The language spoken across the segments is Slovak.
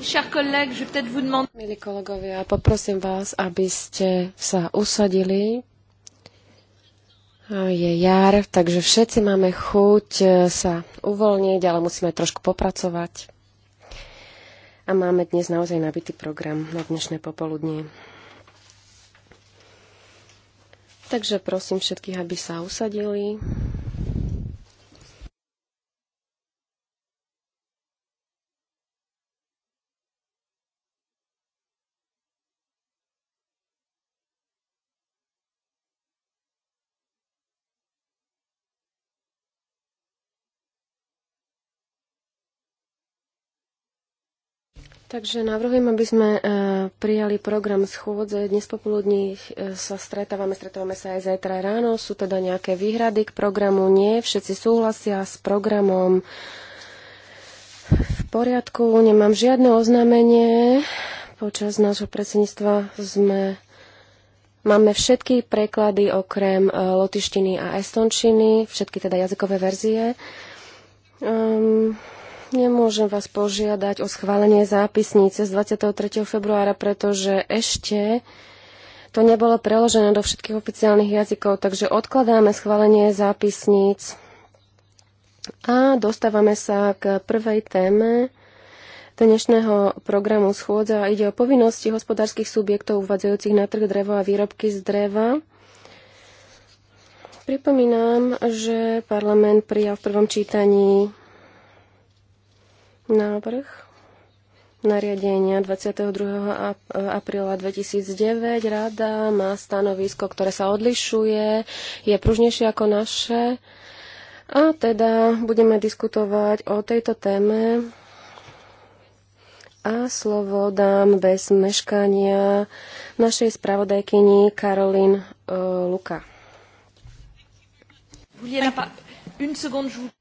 Milí kolegovia, poprosím vás, aby ste sa usadili. Je jar, takže všetci máme chuť e, sa uvoľniť, ale musíme trošku popracovať. A máme dnes naozaj nabitý program na dnešné popoludnie. Takže prosím všetkých, aby sa usadili. Takže navrhujem, aby sme e, prijali program schôdze. Dnes popoludní e, sa stretávame, stretávame sa aj zajtra ráno. Sú teda nejaké výhrady k programu? Nie, všetci súhlasia s programom. V poriadku, nemám žiadne oznámenie. Počas nášho predsedníctva sme Máme všetky preklady okrem e, lotištiny a estončiny, všetky teda jazykové verzie. Um, Nemôžem vás požiadať o schválenie zápisnice z 23. februára, pretože ešte to nebolo preložené do všetkých oficiálnych jazykov, takže odkladáme schválenie zápisníc a dostávame sa k prvej téme dnešného programu schôdza. a Ide o povinnosti hospodárskych subjektov uvádzajúcich na trh drevo a výrobky z dreva. Pripomínam, že parlament prijal v prvom čítaní návrh nariadenia 22. apríla 2009. Rada má stanovisko, ktoré sa odlišuje, je pružnejšie ako naše. A teda budeme diskutovať o tejto téme a slovo dám bez meškania našej spravodajkyni Karolín e, Luka.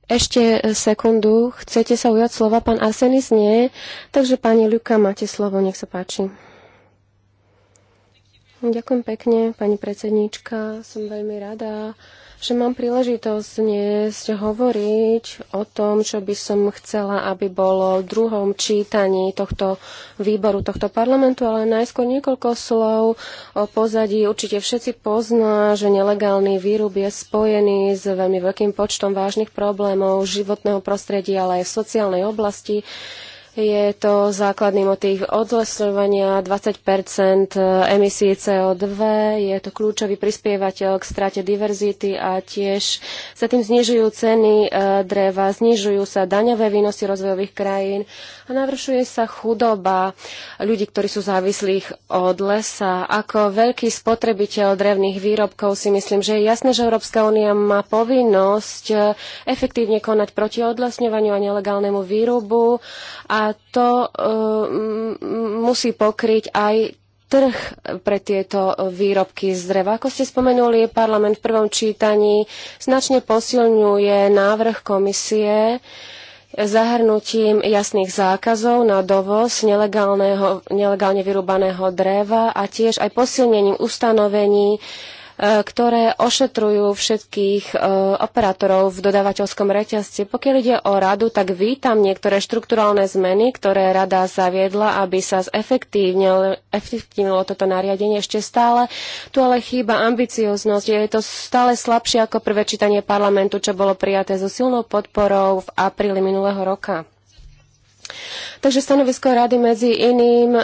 Ešte e, sekundu. Chcete sa ujať slova? Pán Arsenis nie. Takže pani Ľuka, máte slovo. Nech sa páči. Ďakujem pekne, pani predsedníčka. Som veľmi rada, že mám príležitosť dnes hovoriť o tom, čo by som chcela, aby bolo v druhom čítaní tohto výboru, tohto parlamentu, ale najskôr niekoľko slov o pozadí. Určite všetci pozná, že nelegálny výrub je spojený s veľmi veľkým počtom vážnych problémov životného prostredia, ale aj v sociálnej oblasti. Je to základný motív odlesňovania 20 emisí CO2, je to kľúčový prispievateľ k strate diverzity a tiež sa tým znižujú ceny eh, dreva, znižujú sa daňové výnosy rozvojových krajín a navršuje sa chudoba ľudí, ktorí sú závislých od lesa. Ako veľký spotrebiteľ drevných výrobkov si myslím, že je jasné, že Európska únia má povinnosť eh, efektívne konať proti odlesňovaniu a nelegálnemu výrobu a to e, musí pokryť aj trh pre tieto eh, výrobky z dreva. Ako ste spomenuli, parlament v prvom čítaní značne posilňuje návrh komisie, zahrnutím jasných zákazov na dovoz nelegálne vyrúbaného dreva a tiež aj posilnením ustanovení E, ktoré ošetrujú všetkých e, operátorov v dodávateľskom reťazci. Pokiaľ ide o radu, tak vítam niektoré štrukturálne zmeny, ktoré rada zaviedla, aby sa zefektívnilo toto nariadenie ešte stále. Tu ale chýba ambicioznosť. Je to stále slabšie ako prvé čítanie parlamentu, čo bolo prijaté so silnou podporou v apríli minulého roka. Takže stanovisko rady medzi iným e,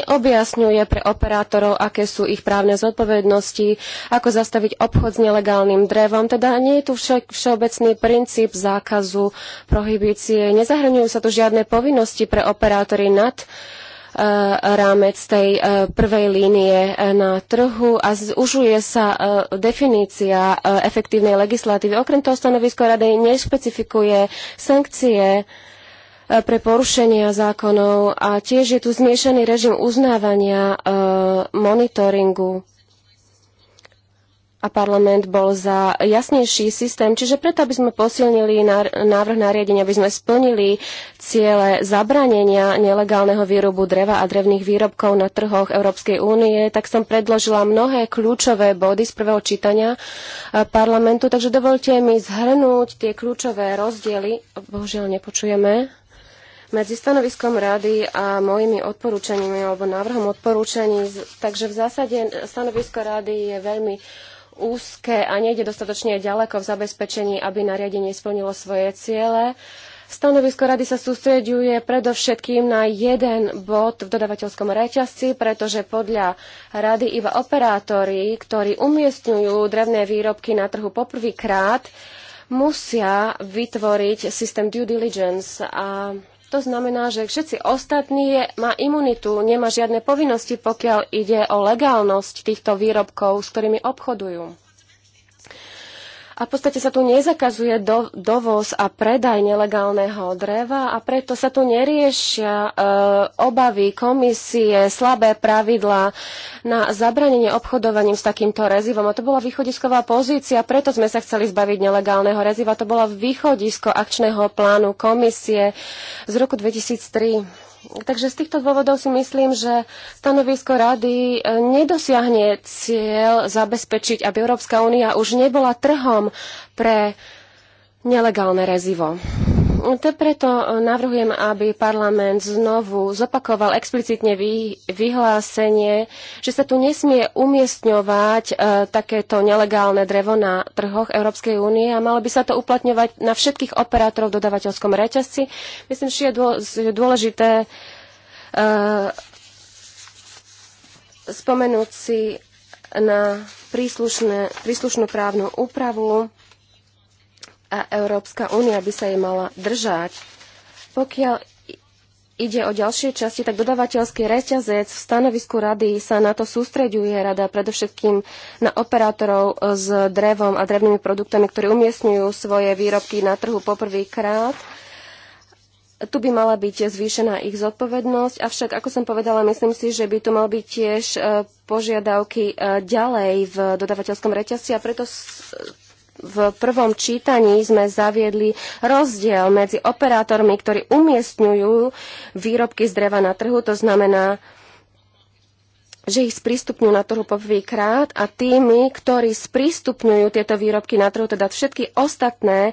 neobjasňuje pre operátorov, aké sú ich právne zodpovednosti, ako zastaviť obchod s nelegálnym drevom. Teda nie je tu vše, všeobecný princíp zákazu prohibície. Nezahrňujú sa tu žiadne povinnosti pre operátory nad e, rámec tej e, prvej línie e, na trhu a zužuje sa definícia efektívnej legislatívy. Okrem toho stanovisko rady nešpecifikuje sankcie, pre porušenia zákonov a tiež je tu zmiešaný režim uznávania e, monitoringu a parlament bol za jasnejší systém, čiže preto, aby sme posilnili návrh nariadenia, aby sme splnili ciele zabranenia nelegálneho výrobu dreva a drevných výrobkov na trhoch Európskej únie, tak som predložila mnohé kľúčové body z prvého čítania e, parlamentu, takže dovolte mi zhrnúť tie kľúčové rozdiely. Bohužiaľ nepočujeme medzi stanoviskom rady a mojimi odporúčaniami alebo návrhom odporúčaní. Takže v zásade stanovisko rady je veľmi úzke a nejde dostatočne ďaleko v zabezpečení, aby nariadenie splnilo svoje ciele. Stanovisko rady sa sústreďuje predovšetkým na jeden bod v dodavateľskom reťazci, pretože podľa rady iba operátori, ktorí umiestňujú drevné výrobky na trhu poprvýkrát, musia vytvoriť systém due diligence a to znamená, že všetci ostatní je, má imunitu, nemá žiadne povinnosti, pokiaľ ide o legálnosť týchto výrobkov, s ktorými obchodujú. A v podstate sa tu nezakazuje do, dovoz a predaj nelegálneho dreva a preto sa tu neriešia e, obavy komisie, slabé pravidlá na zabranenie obchodovaním s takýmto rezivom. A to bola východisková pozícia, preto sme sa chceli zbaviť nelegálneho reziva. To bolo východisko akčného plánu komisie z roku 2003. Takže z týchto dôvodov si myslím, že stanovisko rady e, nedosiahne cieľ zabezpečiť, aby Európska únia už nebola trhom pre nelegálne rezivo. To preto navrhujem, aby parlament znovu zopakoval explicitne vy, vyhlásenie, že sa tu nesmie umiestňovať e, takéto nelegálne drevo na trhoch Európskej únie a malo by sa to uplatňovať na všetkých operátorov v dodavateľskom reťazci. Myslím, že je dôležité e, spomenúť si na príslušnú právnu úpravu a Európska únia by sa jej mala držať. Pokiaľ ide o ďalšie časti, tak dodávateľský reťazec v stanovisku rady sa na to sústreďuje rada predovšetkým na operátorov s drevom a drevnými produktami, ktorí umiestňujú svoje výrobky na trhu poprvýkrát. Tu by mala byť zvýšená ich zodpovednosť, avšak, ako som povedala, myslím si, že by tu mal byť tiež e, požiadavky e, ďalej v dodavateľskom reťazci a preto v prvom čítaní sme zaviedli rozdiel medzi operátormi, ktorí umiestňujú výrobky z dreva na trhu, to znamená, že ich sprístupňujú na trhu poprvýkrát a tými, ktorí sprístupňujú tieto výrobky na trhu, teda všetky ostatné e,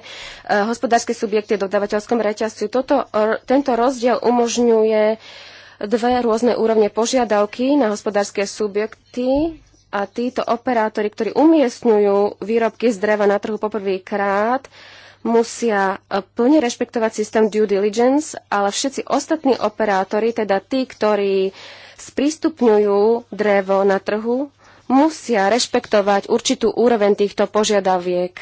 hospodárske subjekty v dodavateľskom reťazcu. Toto, tento rozdiel umožňuje dve rôzne úrovne požiadavky na hospodárske subjekty a títo operátori, ktorí umiestňujú výrobky z dreva na trhu poprvýkrát, musia e, plne rešpektovať systém due diligence, ale všetci ostatní operátori, teda tí, ktorí sprístupňujú drevo na trhu, musia rešpektovať určitú úroveň týchto požiadaviek.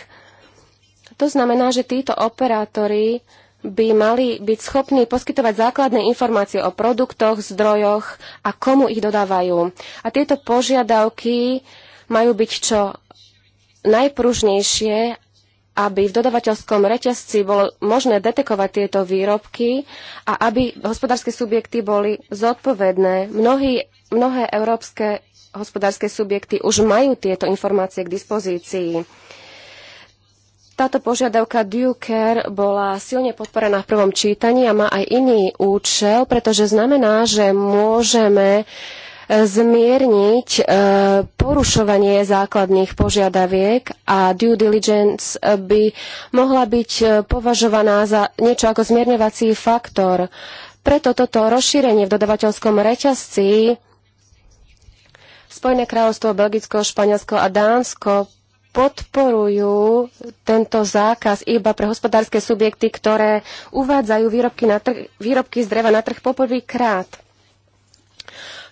To znamená, že títo operátori by mali byť schopní poskytovať základné informácie o produktoch, zdrojoch a komu ich dodávajú. A tieto požiadavky majú byť čo najpružnejšie, aby v dodavateľskom reťazci bolo možné detekovať tieto výrobky a aby hospodárske subjekty boli zodpovedné. Mnohí, mnohé európske hospodárske subjekty už majú tieto informácie k dispozícii. Táto požiadavka due care bola silne podporená v prvom čítaní a má aj iný účel, pretože znamená, že môžeme e, zmierniť e, porušovanie základných požiadaviek a due diligence e, by mohla byť e, považovaná za niečo ako zmierňovací faktor. Preto toto rozšírenie v dodavateľskom reťazci Spojené kráľovstvo, Belgicko, Španielsko a Dánsko podporujú tento zákaz iba pre hospodárske subjekty, ktoré uvádzajú výrobky, na trh, výrobky z dreva na trh poprvýkrát.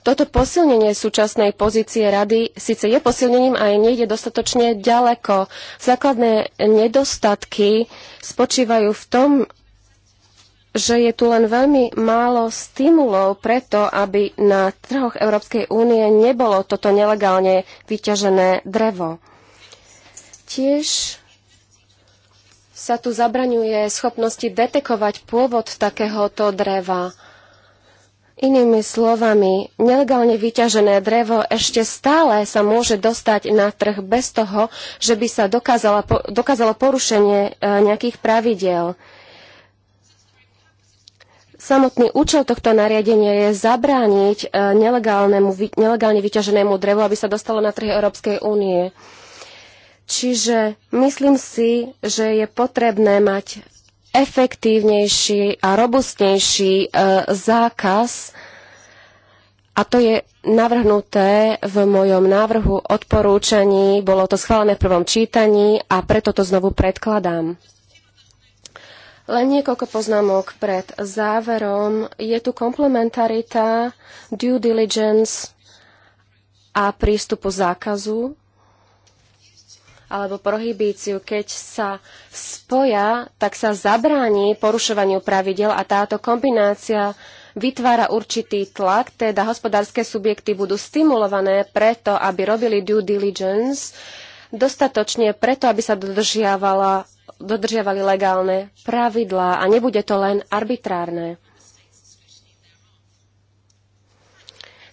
Toto posilnenie súčasnej pozície rady síce je posilnením, aj nejde dostatočne ďaleko. Základné nedostatky spočívajú v tom, že je tu len veľmi málo stimulov preto, aby na trhoch Európskej únie nebolo toto nelegálne vyťažené drevo. Tiež sa tu zabraňuje schopnosti detekovať pôvod takéhoto dreva. Inými slovami, nelegálne vyťažené drevo ešte stále sa môže dostať na trh bez toho, že by sa dokázala, dokázalo porušenie e, nejakých pravidel. Samotný účel tohto nariadenia je zabrániť e, nelegálne vyťaženému drevu, aby sa dostalo na trhy Európskej únie. Čiže myslím si, že je potrebné mať efektívnejší a robustnejší e, zákaz a to je navrhnuté v mojom návrhu odporúčaní. Bolo to schválené v prvom čítaní a preto to znovu predkladám. Len niekoľko poznámok pred záverom. Je tu komplementarita, due diligence a prístupu zákazu alebo prohibíciu, keď sa spoja, tak sa zabráni porušovaniu pravidel a táto kombinácia vytvára určitý tlak, teda hospodárske subjekty budú stimulované preto, aby robili due diligence dostatočne preto, aby sa dodržiavala, dodržiavali legálne pravidlá a nebude to len arbitrárne.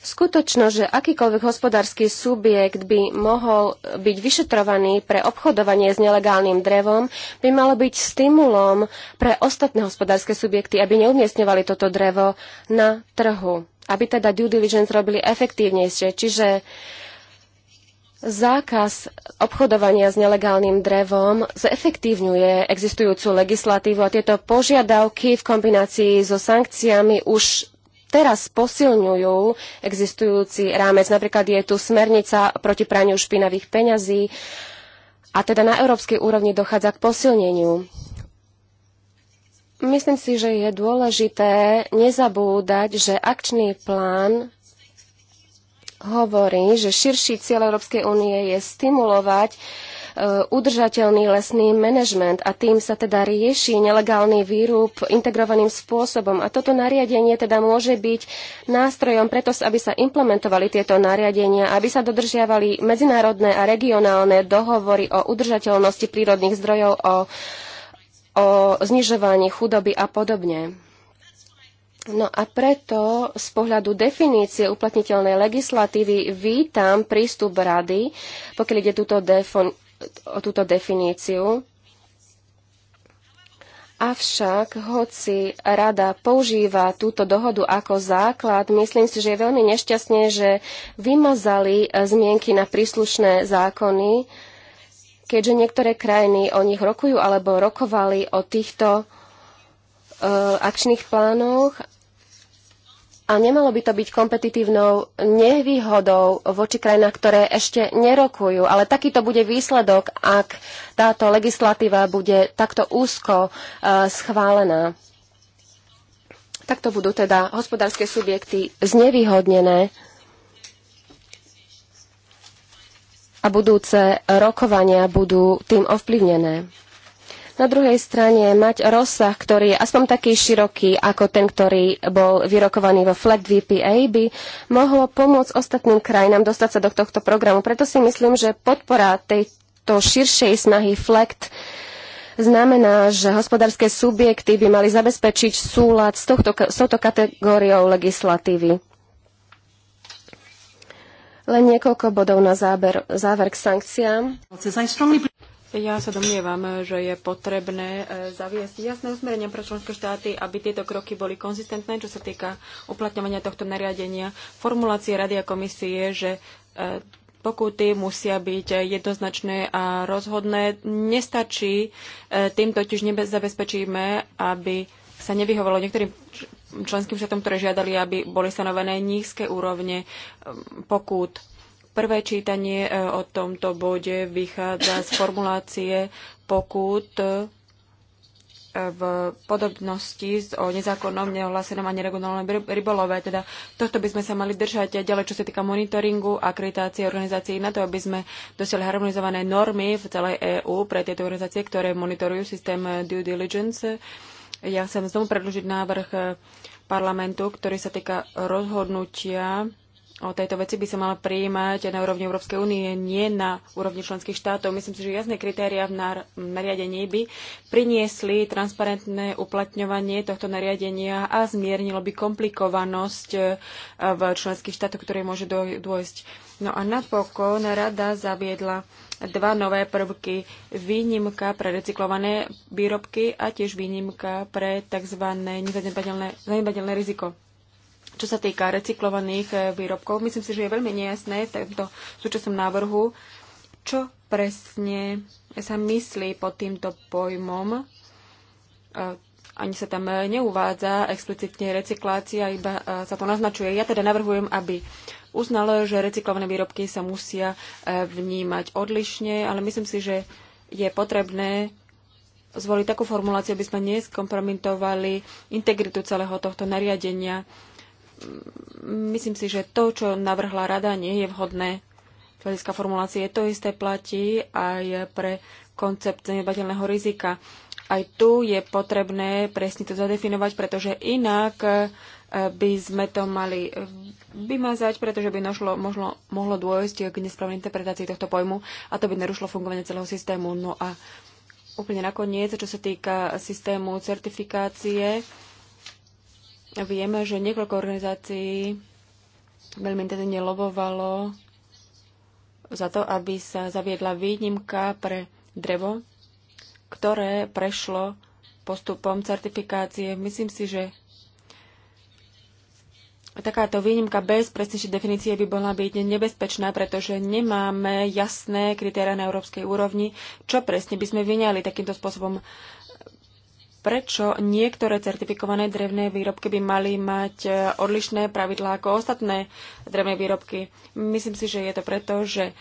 Skutočno, že akýkoľvek hospodársky subjekt by mohol byť vyšetrovaný pre obchodovanie s nelegálnym drevom, by malo byť stimulom pre ostatné hospodárske subjekty, aby neumiestňovali toto drevo na trhu. Aby teda due diligence robili efektívnejšie. Čiže zákaz obchodovania s nelegálnym drevom zefektívňuje existujúcu legislatívu a tieto požiadavky v kombinácii so sankciami už teraz posilňujú existujúci rámec. Napríklad je tu smernica proti praniu špinavých peňazí a teda na európskej úrovni dochádza k posilneniu. Myslím si, že je dôležité nezabúdať, že akčný plán hovorí, že širší cieľ Európskej únie je stimulovať Eh, udržateľný lesný manažment a tým sa teda rieši nelegálny výrub integrovaným spôsobom. A toto nariadenie teda môže byť nástrojom preto, aby sa implementovali tieto nariadenia, aby sa dodržiavali medzinárodné a regionálne dohovory o udržateľnosti prírodných zdrojov, o, o znižovaní chudoby a podobne. No a preto z pohľadu definície uplatniteľnej legislatívy vítam prístup rady, pokiaľ ide túto defon- o túto definíciu. Avšak, hoci rada používa túto dohodu ako základ, myslím si, že je veľmi nešťastné, že vymazali zmienky na príslušné zákony, keďže niektoré krajiny o nich rokujú alebo rokovali o týchto eh, akčných plánoch a nemalo by to byť kompetitívnou nevýhodou voči krajinách, ktoré ešte nerokujú. Ale takýto bude výsledok, ak táto legislatíva bude takto úzko e, schválená. Takto budú teda hospodárske subjekty znevýhodnené a budúce rokovania budú tým ovplyvnené. Na druhej strane mať rozsah, ktorý je aspoň taký široký ako ten, ktorý bol vyrokovaný vo FLEG VPA, by mohlo pomôcť ostatným krajinám dostať sa do tohto programu. Preto si myslím, že podpora tejto širšej snahy FLECT znamená, že hospodárske subjekty by mali zabezpečiť súlad s, tohto, s touto kategóriou legislatívy. Len niekoľko bodov na záber, záver k sankciám. Ja sa domnievam, že je potrebné e, zaviesť jasné usmerenia pre členské štáty, aby tieto kroky boli konzistentné, čo sa týka uplatňovania tohto nariadenia. Formulácie Rady a komisie, že e, pokuty musia byť jednoznačné a rozhodné. Nestačí, e, tým totiž zabezpečíme, aby sa nevyhovalo niektorým členským štátom, ktoré žiadali, aby boli stanovené nízke úrovne pokút Prvé čítanie e, o tomto bode vychádza z formulácie pokút e, v podobnosti o nezákonnom, neohlásenom a neregulovanom rybolove. Teda tohto by sme sa mali držať ďalej, čo sa týka monitoringu, a akreditácie organizácií na to, aby sme dosiahli harmonizované normy v celej EÚ pre tieto organizácie, ktoré monitorujú systém e, due diligence. Ja chcem znovu predložiť návrh parlamentu, ktorý sa týka rozhodnutia o tejto veci by sa mala prijímať na úrovni Európskej únie, nie na úrovni členských štátov. Myslím si, že jasné kritéria v nariadení by priniesli transparentné uplatňovanie tohto nariadenia a zmiernilo by komplikovanosť eh, v členských štátoch, ktoré môže dôjsť. No a napokon rada zaviedla dva nové prvky. Výnimka pre recyklované výrobky a tiež výnimka pre tzv. nezanedbateľné riziko. Čo sa týka recyklovaných eh, výrobkov, myslím si, že je veľmi nejasné v tomto súčasnom návrhu, čo presne sa myslí pod týmto pojmom. Eh, ani sa tam eh, neuvádza explicitne recyklácia, iba sa to naznačuje. Ja teda navrhujem, aby uznalo, že recyklované výrobky sa musia vnímať odlišne, ale myslím si, že je potrebné zvoliť takú formuláciu, aby sme neskompromitovali integritu celého tohto nariadenia myslím si, že to, čo navrhla rada, nie je vhodné. Z hľadiska formulácie to isté platí aj pre koncept zanedbateľného rizika. Aj tu je potrebné presne to zadefinovať, pretože inak eh, by sme to mali vymazať, pretože by našlo, možlo, mohlo dôjsť k nesprávnej interpretácii tohto pojmu a to by narušilo fungovanie celého systému. No a úplne nakoniec, čo sa týka systému certifikácie, Vieme, že niekoľko organizácií veľmi intenzívne lobovalo za to, aby sa zaviedla výnimka pre drevo, ktoré prešlo postupom certifikácie. Myslím si, že takáto výnimka bez presnejšej definície by bola byť nebezpečná, pretože nemáme jasné kritéria na európskej úrovni, čo presne by sme vyňali takýmto spôsobom prečo niektoré certifikované drevné výrobky by mali mať e, odlišné pravidlá ako ostatné drevné výrobky. Myslím si, že je to preto, že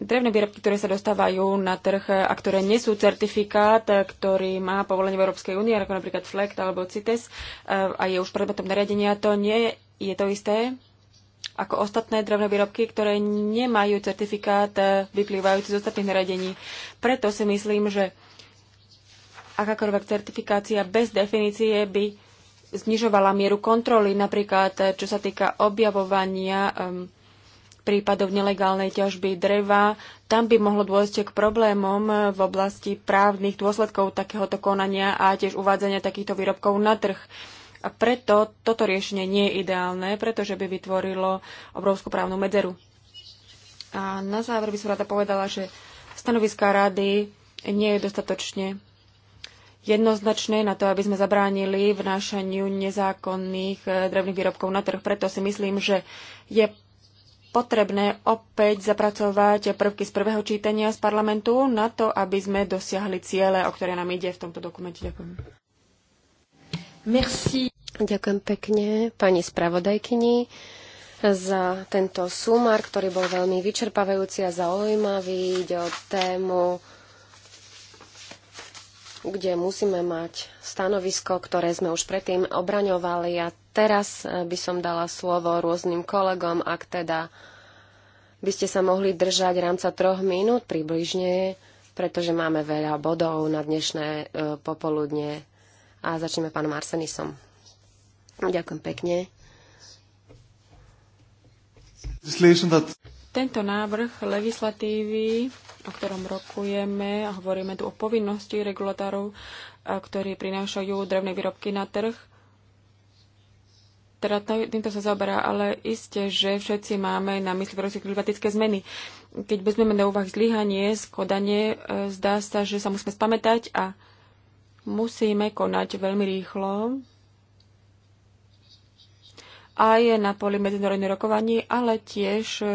drevné výrobky, ktoré sa dostávajú na trh a ktoré nesú certifikát, e, ktorý má povolenie v Európskej únie, ako napríklad FLECT alebo CITES e, a je už predmetom nariadenia, to nie je to isté ako ostatné drevné výrobky, ktoré nemajú certifikát vyplývajúci z ostatných nariadení. Preto si myslím, že akákoľvek certifikácia bez definície by znižovala mieru kontroly, napríklad eh, čo sa týka objavovania um, prípadov nelegálnej ťažby dreva. Tam by mohlo dôjsť k problémom eh, v oblasti právnych dôsledkov takéhoto konania a tiež uvádzania takýchto výrobkov na trh. A preto toto riešenie nie je ideálne, pretože by vytvorilo obrovskú právnu medzeru. A na záver by som rada povedala, že stanoviská rady nie je dostatočne jednoznačné na to, aby sme zabránili vnášaniu nezákonných eh, drevných výrobkov na trh. Preto si myslím, že je potrebné opäť zapracovať prvky z prvého čítania z parlamentu na to, aby sme dosiahli ciele, o ktoré nám ide v tomto dokumente. Ďakujem. Merci. Ďakujem pekne pani spravodajkyni za tento sumár, ktorý bol veľmi vyčerpávajúci a zaujímavý. Ide o tému kde musíme mať stanovisko, ktoré sme už predtým obraňovali. A teraz eh, by som dala slovo rôznym kolegom, ak teda by ste sa mohli držať rámca troch minút približne, pretože máme veľa bodov na dnešné e, popoludne. A začneme pánom Arsenisom. Ďakujem pekne. Tento návrh legislatívy, o ktorom rokujeme, a hovoríme tu o povinnosti regulatárov, ktorí prinášajú drevné výrobky na trh, teda týmto sa zaoberá, ale isté, že všetci máme na mysli v klimatické zmeny. Keď vezmeme na úvah zlyhanie, skodanie, e, zdá sa, že sa musíme spamätať a musíme konať veľmi rýchlo aj na poli medzinárodných rokovaní, ale tiež e,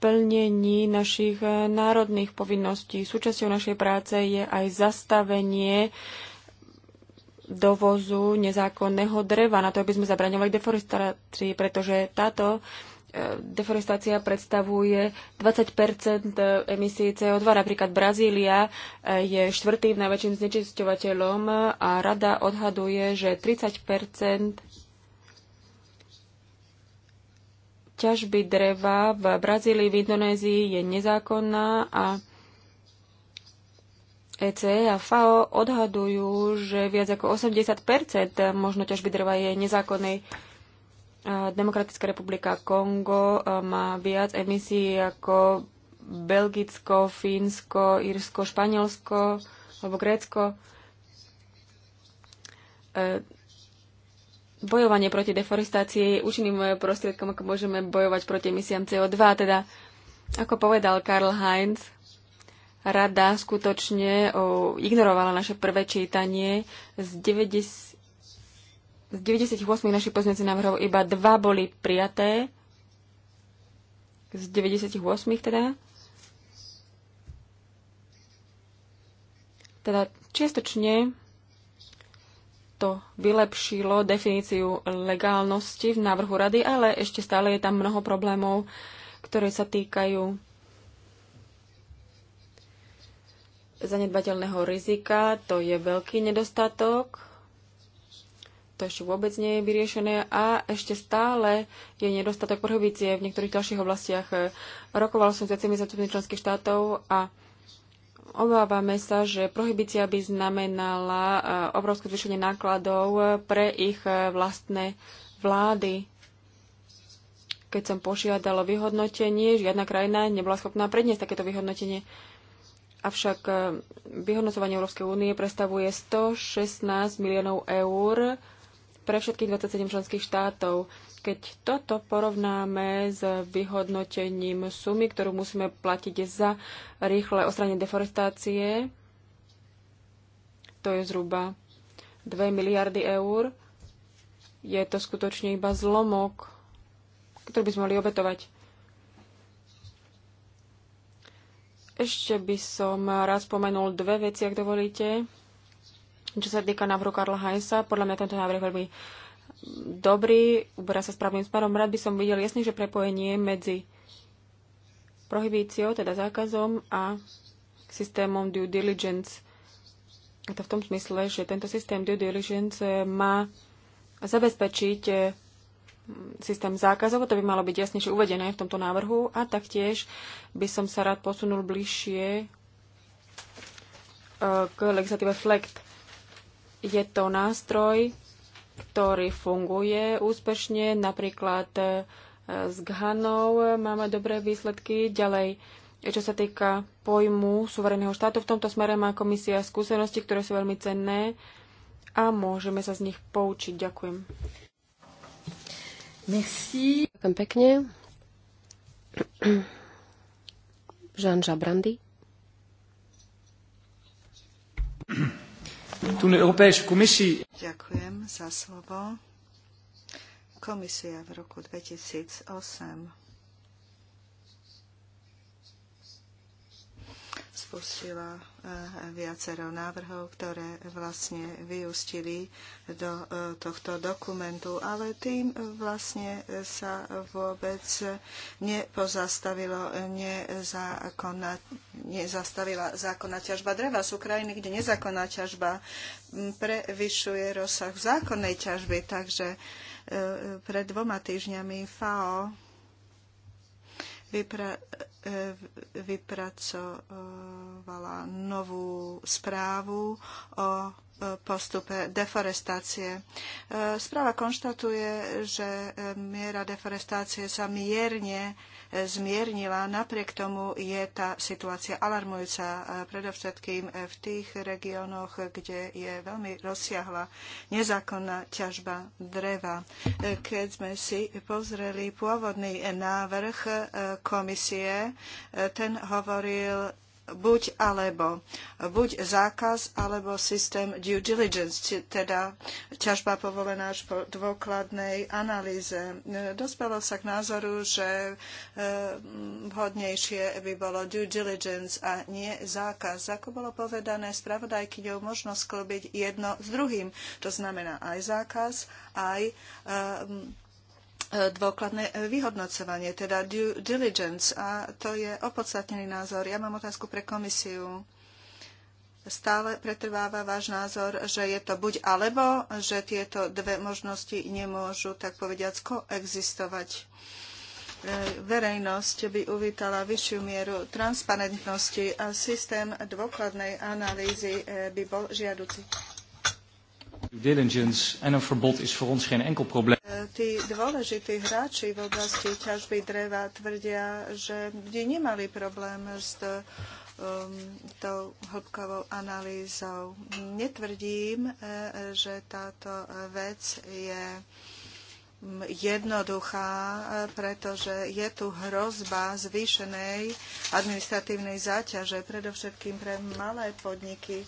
plnení našich eh, národných povinností. Súčasťou našej práce je aj zastavenie dovozu nezákonného dreva, na to, aby sme zabraňovali deforestácii, pretože táto eh, deforestácia predstavuje 20 eh, emisí CO2. Napríklad Brazília je štvrtým najväčším znečisťovateľom a rada odhaduje, že 30 ťažby dreva v Brazílii, v Indonézii je nezákonná a ECE e a FAO odhadujú, že viac ako 80 možno ťažby dreva je nezákonnej. Demokratická republika Kongo e, má viac emisí ako Belgicko, Fínsko, Írsko, Španielsko alebo Grécko. E, bojovanie proti deforestácii je účinným prostriedkom, ako môžeme bojovať proti emisiám CO2. Teda, ako povedal Karl Heinz, rada skutočne o, ignorovala naše prvé čítanie. Z, 90, z 98 našich pozmeňujúcich návrhov iba dva boli prijaté. Z 98 teda. Teda čiastočne to vylepšilo definíciu legálnosti v návrhu rady, ale ešte stále je tam mnoho problémov, ktoré sa týkajú zanedbateľného rizika. To je veľký nedostatok. To ešte vôbec nie je vyriešené a ešte stále je nedostatok prohibície v niektorých ďalších oblastiach. Rokoval som s viacerými zástupmi členských štátov a Obávame sa, že prohibícia by znamenala e, obrovské zvýšenie nákladov e, pre ich e, vlastné vlády. Keď som požiadala vyhodnotenie, žiadna krajina nebola schopná predniesť takéto vyhodnotenie. Avšak vyhodnocovanie Európskej únie predstavuje 116 miliónov eur pre všetkých 27 členských štátov. Keď toto porovnáme s vyhodnotením sumy, ktorú musíme platiť za rýchle ostranie deforestácie, to je zhruba 2 miliardy eur, je to skutočne iba zlomok, ktorý by sme mohli obetovať. Ešte by som raz spomenul dve veci, ak dovolíte. Čo sa týka návrhu Karla Heinza, podľa mňa tento návrh veľmi dobrý, uberá sa správnym smerom. Rád by som videl jasný, že prepojenie medzi prohibíciou, teda zákazom a systémom due diligence. A to v tom smysle, že tento systém due diligence má zabezpečiť eh, systém zákazov, to by malo byť jasnejšie uvedené v tomto návrhu a taktiež by som sa rád posunul bližšie eh, k legislatíve FLECT. Je to nástroj, ktorý funguje úspešne, napríklad e, s Ghanou máme dobré výsledky. Ďalej, čo sa týka pojmu suverénneho štátu, v tomto smere má komisia skúsenosti, ktoré sú veľmi cenné a môžeme sa z nich poučiť. Ďakujem. Merci. Ďakujem pekne. Jean Žabrandy. Ďakujem za slovo. Komisia v roku 2008 spustila eh, viacero návrhov, ktoré vlastne vyústili do eh, tohto dokumentu, ale tým eh, vlastne sa vôbec nepozastavilo nezákonná, nezastavila zákonná ťažba dreva. Sú krajiny, kde nezákonná ťažba hm, prevyšuje rozsah zákonnej ťažby, takže pred dvoma týždňami FAO vypra- e, vypracovala novú správu o e, postupe deforestácie. E, správa konštatuje, že miera deforestácie sa mierne zmiernila. Napriek tomu je tá situácia alarmujúca, e, predovšetkým v tých regiónoch, kde je veľmi rozsiahla nezákonná ťažba dreva. E, keď sme si pozreli pôvodný návrh e, komisie, ten hovoril buď alebo, buď zákaz alebo systém due diligence, teda ťažba povolená až po dôkladnej analýze. Dospelo sa k názoru, že e, vhodnejšie by bolo due diligence a nie zákaz. Ako bolo povedané, spravodajkyňou možno sklobiť jedno s druhým. To znamená aj zákaz, aj um, E, dôkladné e, vyhodnocovanie, teda due diligence. A to je opodstatnený názor. Ja mám otázku pre komisiu. Stále pretrváva váš názor, že je to buď alebo, že tieto dve možnosti nemôžu, tak povediať, koexistovať. E, verejnosť by uvítala vyššiu mieru transparentnosti a systém dôkladnej analýzy by bol žiaduci. Eh, tí dôležití hráči v oblasti ťažby dreva tvrdia, že by nemali problém s eh, um, tou hĺbkovou analýzou. Netvrdím, eh, že táto vec je mm, jednoduchá, pretože je tu hrozba zvýšenej administratívnej záťaže, predovšetkým pre malé podniky.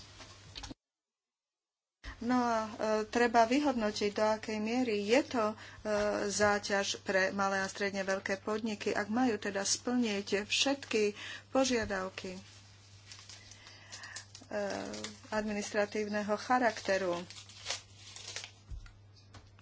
No a e, treba vyhodnotiť, do akej miery je to e, záťaž pre malé a stredne veľké podniky, ak majú teda splniť všetky požiadavky e, administratívneho charakteru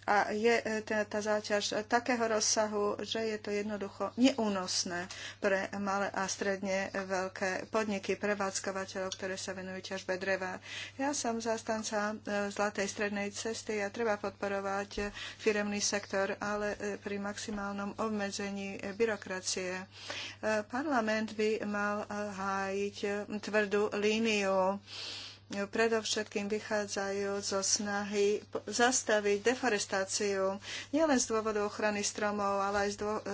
a je e, teda tá záťaž takého rozsahu, že je to jednoducho neúnosné pre malé a stredne veľké podniky prevádzkovateľov, ktoré sa venujú ťažbe dreva. Ja som zastanca e, zlatej strednej cesty a treba podporovať e, firemný sektor, ale pri maximálnom obmedzení byrokracie. Parlament by mal hájiť tvrdú líniu predovšetkým vychádzajú zo snahy zastaviť deforestáciu nielen z dôvodu ochrany stromov, ale aj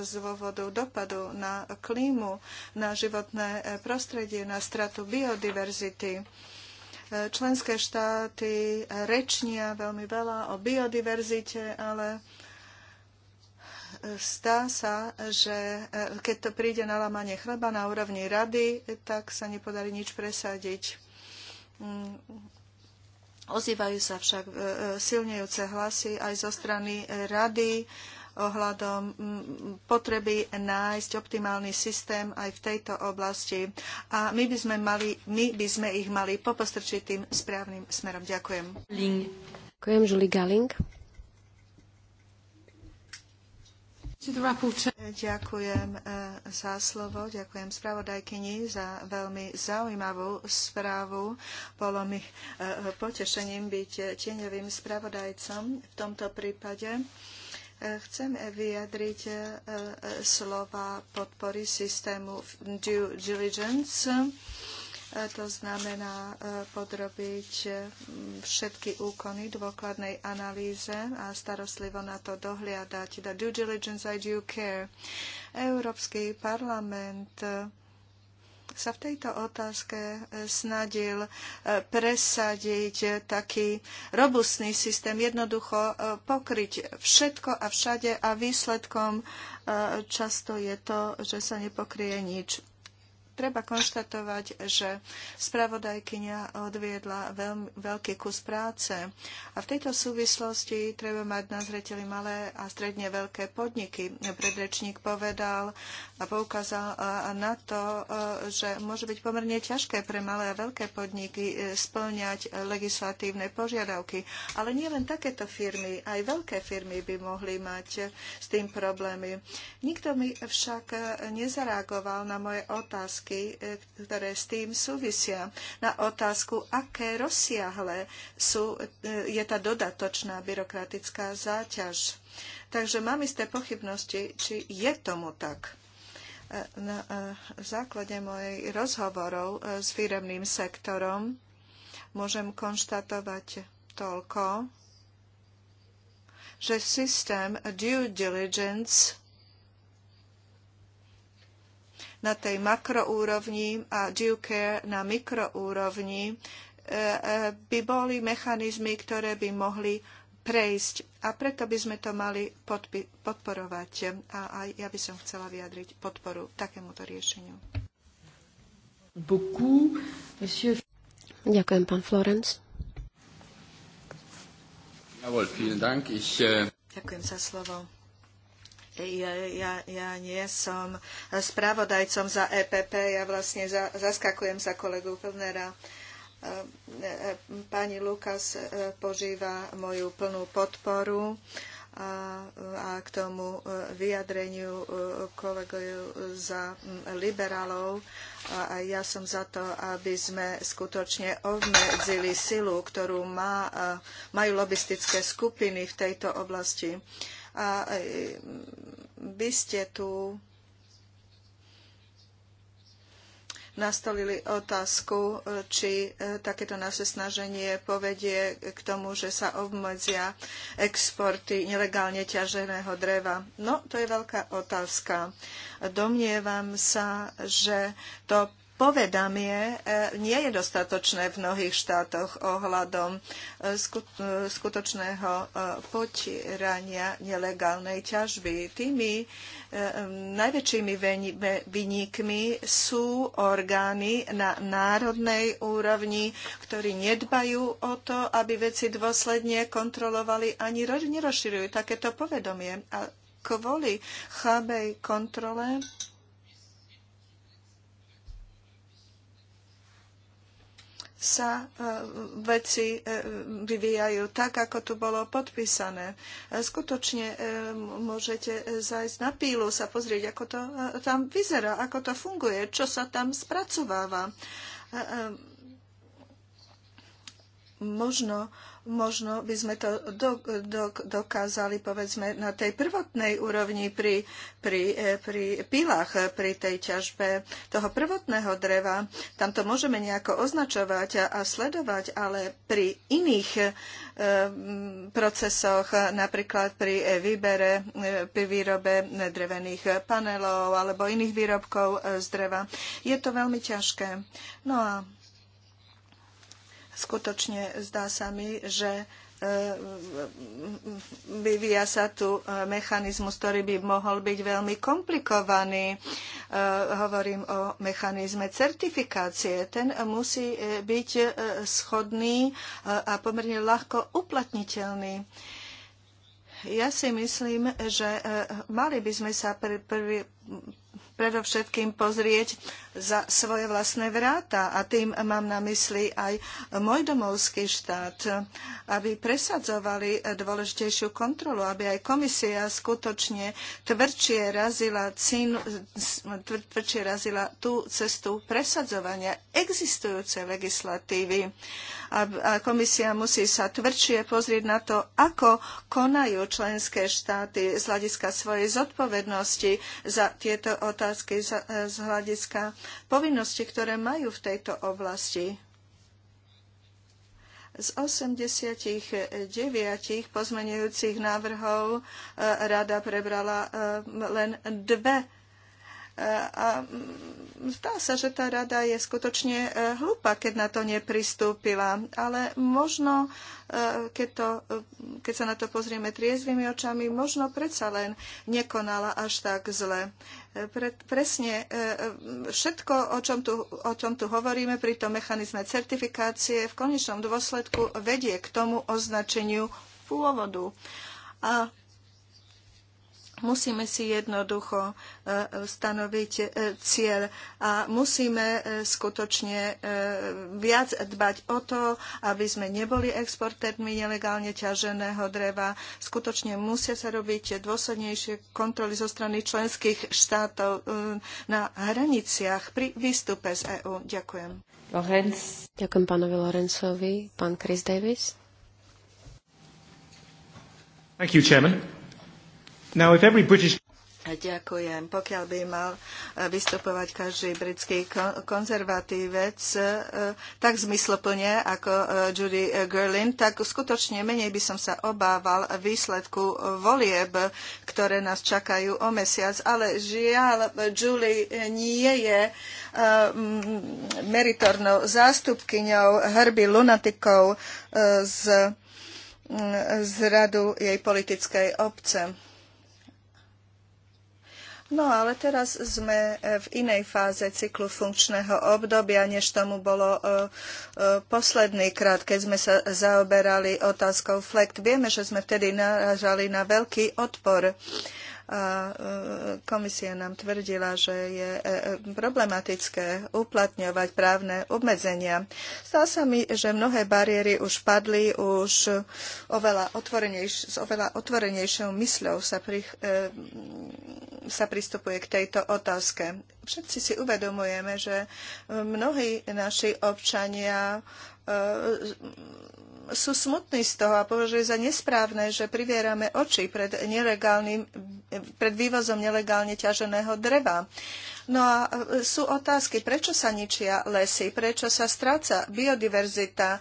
z dôvodu dopadu na klímu, na životné eh, prostredie, na stratu biodiverzity. Eh, členské štáty eh, rečnia veľmi veľa o biodiverzite, ale zdá sa, že keď to príde na lamanie chleba na úrovni rady, tak sa nepodarí nič presadiť Mm. Ozývajú sa však e, e, silnejúce hlasy aj zo strany rady ohľadom mm, potreby nájsť optimálny systém aj v tejto oblasti. A my by sme, mali, my by sme ich mali popostrčiť tým správnym smerom. Ďakujem. Ďakujem, Julie Galling. Ďakujem eh, za slovo, ďakujem spravodajkyni za veľmi zaujímavú správu. Bolo mi eh, potešením byť tieňovým spravodajcom v tomto prípade. Eh, chcem vyjadriť slova podpory systému due diligence to znamená e, podrobiť e, všetky úkony dôkladnej analýze a starostlivo na to dohliadať. The due diligence I do care. Európsky parlament e, sa v tejto otázke snadil presadiť taký robustný systém, jednoducho pokryť všetko a všade a výsledkom často je to, že sa nepokrie nič treba konštatovať, že spravodajkyňa odviedla veľmi, veľký kus práce. A v tejto súvislosti treba mať na zreteli malé a stredne veľké podniky. Predrečník povedal a poukázal na to, že môže byť pomerne ťažké pre malé a veľké podniky e, splňať legislatívne požiadavky. Ale nie len takéto firmy, aj veľké firmy by mohli mať s tým problémy. Nikto mi však nezareagoval na moje otázky otázky, e, ktoré s tým súvisia. Na otázku, aké rozsiahle sú, e, je tá dodatočná byrokratická záťaž. Takže mám isté pochybnosti, či je tomu tak e, na základe mojej rozhovorov s firemným sektorom môžem konštatovať toľko, že systém due diligence na tej makroúrovni a due care na mikroúrovni e, e, by boli mechanizmy, ktoré by mohli prejsť a preto by sme to mali podporovať. A aj ja by som chcela vyjadriť podporu takémuto riešeniu. Beaucoup, monsieur... Ďakujem, pán Florence. Jawohl, vielen Dank. Ich, äh, Ďakujem za slovo ja, ja, ja nie som spravodajcom za EPP, ja vlastne za, zaskakujem za kolegu Filnera. Pani Lukas e, požíva moju plnú podporu a, a k tomu e, vyjadreniu e, kolegu za liberálov. A ja som za to, aby sme skutočne obmedzili silu, ktorú má, majú lobistické skupiny v tejto oblasti a by e, ste tu nastolili otázku, či e, takéto naše snaženie povedie k tomu, že sa obmedzia exporty nelegálne ťaženého dreva. No, to je veľká otázka. Domnievam sa, že to povedomie e, nie je dostatočné v mnohých štátoch ohľadom e, e, skutočného potierania nelegálnej ťažby. Tými najväčšími vynikmi sú orgány na národnej úrovni, ktorí nedbajú o to, aby veci dôsledne kontrolovali ani nerozširujú takéto povedomie. A kvôli chábej kontrole sa e, veci e, vyvíjajú tak, ako tu bolo podpísané. E, skutočne môžete zajsť na pílu, sa pozrieť, ako to tam vyzerá, ako to funguje, čo sa tam spracováva. Možno uh, Možno by sme to do, do, dokázali, povedzme, na tej prvotnej úrovni pri, pri, e, pri pilách, e, pri tej ťažbe toho prvotného dreva. Tam to môžeme nejako označovať a, a sledovať, ale pri iných e, procesoch, e, napríklad pri výbere, pri výrobe drevených panelov alebo iných výrobkov z dreva, je to veľmi ťažké. No a Skutočne zdá sa mi, že e, vyvíja sa tu e, mechanizmus, ktorý by mohol byť veľmi komplikovaný. E, hovorím o mechanizme certifikácie. Ten musí byť schodný a pomerne ľahko uplatniteľný. Ja si myslím, že mali by sme sa pre, pre, predovšetkým pozrieť za svoje vlastné vráta. A tým mám na mysli aj môj domovský štát, aby presadzovali dôležitejšiu kontrolu, aby aj komisia skutočne tvrdšie razila, cín, tvrdšie razila tú cestu presadzovania existujúcej legislatívy. A komisia musí sa tvrdšie pozrieť na to, ako konajú členské štáty z hľadiska svojej zodpovednosti za tieto otázky, z hľadiska povinnosti, ktoré majú v tejto oblasti. Z 89 pozmenujúcich návrhov e, rada prebrala e, len dve e, a mm, zdá sa, že tá rada je skutočne hlúpa, keď na to nepristúpila. Ale možno, keď, to, keď sa na to pozrieme triezvými očami, možno predsa len nekonala až tak zle. Pre, presne e, e, všetko, o čom, tu, o čom tu hovoríme pri tom mechanizme certifikácie, v konečnom dôsledku vedie k tomu označeniu pôvodu. A Musíme si jednoducho e, stanoviť e, cieľ a musíme e, skutočne viac dbať o to, aby sme neboli exportérmi nelegálne ťaženého dreva. Skutočne musia sa robiť dôslednejšie kontroly zo strany členských štátov na hraniciach pri výstupe z EÚ. Ďakujem. Lorenz. Ďakujem pánovi Lorencovi. Pán Chris Davis. Thank you, Chairman. Now, if every British Ďakujem. Pokiaľ by mal eh, vystupovať každý britský konzervatívec eh, eh, tak zmysloplne ako Judy Gerlin, tak skutočne menej by som sa obával výsledku volieb, ktoré nás čakajú o mesiac. Ale žiaľ, Julie nie je meritornou zástupkyňou hrby lunatikov z, mm, z radu jej politickej obce No ale teraz sme e, v inej fáze cyklu funkčného obdobia, než tomu bolo e, e, posledný krát, keď sme sa zaoberali otázkou FLECT. Vieme, že sme vtedy naražali na veľký odpor a e, komisia nám tvrdila, že je e, e, problematické uplatňovať právne obmedzenia. Zdá sa mi, že mnohé bariéry už padli, už oveľa s oveľa otvorenejšou mysľou sa, pri, sa pristupuje k tejto otázke. Všetci si uvedomujeme, že mnohí naši občania sú smutní z toho a považujú za nesprávne, že privierame oči pred, nelegálnym, pred vývozom nelegálne ťaženého dreva. No a e, sú otázky, prečo sa ničia lesy, prečo sa stráca biodiverzita, e,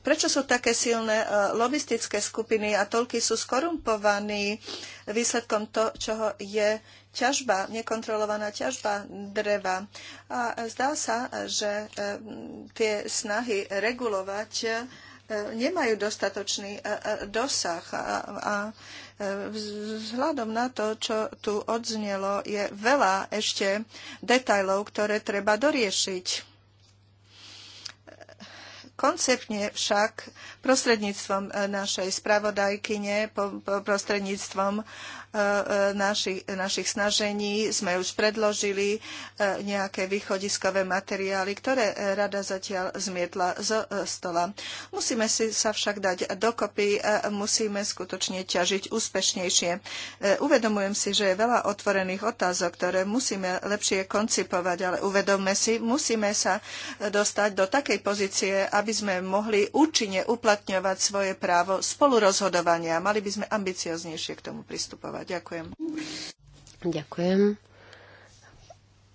prečo sú také silné e, lobistické skupiny a toľky sú skorumpovaní výsledkom to, čoho je ťažba, nekontrolovaná ťažba dreva. A zdá sa, že e, tie snahy regulovať e, nemajú dostatočný e, dosah a vzhľadom na to, čo tu odznelo, je veľa ešte detajlov, ktoré treba doriešiť. Konceptne však prostredníctvom našej spravodajkyne, prostredníctvom našich, našich snažení sme už predložili e, nejaké východiskové materiály, ktoré rada zatiaľ zmietla z e, stola. Musíme si sa však dať dokopy, e, musíme skutočne ťažiť úspešnejšie. Uvedomujem si, že je veľa otvorených otázok, ktoré musíme lepšie koncipovať, ale uvedomme si, musíme sa dostať do takej pozície, aby sme mohli účinne uplatňovať svoje právo spolurozhodovania. Mali by sme ambicioznejšie k tomu pristupovať. Ďakujem. Ďakujem.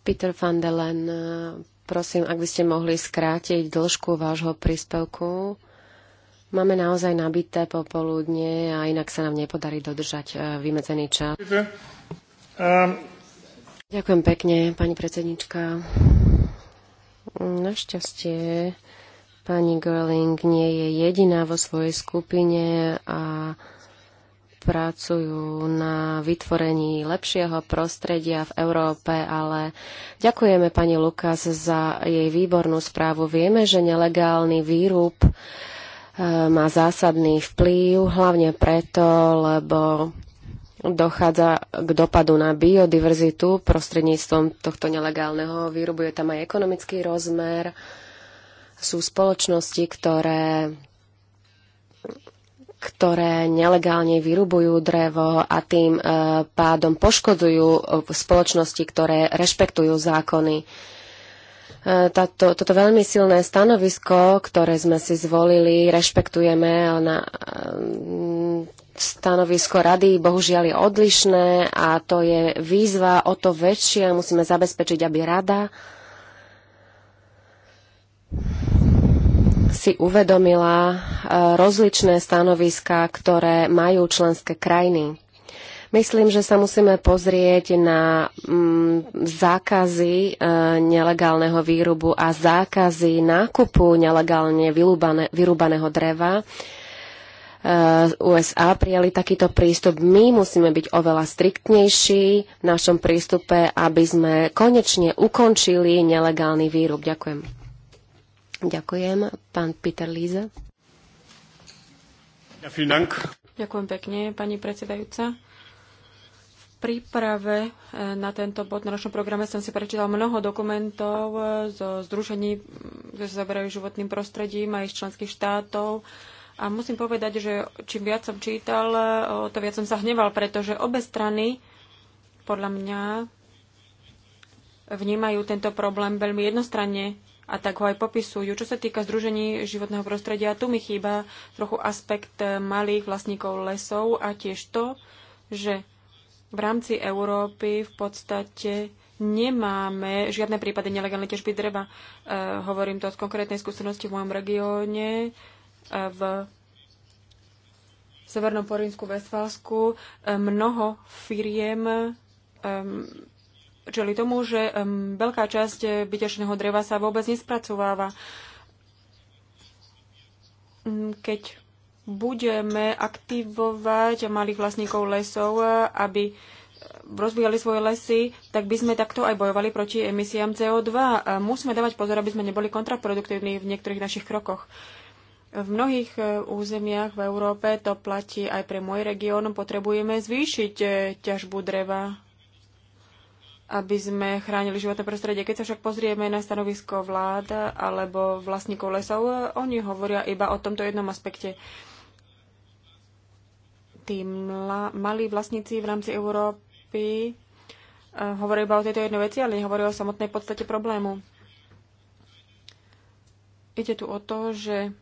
Peter van der Len, eh, prosím, ak by ste mohli skrátiť dĺžku vášho príspevku. Máme naozaj nabité popoludne a inak sa nám nepodarí dodržať eh, vymedzený čas. Um. Ďakujem pekne, pani predsednička. Našťastie pani Girling nie je jediná vo svojej skupine a pracujú na vytvorení lepšieho prostredia v Európe, ale ďakujeme pani Lukas za jej výbornú správu. Vieme, že nelegálny výrub e, má zásadný vplyv, hlavne preto, lebo dochádza k dopadu na biodiverzitu prostredníctvom tohto nelegálneho výrubu. Je tam aj ekonomický rozmer. Sú spoločnosti, ktoré ktoré nelegálne vyrubujú drevo a tým e, pádom poškodzujú e, spoločnosti, ktoré rešpektujú zákony. E, tato, toto veľmi silné stanovisko, ktoré sme si zvolili, rešpektujeme. Na stanovisko rady bohužiaľ je odlišné a to je výzva o to väčšia. Musíme zabezpečiť, aby rada si uvedomila e, rozličné stanoviská, ktoré majú členské krajiny. Myslím, že sa musíme pozrieť na mm, zákazy e, nelegálneho výrubu a zákazy nákupu nelegálne vyrúbaného dreva. E, USA prijali takýto prístup. My musíme byť oveľa striktnejší v našom prístupe, aby sme konečne ukončili nelegálny výrub. Ďakujem. Ďakujem. Pán Peter Líza. Ja, Ďakujem pekne, pani predsedajúca. V príprave e, na tento bod na našom programe som si prečítal mnoho dokumentov e, zo združení, ktoré sa zaberajú životným prostredím aj z členských štátov. A musím povedať, že čím viac som čítal, e, o to viac som sa hneval, pretože obe strany, podľa mňa, vnímajú tento problém veľmi jednostranne a tak ho aj popisujú. Čo sa týka združení životného prostredia, tu mi chýba trochu aspekt eh, malých vlastníkov lesov a tiež to, že v rámci Európy v podstate nemáme žiadne prípady nelegálnej ťažby dreva. E, hovorím to z konkrétnej skúsenosti v mojom regióne, e, v Severnom Porinsku, Vestfalsku. E, mnoho firiem e, čeli tomu, že veľká časť eh, bytečného dreva sa vôbec nespracováva. Mm, keď budeme aktivovať malých vlastníkov lesov, eh, aby eh, rozvíjali svoje lesy, tak by sme takto aj bojovali proti emisiám CO2. A musíme dávať pozor, aby sme neboli kontraproduktívni v niektorých našich krokoch. V mnohých územiach v Európe to platí aj pre môj región. Potrebujeme zvýšiť ťažbu dreva aby sme chránili životné prostredie. Keď sa však pozrieme na stanovisko vlád alebo vlastníkov lesov, oni hovoria iba o tomto jednom aspekte. Tí malí vlastníci v rámci Európy eh, hovoria iba o tejto jednej veci, ale nehovoria o samotnej podstate problému. Ide tu o to, že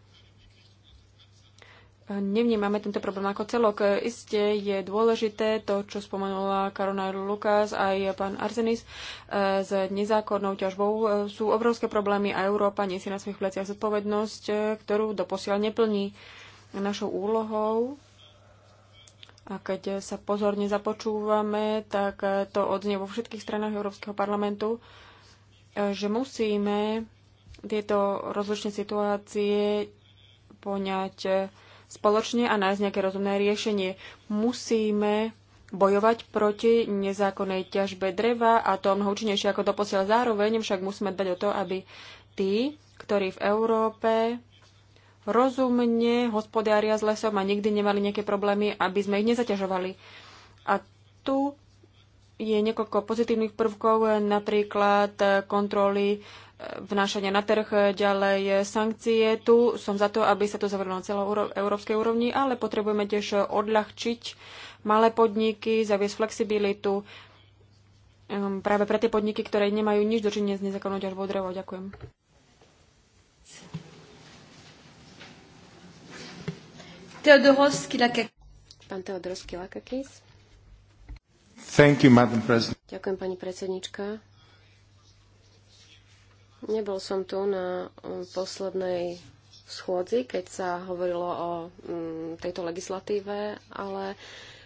nevnímame tento problém ako celok. Isté je dôležité to, čo spomenula Karona Lukas aj pán Arsenis e, s nezákonnou ťažbou. E, sú obrovské problémy a Európa nesie na svojich pleciach zodpovednosť, e, ktorú doposiaľ neplní našou úlohou. A keď sa pozorne započúvame, tak to odznie vo všetkých stranách Európskeho parlamentu, že musíme tieto rozličné situácie poňať spoločne a nájsť nejaké rozumné riešenie. Musíme bojovať proti nezákonnej ťažbe dreva a to mnoho účinnejšie ako doposiaľ. Zároveň však musíme dbať o to, aby tí, ktorí v Európe rozumne hospodária s lesom a nikdy nemali nejaké problémy, aby sme ich nezaťažovali. A tu je niekoľko pozitívnych prvkov, napríklad kontroly vnášania na trh, ďalej sankcie. Tu som za to, aby sa to zavrlo na celou európskej úrovni, ale potrebujeme tiež odľahčiť malé podniky, zaviesť flexibilitu um, práve pre tie podniky, ktoré nemajú nič dočinenia s nezákonnou ťažbou dreva. Ďakujem. Teodorovský Lakakis. Pán Teodorovský Lakakis. Thank you, Madam President. Ďakujem, pani predsednička. Nebol som tu na um, poslednej schôdzi, keď sa hovorilo o um, tejto legislatíve, ale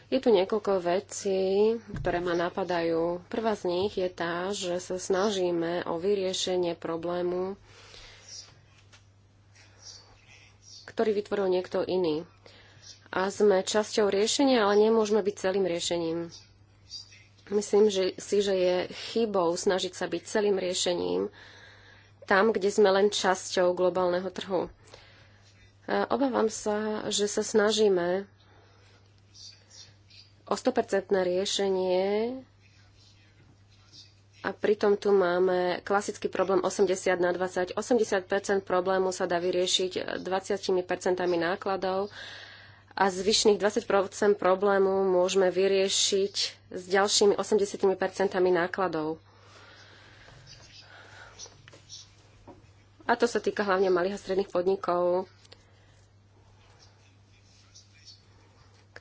je tu niekoľko vecí, ktoré ma napadajú. Prvá z nich je tá, že sa snažíme o vyriešenie problému, ktorý vytvoril niekto iný. A sme časťou riešenia, ale nemôžeme byť celým riešením. Myslím že si, že je chybou snažiť sa byť celým riešením, tam, kde sme len časťou globálneho trhu. E, obávam sa, že sa snažíme o 100% riešenie a pritom tu máme klasický problém 80 na 20. 80% problému sa dá vyriešiť 20% nákladov a zvyšných 20% problému môžeme vyriešiť s ďalšími 80% nákladov. A to sa týka hlavne malých a stredných podnikov,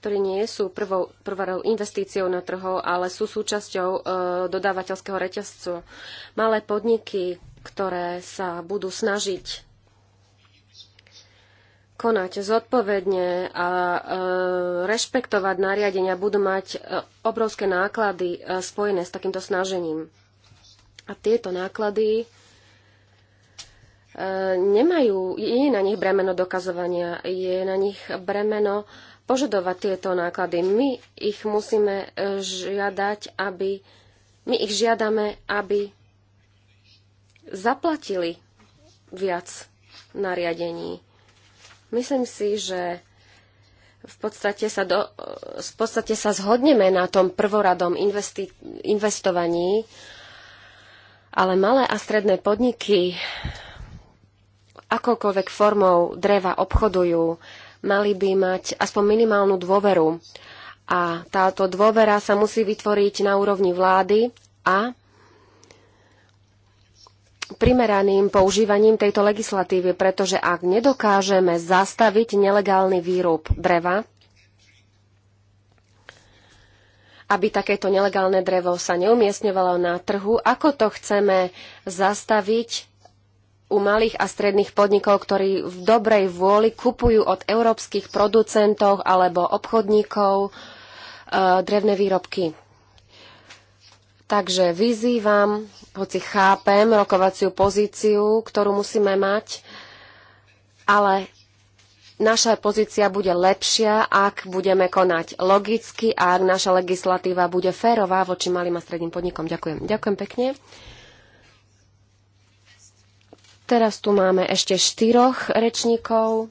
ktorí nie sú prvou, prvou investíciou na trhu, ale sú súčasťou e, dodávateľského reťazcu. Malé podniky, ktoré sa budú snažiť konať zodpovedne a e, rešpektovať nariadenia, budú mať e, obrovské náklady e, spojené s takýmto snažením. A tieto náklady nemajú, je na nich bremeno dokazovania, je na nich bremeno požadovať tieto náklady. My ich musíme e, žiadať, aby my ich žiadame, aby zaplatili viac nariadení. Myslím si, že v podstate sa, do, v podstate sa zhodneme na tom prvoradom investi, investovaní, ale malé a stredné podniky akokoľvek formou dreva obchodujú, mali by mať aspoň minimálnu dôveru. A táto dôvera sa musí vytvoriť na úrovni vlády a primeraným používaním tejto legislatívy, pretože ak nedokážeme zastaviť nelegálny výrub dreva, aby takéto nelegálne drevo sa neumiestňovalo na trhu, ako to chceme zastaviť u malých a stredných podnikov, ktorí v dobrej vôli kupujú od európskych producentov alebo obchodníkov e, drevné výrobky. Takže vyzývam, hoci chápem rokovaciu pozíciu, ktorú musíme mať, ale naša pozícia bude lepšia, ak budeme konať logicky a ak naša legislatíva bude férová voči malým a stredným podnikom. Ďakujem. Ďakujem pekne. Teraz tu máme ešte štyroch rečníkov.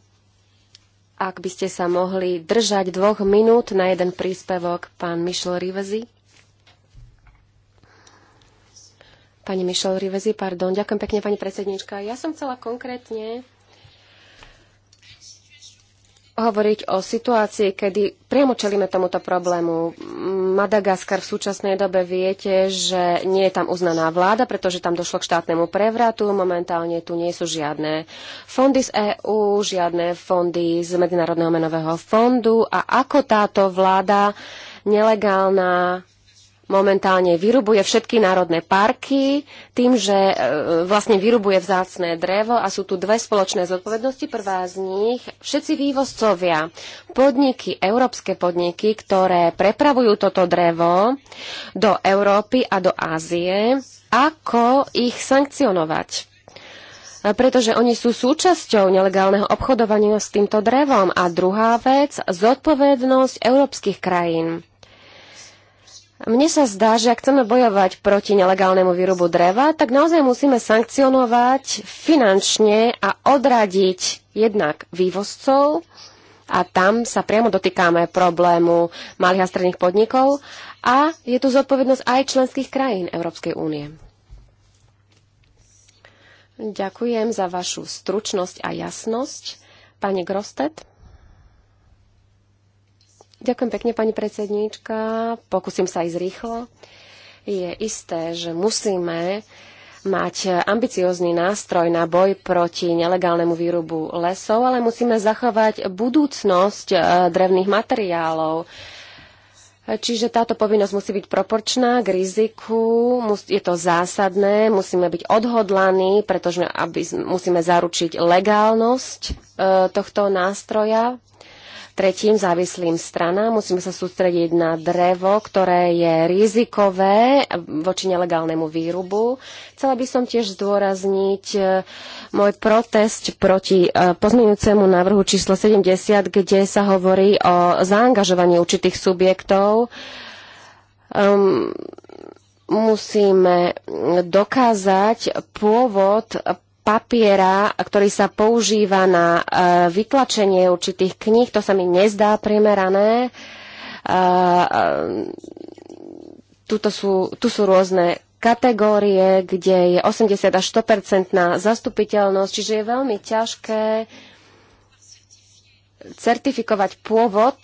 Ak by ste sa mohli držať dvoch minút na jeden príspevok, pán Michel Rivezi. Pani Michel Rivezi, pardon. Ďakujem pekne, pani predsednička. Ja som chcela konkrétne hovoriť o situácii, kedy priamo čelíme tomuto problému. Madagaskar v súčasnej dobe viete, že nie je tam uznaná vláda, pretože tam došlo k štátnemu prevratu. Momentálne tu nie sú žiadne fondy z EÚ, žiadne fondy z Medzinárodného menového fondu. A ako táto vláda nelegálna momentálne vyrubuje všetky národné parky tým, že e, vlastne vyrubuje vzácné drevo a sú tu dve spoločné zodpovednosti. Prvá z nich, všetci vývozcovia, podniky, európske podniky, ktoré prepravujú toto drevo do Európy a do Ázie, ako ich sankcionovať e, pretože oni sú súčasťou nelegálneho obchodovania s týmto drevom. A druhá vec, zodpovednosť európskych krajín mne sa zdá, že ak chceme bojovať proti nelegálnemu výrobu dreva, tak naozaj musíme sankcionovať finančne a odradiť jednak vývozcov, a tam sa priamo dotýkame problému malých a stredných podnikov a je tu zodpovednosť aj členských krajín Európskej únie. Ďakujem za vašu stručnosť a jasnosť. Pani Grostet. Ďakujem pekne, pani predsedníčka. Pokúsim sa ísť rýchlo. Je isté, že musíme mať ambiciózny nástroj na boj proti nelegálnemu výrubu lesov, ale musíme zachovať budúcnosť e, drevných materiálov. Čiže táto povinnosť musí byť proporčná k riziku, je to zásadné, musíme byť odhodlaní, pretože aby, musíme zaručiť legálnosť e, tohto nástroja tretím závislým stranám. Musíme sa sústrediť na drevo, ktoré je rizikové voči nelegálnemu výrubu. Chcela by som tiež zdôrazniť e, môj protest proti e, pozmeňujúcemu návrhu číslo 70, kde sa hovorí o zaangažovaní určitých subjektov. Um, musíme dokázať pôvod papiera, ktorý sa používa na e, vytlačenie určitých kníh, to sa mi nezdá primerané. E, e, tuto sú, tu sú rôzne kategórie, kde je 80 až 100 zastupiteľnosť, čiže je veľmi ťažké certifikovať pôvod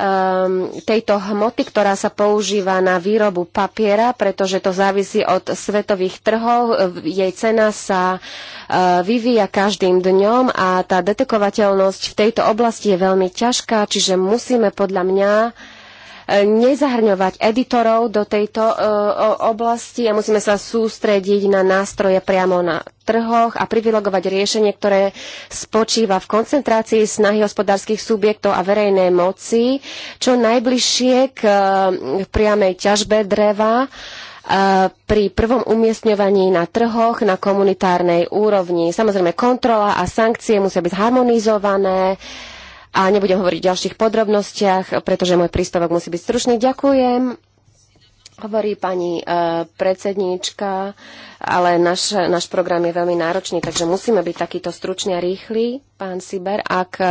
Um, tejto hmoty, ktorá sa používa na výrobu papiera, pretože to závisí od svetových trhov. Jej cena sa uh, vyvíja každým dňom a tá detekovateľnosť v tejto oblasti je veľmi ťažká, čiže musíme podľa mňa nezahrňovať editorov do tejto e, oblasti a musíme sa sústrediť na nástroje priamo na trhoch a privilegovať riešenie, ktoré spočíva v koncentrácii snahy hospodárskych subjektov a verejnej moci čo najbližšie k e, priamej ťažbe dreva e, pri prvom umiestňovaní na trhoch na komunitárnej úrovni. Samozrejme, kontrola a sankcie musia byť harmonizované, a nebudem hovoriť o ďalších podrobnostiach, pretože môj príspevok musí byť stručný. Ďakujem. Hovorí pani e, predsedníčka, ale náš, naš program je veľmi náročný, takže musíme byť takýto stručný a rýchly. Pán Siber, ak e,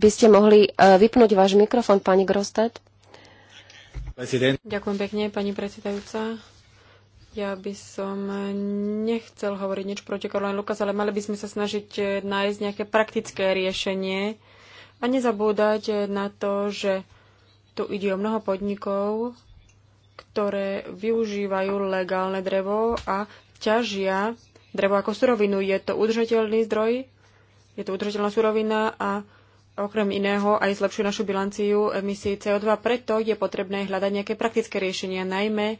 by ste mohli e, vypnúť váš mikrofón, pani Grostet. President. Ďakujem pekne, pani predsedajúca. Ja by som e, nechcel hovoriť nič proti Caroline Lukas, ale mali by sme sa snažiť e, nájsť nejaké praktické riešenie a nezabúdať na to, že tu ide o mnoho podnikov, ktoré využívajú legálne drevo a ťažia drevo ako surovinu. Je to udržateľný zdroj, je to udržateľná surovina a okrem iného aj zlepšujú našu bilanciu emisí CO2. Preto je potrebné hľadať nejaké praktické riešenia, najmä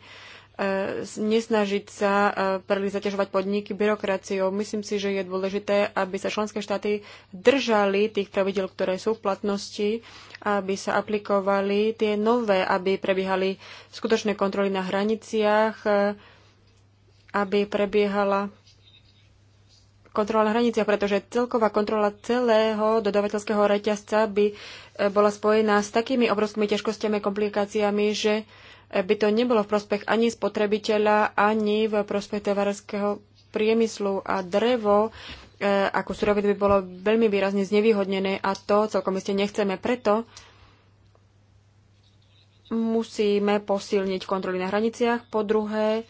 E, nesnažiť sa e, príliš zaťažovať podniky byrokraciou. Myslím si, že je dôležité, aby sa členské štáty držali tých pravidel, ktoré sú v platnosti, aby sa aplikovali tie nové, aby prebiehali skutočné kontroly na hraniciach, e, aby prebiehala kontrola na hraniciach, pretože celková kontrola celého dodavateľského reťazca by bola spojená s takými obrovskými ťažkosťami a komplikáciami, že by to nebolo v prospech ani spotrebiteľa, ani v prospech tovarského priemyslu a drevo e, ako suroviny by bolo veľmi výrazne znevýhodnené a to celkom iste nechceme. Preto musíme posilniť kontroly na hraniciach. Po druhé,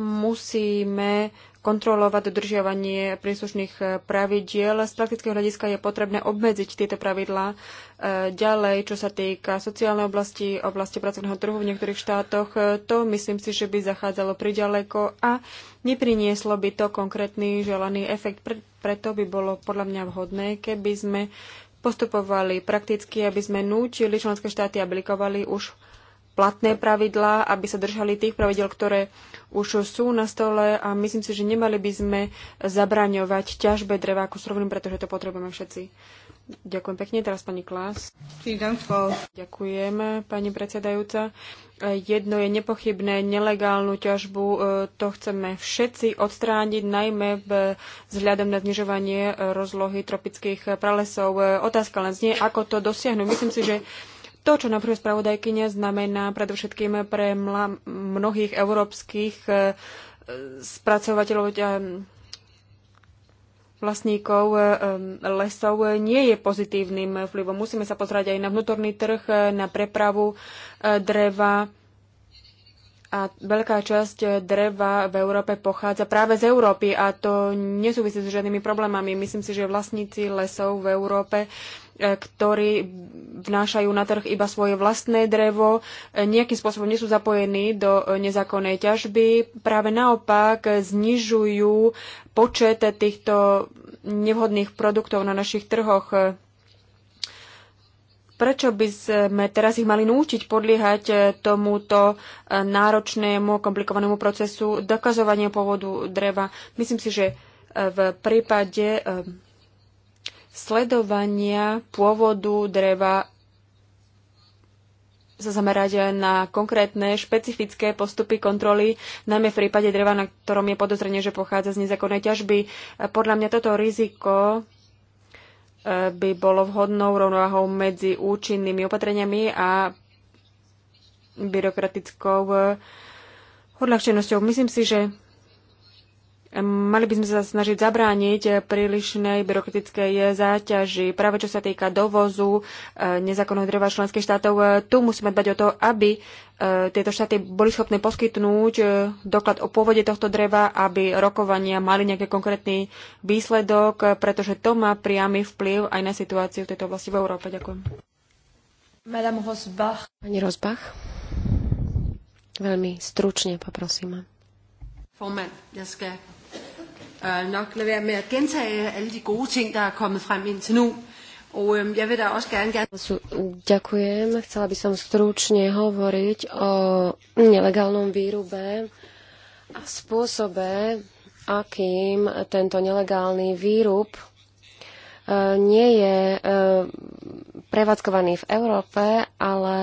musíme kontrolovať dodržiavanie príslušných eh, pravidiel. Z praktického hľadiska je potrebné obmedziť tieto pravidlá eh, ďalej, čo sa týka sociálnej oblasti, oblasti pracovného trhu v niektorých štátoch. Eh, to myslím si, že by zachádzalo priďaleko a neprinieslo by to konkrétny želaný efekt. Preto by bolo podľa mňa vhodné, keby sme postupovali prakticky, aby sme nútili členské štáty, aplikovali už platné pravidlá, aby sa držali tých pravidel, ktoré už sú na stole a myslím si, že nemali by sme zabraňovať ťažbe dreva ako surovinu, pretože to potrebujeme všetci. Ďakujem pekne. Teraz pani Klas. Ďakujem, pani predsedajúca. Jedno je nepochybné, nelegálnu ťažbu, e, to chceme všetci odstrániť, najmä vzhľadom na znižovanie e, rozlohy tropických pralesov. E, otázka len znie, ako to dosiahnuť. Myslím si, že to, čo navrhuje spravodajkynia, znamená predovšetkým pre mnohých európskych e, spracovateľov e, vlastníkov e, lesov nie je pozitívnym vplyvom. Musíme sa pozrieť aj na vnútorný trh, na prepravu dreva. A veľká časť dreva v Európe pochádza práve z Európy a to nesúvisí s žiadnymi problémami. Myslím si, že vlastníci lesov v Európe E, ktorí vnášajú na trh iba svoje vlastné drevo, e, nejakým spôsobom nie sú zapojení do e, nezákonnej ťažby. Práve naopak znižujú počet týchto nevhodných produktov na našich trhoch prečo by sme teraz ich mali nútiť podliehať tomuto náročnému, komplikovanému procesu dokazovania pôvodu dreva. Myslím si, že v prípade sledovania pôvodu dreva sa zamerať na konkrétne špecifické postupy kontroly, najmä v prípade dreva, na ktorom je podozrenie, že pochádza z nezákonnej ťažby. Podľa mňa toto riziko e, by bolo vhodnou rovnováhou medzi účinnými opatreniami a byrokratickou e, odľahčenosťou. Myslím si, že Mali by sme sa snažiť zabrániť prílišnej byrokratickej záťaži. Práve čo sa týka dovozu e, nezákonného dreva členských štátov, e, tu musíme dbať o to, aby e, tieto štáty boli schopné poskytnúť doklad o pôvode tohto dreva, aby rokovania mali nejaký konkrétny výsledok, pretože to má priamy vplyv aj na situáciu v tejto oblasti v Európe. Ďakujem. Madame Rosbach. Pani Rosbach, veľmi stručne poprosíme øh, nok lade være med at gentage alle de gode ting, der er kommet frem indtil nu. Og øh, jeg vil da også gerne... gerne... Ďakujem. Chcela by som stručne hovoriť o nelegálnom výrube a spôsobe, akým tento nelegálny výrub e, nie je e, prevádzkovaný v Európe, ale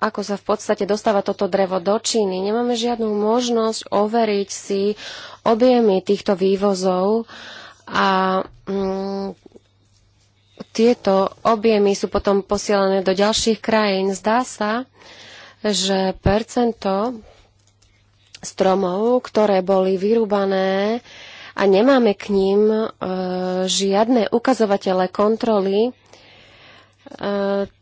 ako sa v podstate dostáva toto drevo do Číny. Nemáme žiadnu možnosť overiť si objemy týchto vývozov a mm, tieto objemy sú potom posielané do ďalších krajín. Zdá sa, že percento stromov, ktoré boli vyrúbané a nemáme k ním e, žiadne ukazovatele kontroly, e,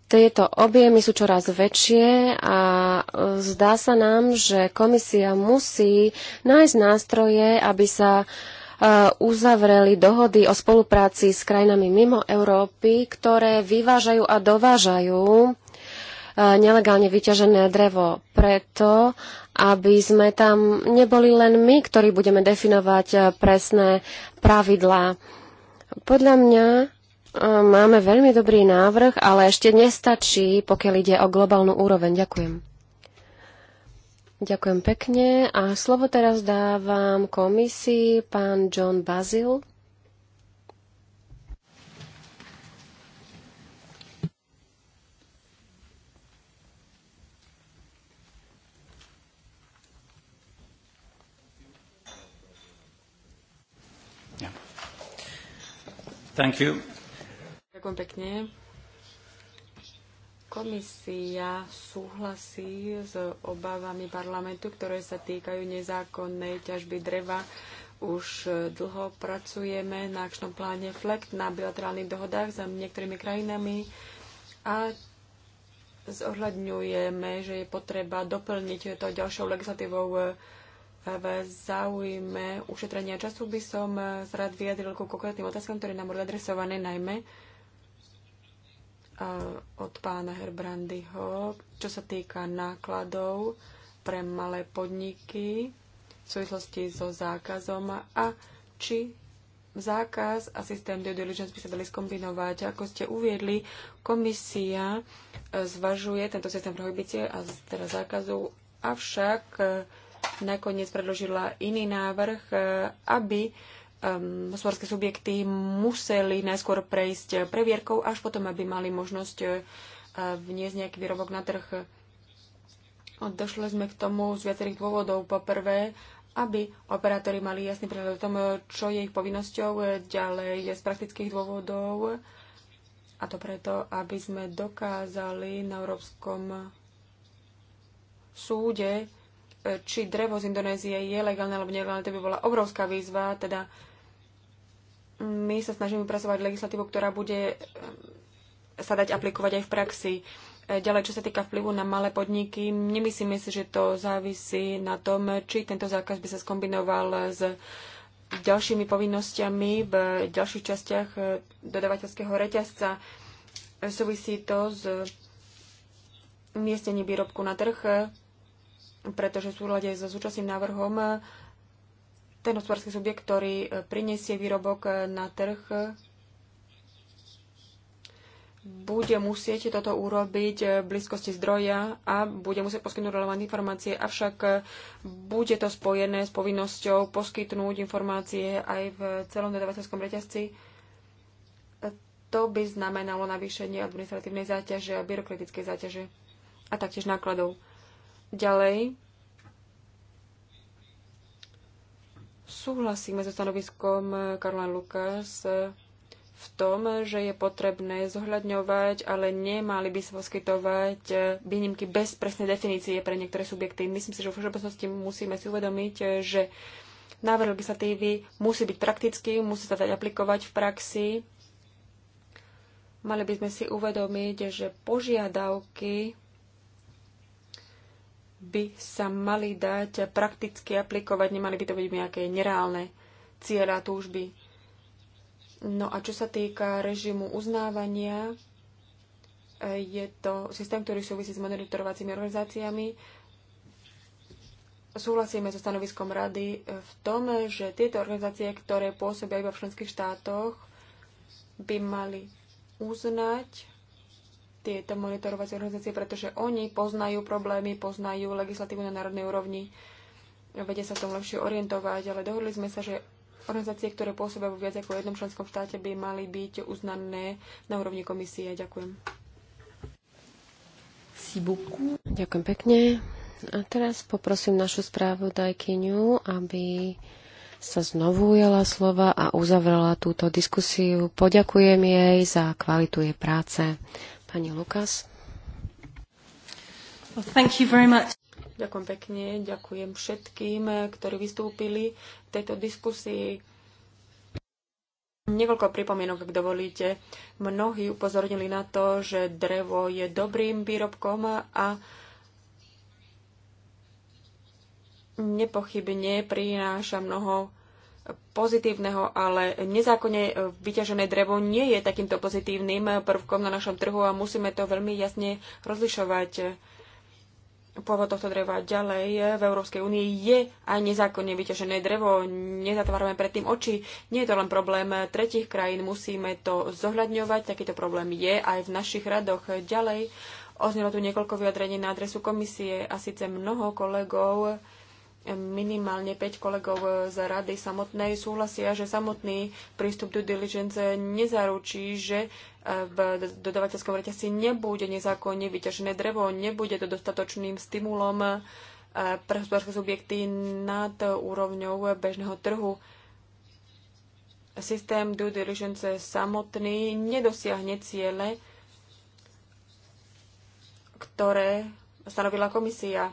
tieto objemy sú čoraz väčšie a e, zdá sa nám, že komisia musí nájsť nástroje, aby sa e, uzavreli dohody o spolupráci s krajinami mimo Európy, ktoré vyvážajú a dovážajú e, nelegálne vyťažené drevo. Preto, aby sme tam neboli len my, ktorí budeme definovať presné pravidlá. Podľa mňa Ehm, máme veľmi dobrý návrh, ale ešte nestačí, pokiaľ ide o globálnu úroveň. Ďakujem. Ďakujem pekne. A slovo teraz dávam komisii pán John Bazil. Thank you. Ďakujem pekne. Komisia súhlasí s obávami parlamentu, ktoré sa týkajú nezákonnej ťažby dreva. Už dlho pracujeme na akčnom pláne FLECT na bilaterálnych dohodách s niektorými krajinami a zohľadňujeme, že je potreba doplniť to ďalšou legislatívou v záujme ušetrenia času by som sa rád vyjadril ku konkrétnym otázkam, ktoré nám boli adresované najmä od pána Herbrandyho, čo sa týka nákladov pre malé podniky v súvislosti so zákazom a či zákaz a systém due diligence by sa dali skombinovať. Ako ste uviedli, komisia e, zvažuje tento systém prohibície a teda zákazu, avšak e, nakoniec predložila iný návrh, e, aby um, hospodárske subjekty museli najskôr prejsť previerkou, až potom, aby mali možnosť uh, vniesť nejaký výrobok na trh. Došli sme k tomu z viacerých dôvodov. Po prvé, aby operátori mali jasný prehľad o tom, čo je ich povinnosťou, eh, ďalej z praktických dôvodov, a to preto, aby sme dokázali na Európskom súde, eh, či drevo z Indonézie je legálne alebo nelegálne, to by bola obrovská výzva, teda my sa snažíme pracovať legislatívu, ktorá bude eh, sa dať aplikovať aj v praxi. Eh, ďalej, čo sa týka vplyvu na malé podniky, nemyslíme si, že to závisí na tom, či tento zákaz by sa skombinoval s ďalšími povinnosťami v ďalších častiach eh, dodavateľského reťazca. Súvisí to s umiestnením výrobku na trh, pretože v súhľade so súčasným návrhom ten hospodársky subjekt, ktorý e, prinesie výrobok e, na trh, e, bude musieť toto urobiť v blízkosti zdroja a bude musieť poskytnúť relevantné informácie, avšak bude to spojené s povinnosťou poskytnúť informácie aj v celom dodavateľskom reťazci. To by znamenalo navýšenie administratívnej záťaže a byrokratickej záťaže a taktiež nákladov. Ďalej, Súhlasíme so stanoviskom Karla Lukas v tom, že je potrebné zohľadňovať, ale nemali by sa poskytovať výnimky bez presnej definície pre niektoré subjekty. Myslím si, že v všeobecnosti musíme si uvedomiť, že návrh legislatívy musí byť praktický, musí sa dať aplikovať v praxi. Mali by sme si uvedomiť, že požiadavky by sa mali dať prakticky aplikovať, nemali by to byť nejaké nereálne cieľa, túžby. No a čo sa týka režimu uznávania, je to systém, ktorý súvisí s monitorovacími organizáciami. Súhlasíme so stanoviskom rady v tom, že tieto organizácie, ktoré pôsobia iba v členských štátoch, by mali uznať tieto monitorovacie organizácie, pretože oni poznajú problémy, poznajú legislatívu na národnej úrovni, vedia sa v tom lepšie orientovať, ale dohodli sme sa, že organizácie, ktoré pôsobia vo viac ako jednom členskom štáte, by mali byť uznané na úrovni komisie. Ďakujem. Ďakujem pekne. A teraz poprosím našu správu Dajkyňu, aby sa znovu ujala slova a uzavrela túto diskusiu. Poďakujem jej za kvalitu jej práce Pani Lukas. Well, thank you very much. Ďakujem pekne, ďakujem všetkým, ktorí vystúpili v tejto diskusii. Niekoľko pripomienok, ak dovolíte. Mnohí upozornili na to, že drevo je dobrým výrobkom a nepochybne prináša mnoho pozitívneho, ale nezákonne vyťažené drevo nie je takýmto pozitívnym prvkom na našom trhu a musíme to veľmi jasne rozlišovať. Pôvod tohto dreva ďalej v Európskej únii je aj nezákonne vyťažené drevo. Nezatvárame predtým oči. Nie je to len problém tretich krajín, musíme to zohľadňovať. Takýto problém je aj v našich radoch. Ďalej oznelo tu niekoľko vyjadrení na adresu komisie a síce mnoho kolegov minimálne 5 kolegov z rady samotnej súhlasia, že samotný prístup due diligence nezaručí, že e, v dodavateľskom reťazci nebude nezákonne vyťažené drevo, nebude to dostatočným stimulom e, pre hospodárske subjekty nad úrovňou bežného trhu. Systém due diligence samotný nedosiahne ciele, ktoré stanovila komisia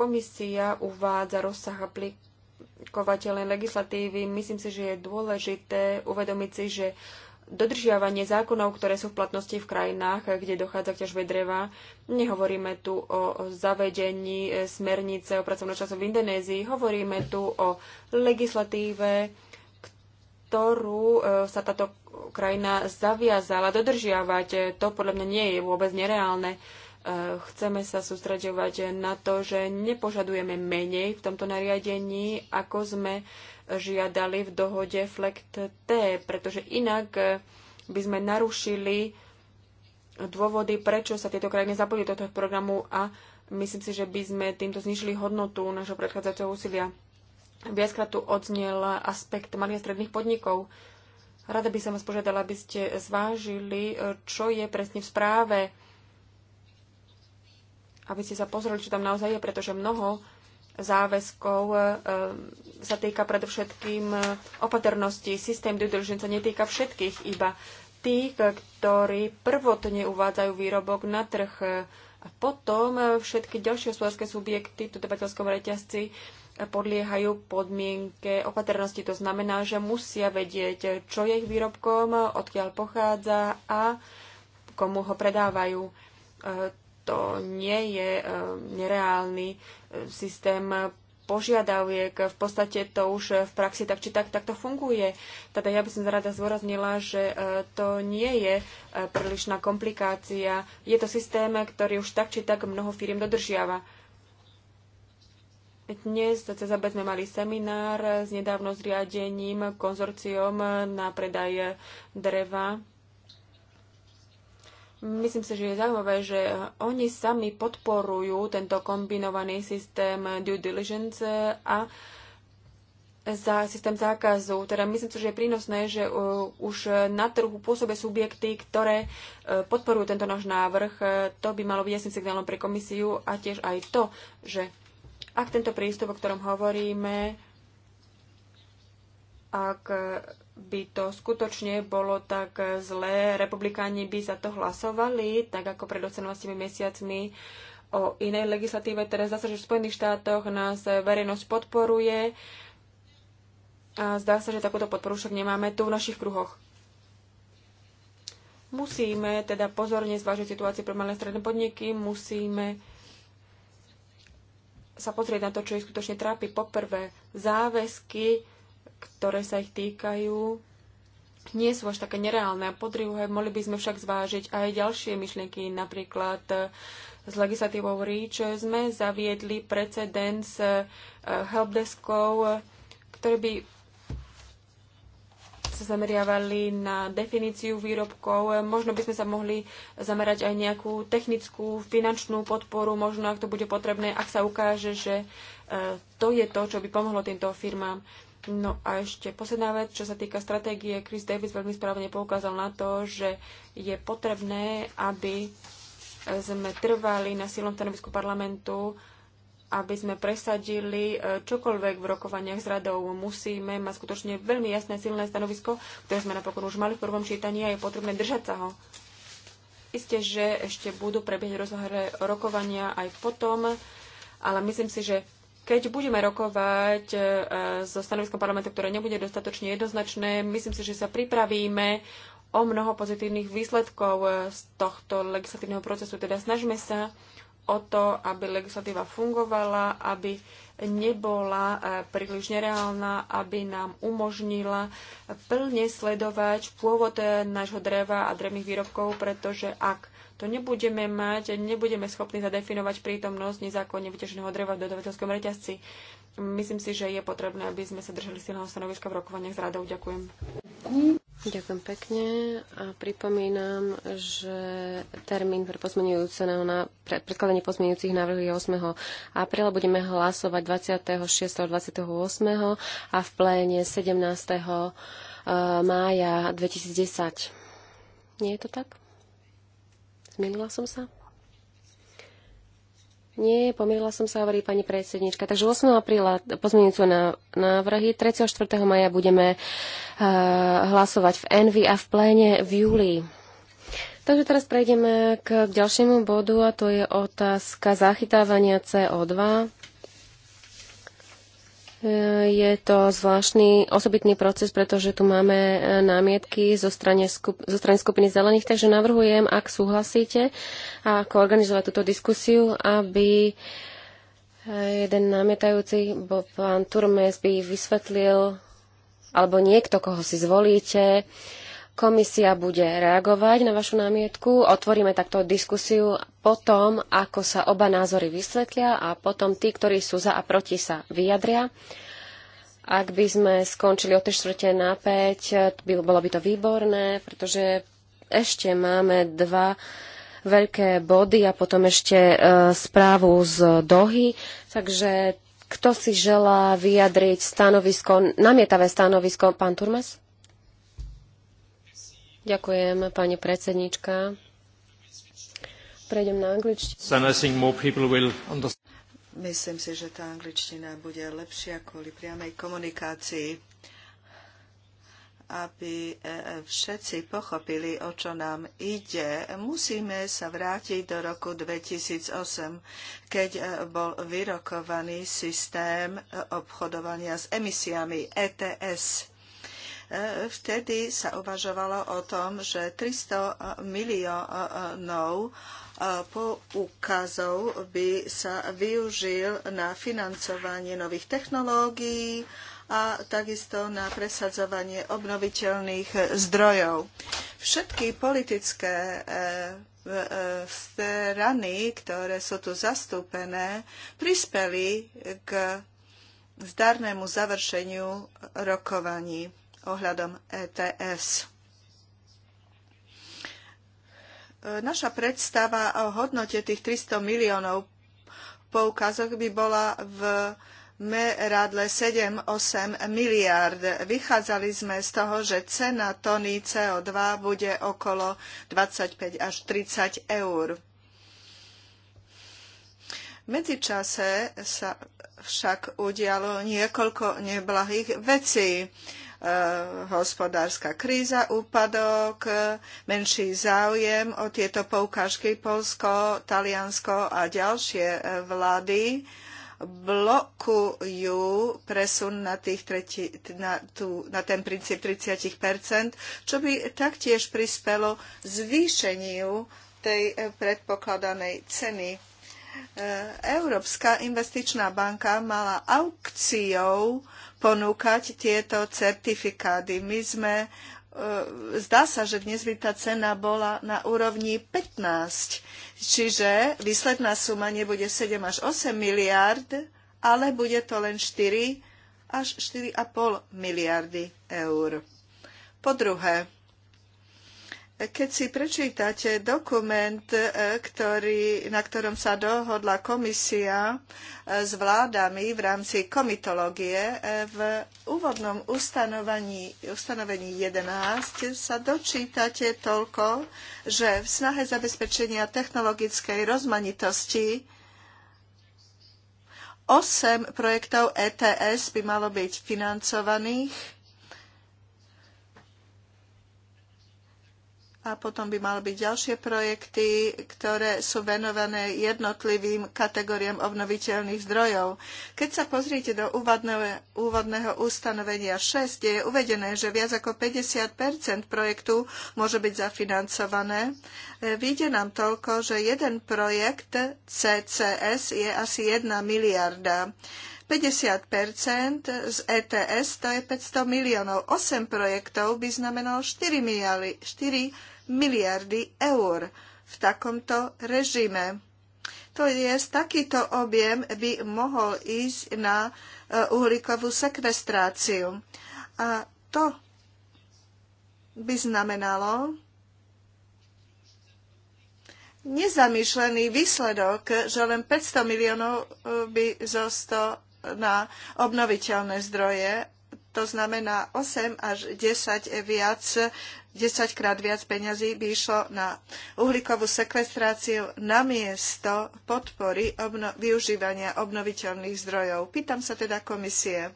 Komisia uvádza rozsah aplikovateľnej legislatívy. Myslím si, že je dôležité uvedomiť si, že dodržiavanie zákonov, ktoré sú v platnosti v krajinách, kde dochádza k ťažbe dreva. Nehovoríme tu o zavedení e, smernice o pracovnom času v Indonézii, hovoríme tu o legislatíve, ktorú e, sa táto krajina zaviazala dodržiavať. To podľa mňa nie je vôbec nereálne. E, chceme sa sústreďovať na to, že nepožadujeme menej v tomto nariadení, ako sme žiadali v dohode FLECT T, pretože inak e, by sme narušili dôvody, prečo sa tieto krajiny zapojili do tohto programu a myslím si, že by sme týmto znižili hodnotu našho predchádzajúceho úsilia. Viackrát tu odznel aspekt malých a stredných podnikov. Rada by som vás požiadala, aby ste zvážili, e, čo je presne v správe aby ste sa pozreli, čo tam naozaj je, pretože mnoho záväzkov e, e, sa týka predovšetkým e, opatrnosti. Systém due diligence sa netýka všetkých, iba tých, ktorí prvotne uvádzajú výrobok na trh. A potom všetky ďalšie hospodárske subjekty v dodavateľskom reťazci podliehajú podmienke opatrnosti. To znamená, že musia vedieť, čo je ich výrobkom, odkiaľ pochádza a komu ho predávajú to nie je e, nereálny e, systém požiadaviek. V podstate to už v praxi tak či tak takto funguje. Teda ja by som rada zvoraznila, že e, to nie je prílišná komplikácia. Je to systém, ktorý už tak či tak mnoho firiem dodržiava. Dnes cez obed sme mali seminár s nedávno zriadením konzorciom na predaj dreva Myslím si, že je zaujímavé, že oni sami podporujú tento kombinovaný systém due diligence a za systém zákazu. Teda myslím si, že je prínosné, že uh, už na trhu pôsobia subjekty, ktoré uh, podporujú tento náš návrh. To by malo byť jasným signálom pre komisiu a tiež aj to, že ak tento prístup, o ktorom hovoríme, ak by to skutočne bolo tak zlé, republikáni by za to hlasovali, tak ako pred 18 mesiacmi o inej legislatíve. Teraz zase, že v Spojených štátoch nás verejnosť podporuje a zdá sa, že takúto podporu však nemáme tu v našich kruhoch. Musíme teda pozorne zvážiť situáciu pre malé stredné podniky, musíme sa pozrieť na to, čo ich skutočne trápi. Poprvé, záväzky ktoré sa ich týkajú, nie sú až také nereálne. Po druhé, mohli by sme však zvážiť aj ďalšie myšlienky, napríklad eh, s legislatívou REACH eh, sme zaviedli precedens eh, helpdeskov, ktoré by sa zameriavali na definíciu výrobkov. Možno by sme sa mohli zamerať aj nejakú technickú, finančnú podporu, možno ak to bude potrebné, ak sa ukáže, že to je to, čo by pomohlo týmto firmám. No a ešte posledná vec, čo sa týka stratégie, Chris Davis veľmi správne poukázal na to, že je potrebné, aby sme trvali na silnom stanovisku parlamentu, aby sme presadili e, čokoľvek v rokovaniach s radou. Musíme mať skutočne veľmi jasné silné stanovisko, ktoré sme napokon už mali v prvom čítaní a je potrebné držať sa ho. Isté, že ešte budú prebiehať rozhovore rokovania aj potom, ale myslím si, že keď budeme rokovať e, so stanoviskom parlamentu, ktoré nebude dostatočne jednoznačné, myslím si, že sa pripravíme o mnoho pozitívnych výsledkov e, z tohto legislatívneho procesu. Teda snažme sa o to, aby legislatíva fungovala, aby nebola e, príliš nereálna, aby nám umožnila plne sledovať pôvod nášho dreva a drevných výrobkov, pretože ak to nebudeme mať, nebudeme schopní zadefinovať prítomnosť nezákonne vyťaženého dreva v dodavateľskom reťazci. Myslím si, že je potrebné, aby sme sa držali silného stanoviska v rokovaniach s radou. Ďakujem. Ďakujem pekne a pripomínam, že termín pre pozmenujúceho na predkladanie pozmenujúcich návrhov je 8. apríla. Budeme hlasovať 26. a 28. a v pléne 17. Eh, mája 2010. Nie je to tak? Pomýlila som sa? Nie, pomýlila som sa, hovorí pani predsednička. Takže 8. apríla pozmienujúce návrhy. 3. a 4. maja budeme uh, hlasovať v Envy a v pléne v júli. Takže teraz prejdeme k, k ďalšiemu bodu a to je otázka zachytávania CO2. Eh, je to zvláštny osobitný proces, pretože tu máme eh, námietky zo, skup- zo strany skupiny zelených, takže navrhujem, ak súhlasíte, ako organizovať túto diskusiu, aby eh, jeden námietajúci, bo pán Turmes by vysvetlil, alebo niekto, koho si zvolíte, Komisia bude reagovať na vašu námietku, otvoríme takto diskusiu potom, ako sa oba názory vysvetlia a potom tí, ktorí sú za a proti sa vyjadria. Ak by sme skončili o 3 čtvrte na 5, bolo by to výborné, pretože ešte máme dva veľké body a potom ešte e, správu z Dohy. Takže kto si želá vyjadriť stanovisko, namietavé stanovisko, pán Turmes? Ďakujem, pani predsednička. Prejdem na angličtinu. Myslím si, že tá angličtina bude lepšia kvôli priamej komunikácii, aby e, e, všetci pochopili, o čo nám ide. Musíme sa vrátiť do roku 2008, keď e, bol vyrokovaný systém obchodovania s emisiami ETS Vtedy sa uvažovalo o tom, že 300 miliónov e, poukazov by sa využil na financovanie nových technológií a takisto na presadzovanie obnoviteľných zdrojov. Všetky politické e, e, strany, ktoré sú tu zastúpené, prispeli k zdarnému završeniu rokovaní ohľadom ETS. E, naša predstava o hodnote tých 300 miliónov poukazok by bola v meradle 7-8 miliard. Vychádzali sme z toho, že cena tony CO2 bude okolo 25 až 30 eur. V medzičase sa však udialo niekoľko neblahých vecí. Eh, hospodárska kríza, úpadok, menší záujem o tieto poukážky Polsko, Taliansko a ďalšie eh, vlády blokujú presun na, tých tretí, na, tú, na ten princíp 30 čo by taktiež prispelo zvýšeniu tej eh, predpokladanej ceny. Európska investičná banka mala aukciou ponúkať tieto certifikáty. My sme, e, zdá sa, že dnes by tá cena bola na úrovni 15, čiže výsledná suma nebude 7 až 8 miliard, ale bude to len 4 až 4,5 miliardy eur. Po druhé, keď si prečítate dokument, e, ktorý, na ktorom sa dohodla komisia e, s vládami v rámci komitológie, e, v úvodnom ustanovení, ustanovení 11 sa dočítate toľko, že v snahe zabezpečenia technologickej rozmanitosti 8 projektov ETS by malo byť financovaných a potom by mali byť ďalšie projekty, ktoré sú venované jednotlivým kategóriám obnoviteľných zdrojov. Keď sa pozriete do úvodného, úvodného ustanovenia 6, kde je uvedené, že viac ako 50 projektu môže byť zafinancované, e, vyjde nám toľko, že jeden projekt CCS je asi 1 miliarda. 50 z ETS to je 500 miliónov. 8 projektov by znamenalo 4 miliardy, 4 miliardy eur v takomto režime. To je, takýto objem by mohol ísť na e, uhlíkovú sekvestráciu. A to by znamenalo nezamýšlený výsledok, že len 500 miliónov e, by zostalo na obnoviteľné zdroje, to znamená 8 až 10 viac 10 krát viac peňazí by išlo na uhlíkovú sekvestráciu namiesto podpory obno- využívania obnoviteľných zdrojov. Pýtam sa teda komisie,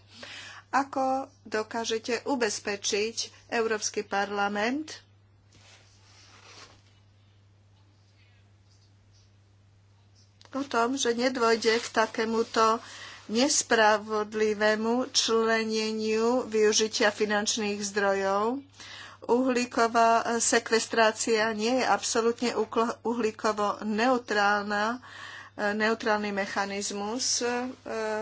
ako dokážete ubezpečiť Európsky parlament, o tom, že nedôjde k takémuto nespravodlivému členeniu využitia finančných zdrojov uhlíková sekvestrácia nie je absolútne uhlíkovo neutrálna. E, neutrálny mechanizmus e,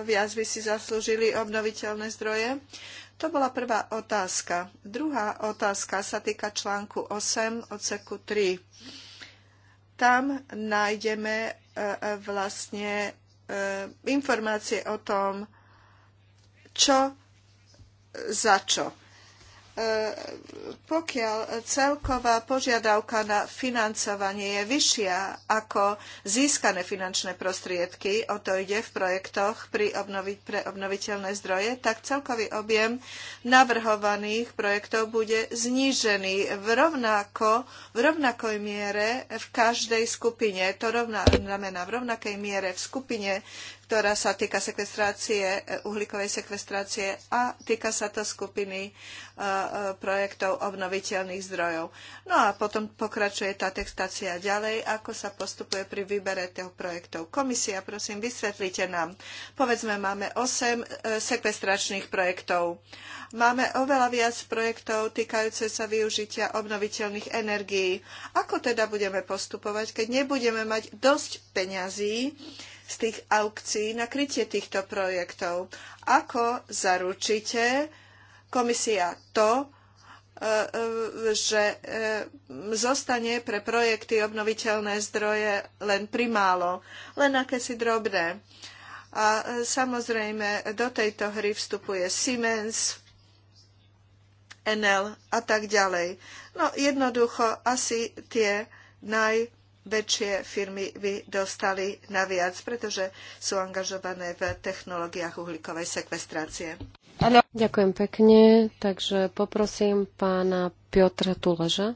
viac by si zaslúžili obnoviteľné zdroje. To bola prvá otázka. Druhá otázka sa týka článku 8 odseku 3. Tam nájdeme e, vlastne informácie o tom, čo za čo E, pokiaľ celková požiadavka na financovanie je vyššia ako získané finančné prostriedky, o to ide v projektoch pri obnovi, pre obnoviteľné zdroje, tak celkový objem navrhovaných projektov bude znížený v, rovnako, v rovnakoj miere v každej skupine. To rovná, znamená v rovnakej miere v skupine ktorá sa týka sekvestrácie, eh, uhlíkovej sekvestrácie a týka sa to skupiny eh, eh, projektov obnoviteľných zdrojov. No a potom pokračuje tá textácia ďalej, ako sa postupuje pri výbere tých projektov. Komisia, prosím, vysvetlite nám. Povedzme, máme 8 sekvestračných projektov. Máme oveľa viac projektov týkajúce sa využitia obnoviteľných energií. Ako teda budeme postupovať, keď nebudeme mať dosť peňazí, z tých aukcií na krytie týchto projektov. Ako zaručíte komisia to, e, e, že e, zostane pre projekty obnoviteľné zdroje len primálo, len akési drobné. A samozrejme, do tejto hry vstupuje Siemens, NL a tak ďalej. No jednoducho asi tie naj väčšie firmy by dostali naviac, pretože sú angažované v technológiách uhlíkovej sekvestrácie. Ďakujem pekne. Takže poprosím pána Piotra Tuleža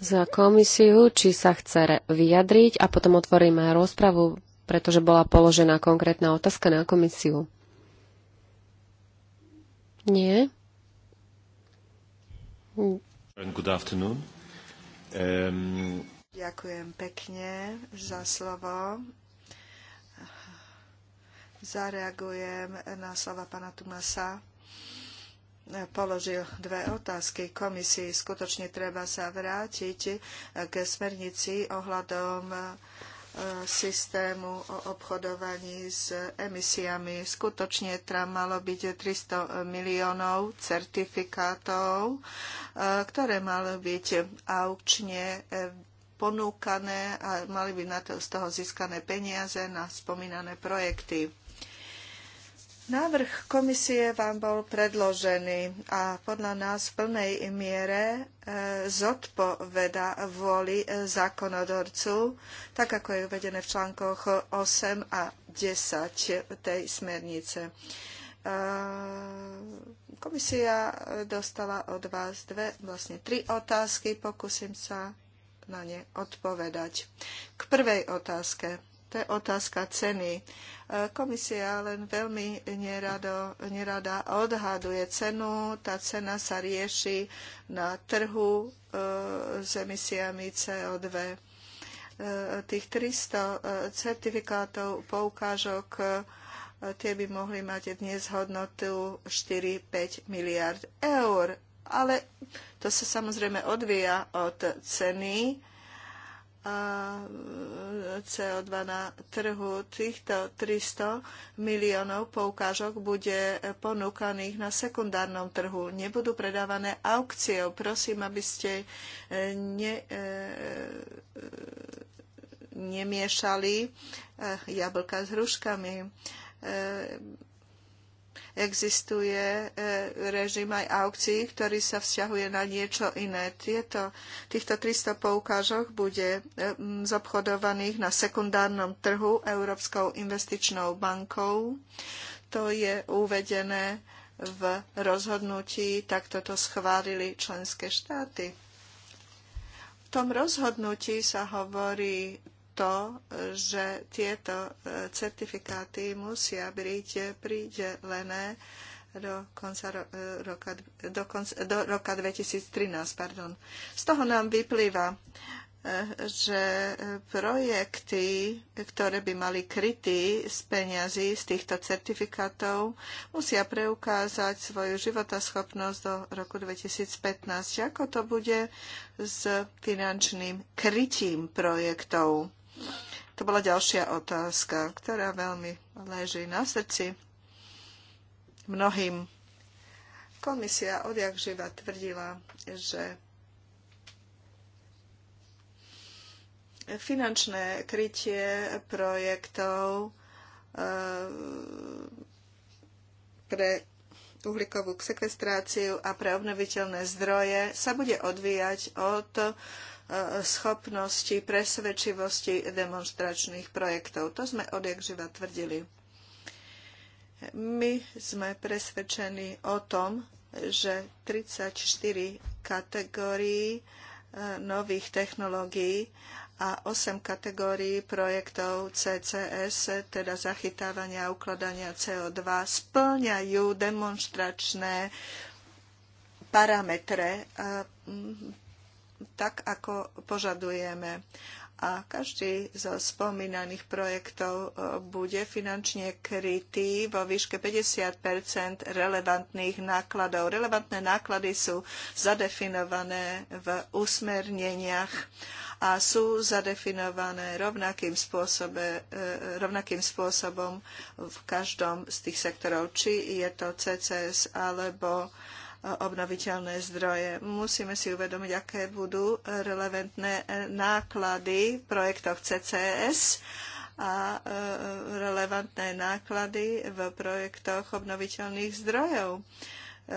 za komisiu, či sa chce vyjadriť a potom otvoríme rozpravu, pretože bola položená konkrétna otázka na komisiu. Nie? Good afternoon. Um, Ďakujem pekne za slovo. Zareagujem na slova pana Tumasa. Položil dve otázky komisii. Skutočne treba sa vrátiť k smernici ohľadom e, systému o obchodovaní s emisiami. Skutočne tam malo byť 300 miliónov certifikátov, e, ktoré malo byť aukčne ponúkané a mali by na to, z toho získané peniaze na spomínané projekty. Návrh komisie vám bol predložený a podľa nás v plnej miere e, zodpoveda vôli zákonodorcu, tak ako je uvedené v článkoch 8 a 10 tej smernice. E, komisia dostala od vás dve, vlastne tri otázky. Pokúsim sa na ne odpovedať. K prvej otázke. To je otázka ceny. E, komisia len veľmi nerado, nerada odhaduje cenu. Tá cena sa rieši na trhu e, s emisiami CO2. E, tých 300 certifikátov poukážok tie by mohli mať dnes hodnotu 4-5 miliard eur ale to sa samozrejme odvíja od ceny CO2 na trhu. Týchto 300 miliónov poukážok bude ponúkaných na sekundárnom trhu. Nebudú predávané aukciou. Prosím, aby ste e, ne, e, nemiešali e, jablka s hruškami existuje e, režim aj aukcií, ktorý sa vzťahuje na niečo iné. Tieto, týchto 300 poukážok bude e, zobchodovaných na sekundárnom trhu Európskou investičnou bankou. To je uvedené v rozhodnutí, takto to schválili členské štáty. V tom rozhodnutí sa hovorí to, že tieto e, certifikáty musia byť pridelené do konca ro- e, roka, do, konca, do roka 2013. Pardon. Z toho nám vyplýva, e, že projekty, ktoré by mali kryty z peňazí z týchto certifikátov, musia preukázať svoju životaschopnosť do roku 2015. Ako to bude s finančným krytím projektov? To bola ďalšia otázka, ktorá veľmi leží na srdci mnohým. Komisia odjak živa tvrdila, že finančné krytie projektov eh, pre uhlíkovú sekvestráciu a pre obnoviteľné zdroje sa bude odvíjať od schopnosti presvedčivosti demonstračných projektov. To sme odjak živa tvrdili. My sme presvedčení o tom, že 34 kategórií e, nových technológií a 8 kategórií projektov CCS, teda zachytávania a ukladania CO2, splňajú demonstračné parametre tak, ako požadujeme. A každý zo spomínaných projektov e, bude finančne krytý vo výške 50 relevantných nákladov. Relevantné náklady sú zadefinované v usmerneniach a sú zadefinované rovnakým, spôsobe, e, rovnakým spôsobom v každom z tých sektorov, či je to CCS alebo obnoviteľné zdroje. Musíme si uvedomiť, aké budú relevantné náklady v projektoch CCS a e, relevantné náklady v projektoch obnoviteľných zdrojov. E,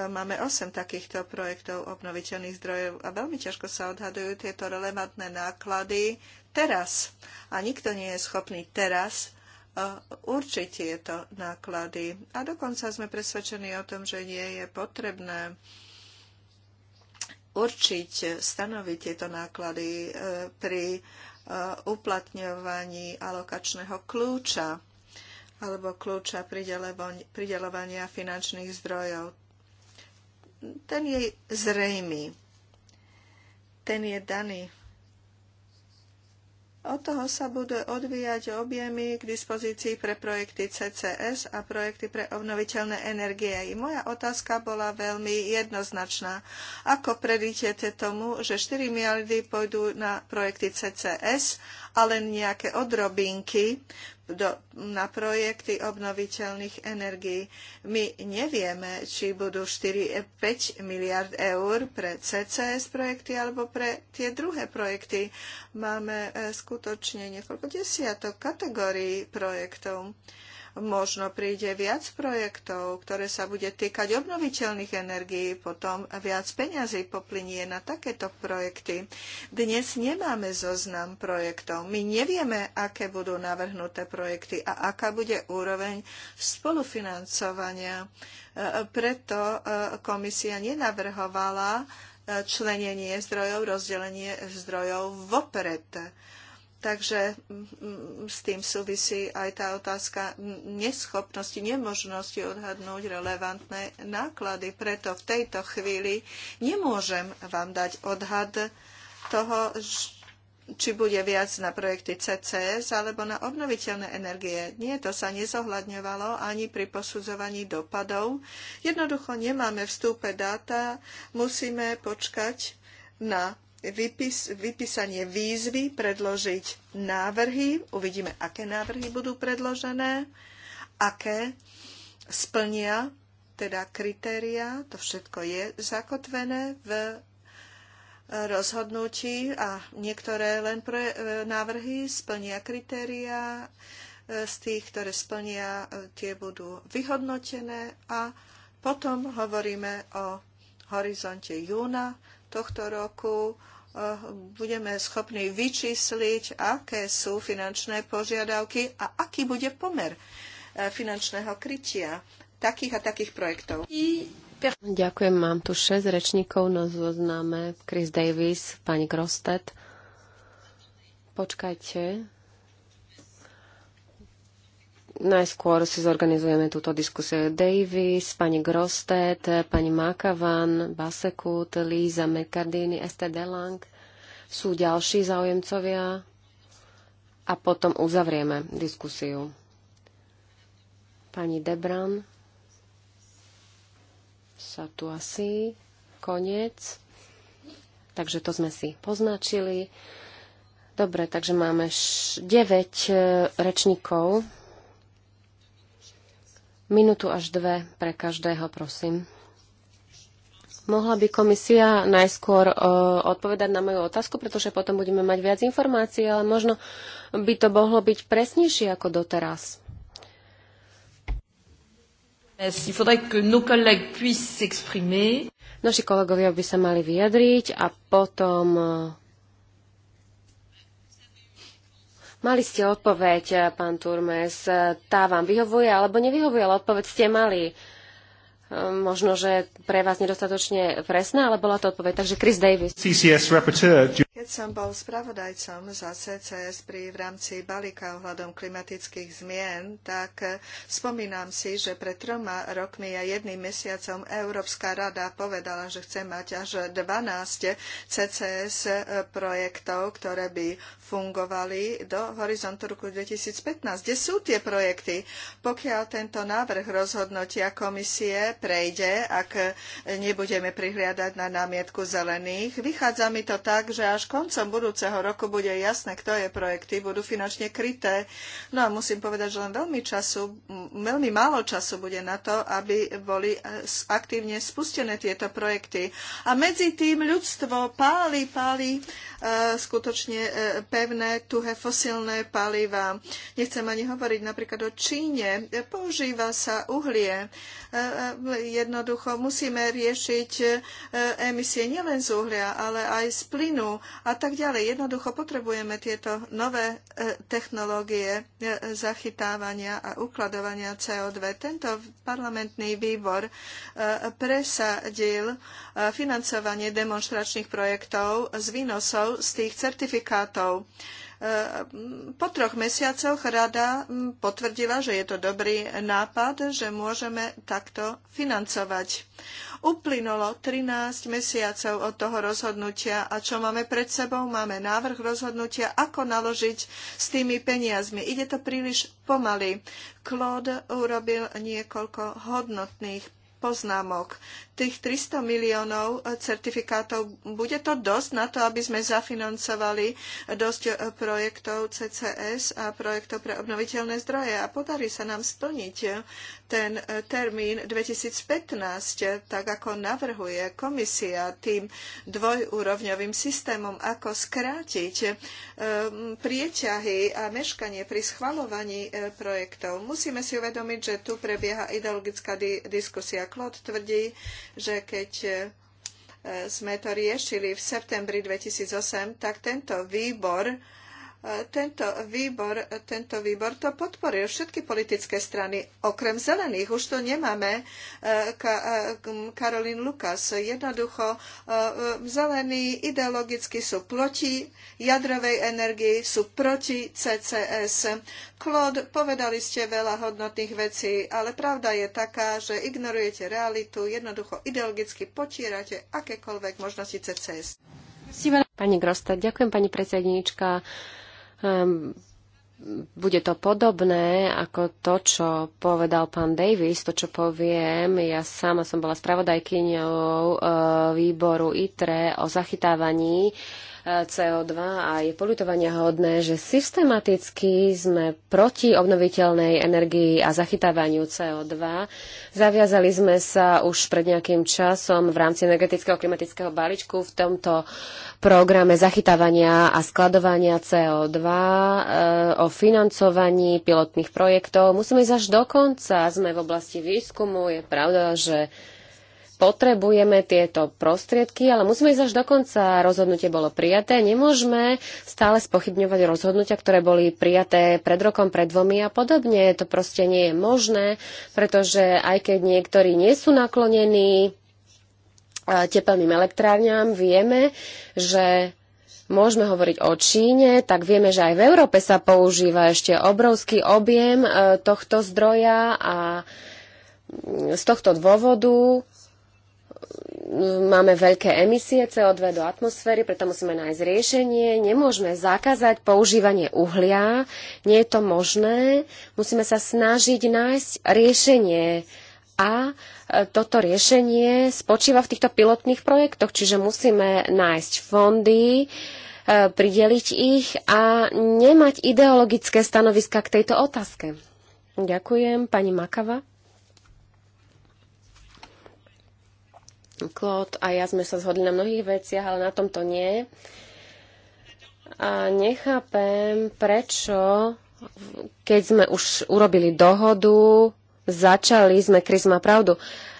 máme 8 takýchto projektov obnoviteľných zdrojov a veľmi ťažko sa odhadujú tieto relevantné náklady teraz. A nikto nie je schopný teraz určiť tieto náklady. A dokonca sme presvedčení o tom, že nie je potrebné určiť, stanoviť tieto náklady e, pri e, uplatňovaní alokačného kľúča alebo kľúča pridelovania finančných zdrojov. Ten je zrejmý. Ten je daný od toho sa budú odvíjať objemy k dispozícii pre projekty CCS a projekty pre obnoviteľné energie. I moja otázka bola veľmi jednoznačná. Ako predíte tomu, že 4 miliardy pôjdu na projekty CCS ale nejaké odrobinky do, na projekty obnoviteľných energií. My nevieme, či budú 4-5 e, miliard eur pre CCS projekty alebo pre tie druhé projekty. Máme e, skutočne niekoľko desiatok kategórií projektov. Možno príde viac projektov, ktoré sa bude týkať obnoviteľných energií, potom viac peňazí poplynie na takéto projekty. Dnes nemáme zoznam projektov. My nevieme, aké budú navrhnuté projekty a aká bude úroveň spolufinancovania. E, preto e, komisia nenavrhovala e, členenie zdrojov, rozdelenie zdrojov vopred Takže mm, mm, s tým súvisí aj tá otázka neschopnosti, nemožnosti odhadnúť relevantné náklady. Preto v tejto chvíli nemôžem vám dať odhad toho, či bude viac na projekty CCS alebo na obnoviteľné energie. Nie, to sa nezohľadňovalo ani pri posudzovaní dopadov. Jednoducho nemáme vstúpe dáta, musíme počkať na vypis, vypísanie výzvy, predložiť návrhy. Uvidíme, aké návrhy budú predložené, aké splnia teda kritéria. To všetko je zakotvené v rozhodnutí a niektoré len pre, e, návrhy splnia kritéria. E, z tých, ktoré splnia, e, tie budú vyhodnotené a potom hovoríme o horizonte júna tohto roku eh, budeme schopní vyčísliť, aké sú finančné požiadavky a aký bude pomer eh, finančného krytia takých a takých projektov. Ďakujem, mám tu 6 rečníkov na zozname. Chris Davis, pani Grostet. Počkajte, Najskôr si zorganizujeme túto diskusiu Davis, pani Grostet, pani Makavan, Basekut, Líza Mekardini, Esther Delang. Sú ďalší záujemcovia a potom uzavrieme diskusiu. Pani Debran sa tu asi koniec. Takže to sme si poznačili. Dobre, takže máme 9 eh, rečníkov Minútu až dve pre každého, prosím. Mohla by komisia najskôr e, odpovedať na moju otázku, pretože potom budeme mať viac informácií, ale možno by to mohlo byť presnejšie ako doteraz. Naši kolegovia by sa mali vyjadriť a potom Mali ste odpoveď, pán Turmes, tá vám vyhovuje alebo nevyhovuje, ale odpoveď ste mali možno, že pre vás nedostatočne presná, ale bola to odpoveď. Takže Chris Davis. CCS rapporteur. Keď som bol spravodajcom za CCS pri v rámci balíka ohľadom klimatických zmien, tak eh, spomínam si, že pred troma rokmi a jedným mesiacom Európska rada povedala, že chce mať až 12 CCS eh, projektov, ktoré by fungovali do horizontu roku 2015. Kde sú tie projekty? Pokiaľ tento návrh rozhodnotia komisie prejde, ak nebudeme prihliadať na námietku zelených. Vychádza mi to tak, že až koncom budúceho roku bude jasné, ktoré projekty budú finančne kryté. No a musím povedať, že len veľmi, času, veľmi málo času bude na to, aby boli eh, aktívne spustené tieto projekty. A medzi tým ľudstvo páli, páli eh, skutočne eh, pevné, tuhé fosilné paliva. Nechcem ani hovoriť napríklad o Číne. Používa sa uhlie. Jednoducho musíme riešiť e, emisie nielen z uhlia, ale aj z plynu a tak ďalej. Jednoducho potrebujeme tieto nové e, technológie e, zachytávania a ukladovania CO2. Tento parlamentný výbor presadil financovanie demonstračných projektov z výnosov z tých certifikátov. Po troch mesiacoch rada potvrdila, že je to dobrý nápad, že môžeme takto financovať. Uplynulo 13 mesiacov od toho rozhodnutia a čo máme pred sebou? Máme návrh rozhodnutia, ako naložiť s tými peniazmi. Ide to príliš pomaly. Claude urobil niekoľko hodnotných poznámok. Tých 300 miliónov eh, certifikátov, bude to dosť na to, aby sme zafinancovali dosť eh, projektov CCS a projektov pre obnoviteľné zdroje a podarí sa nám splniť eh, ten e, termín 2015, tak ako navrhuje komisia tým dvojúrovňovým systémom, ako skrátiť e, prieťahy a meškanie pri schvalovaní e, projektov. Musíme si uvedomiť, že tu prebieha ideologická diskusia. Klod tvrdí, že keď sme to riešili v septembri 2008, tak tento výbor tento výbor, tento výbor to podporil. Všetky politické strany, okrem zelených, už tu nemáme e, Ka- e, Karolín Lukas. Jednoducho, e, zelení ideologicky sú proti jadrovej energii, sú proti CCS. Klod, povedali ste veľa hodnotných vecí, ale pravda je taká, že ignorujete realitu, jednoducho ideologicky potierate akékoľvek možnosti CCS. Pani Grosta, ďakujem pani predsedníčka. Ehm, bude to podobné ako to, čo povedal pán Davis, to, čo poviem. Ja sama som bola spravodajkyňou eh, výboru ITRE o zachytávaní CO2 a je polutovania hodné, že systematicky sme proti obnoviteľnej energii a zachytávaniu CO2. Zaviazali sme sa už pred nejakým časom v rámci energetického klimatického balíčku v tomto programe zachytávania a skladovania CO2 e, o financovaní pilotných projektov. Musíme ísť až do konca. Sme v oblasti výskumu. Je pravda, že potrebujeme tieto prostriedky, ale musíme ísť až do konca. Rozhodnutie bolo prijaté. Nemôžeme stále spochybňovať rozhodnutia, ktoré boli prijaté pred rokom, pred dvomi a podobne. To proste nie je možné, pretože aj keď niektorí nie sú naklonení tepelným elektrárňam, vieme, že môžeme hovoriť o Číne, tak vieme, že aj v Európe sa používa ešte obrovský objem e, tohto zdroja a z tohto dôvodu máme veľké emisie CO2 do atmosféry, preto musíme nájsť riešenie. Nemôžeme zakázať používanie uhlia, nie je to možné. Musíme sa snažiť nájsť riešenie a e, toto riešenie spočíva v týchto pilotných projektoch, čiže musíme nájsť fondy, e, prideliť ich a nemať ideologické stanoviska k tejto otázke. Ďakujem, pani Makava. Klot a ja sme sa zhodli na mnohých veciach, ale na tomto nie. A nechápem, prečo, keď sme už urobili dohodu, začali sme, Chris má pravdu,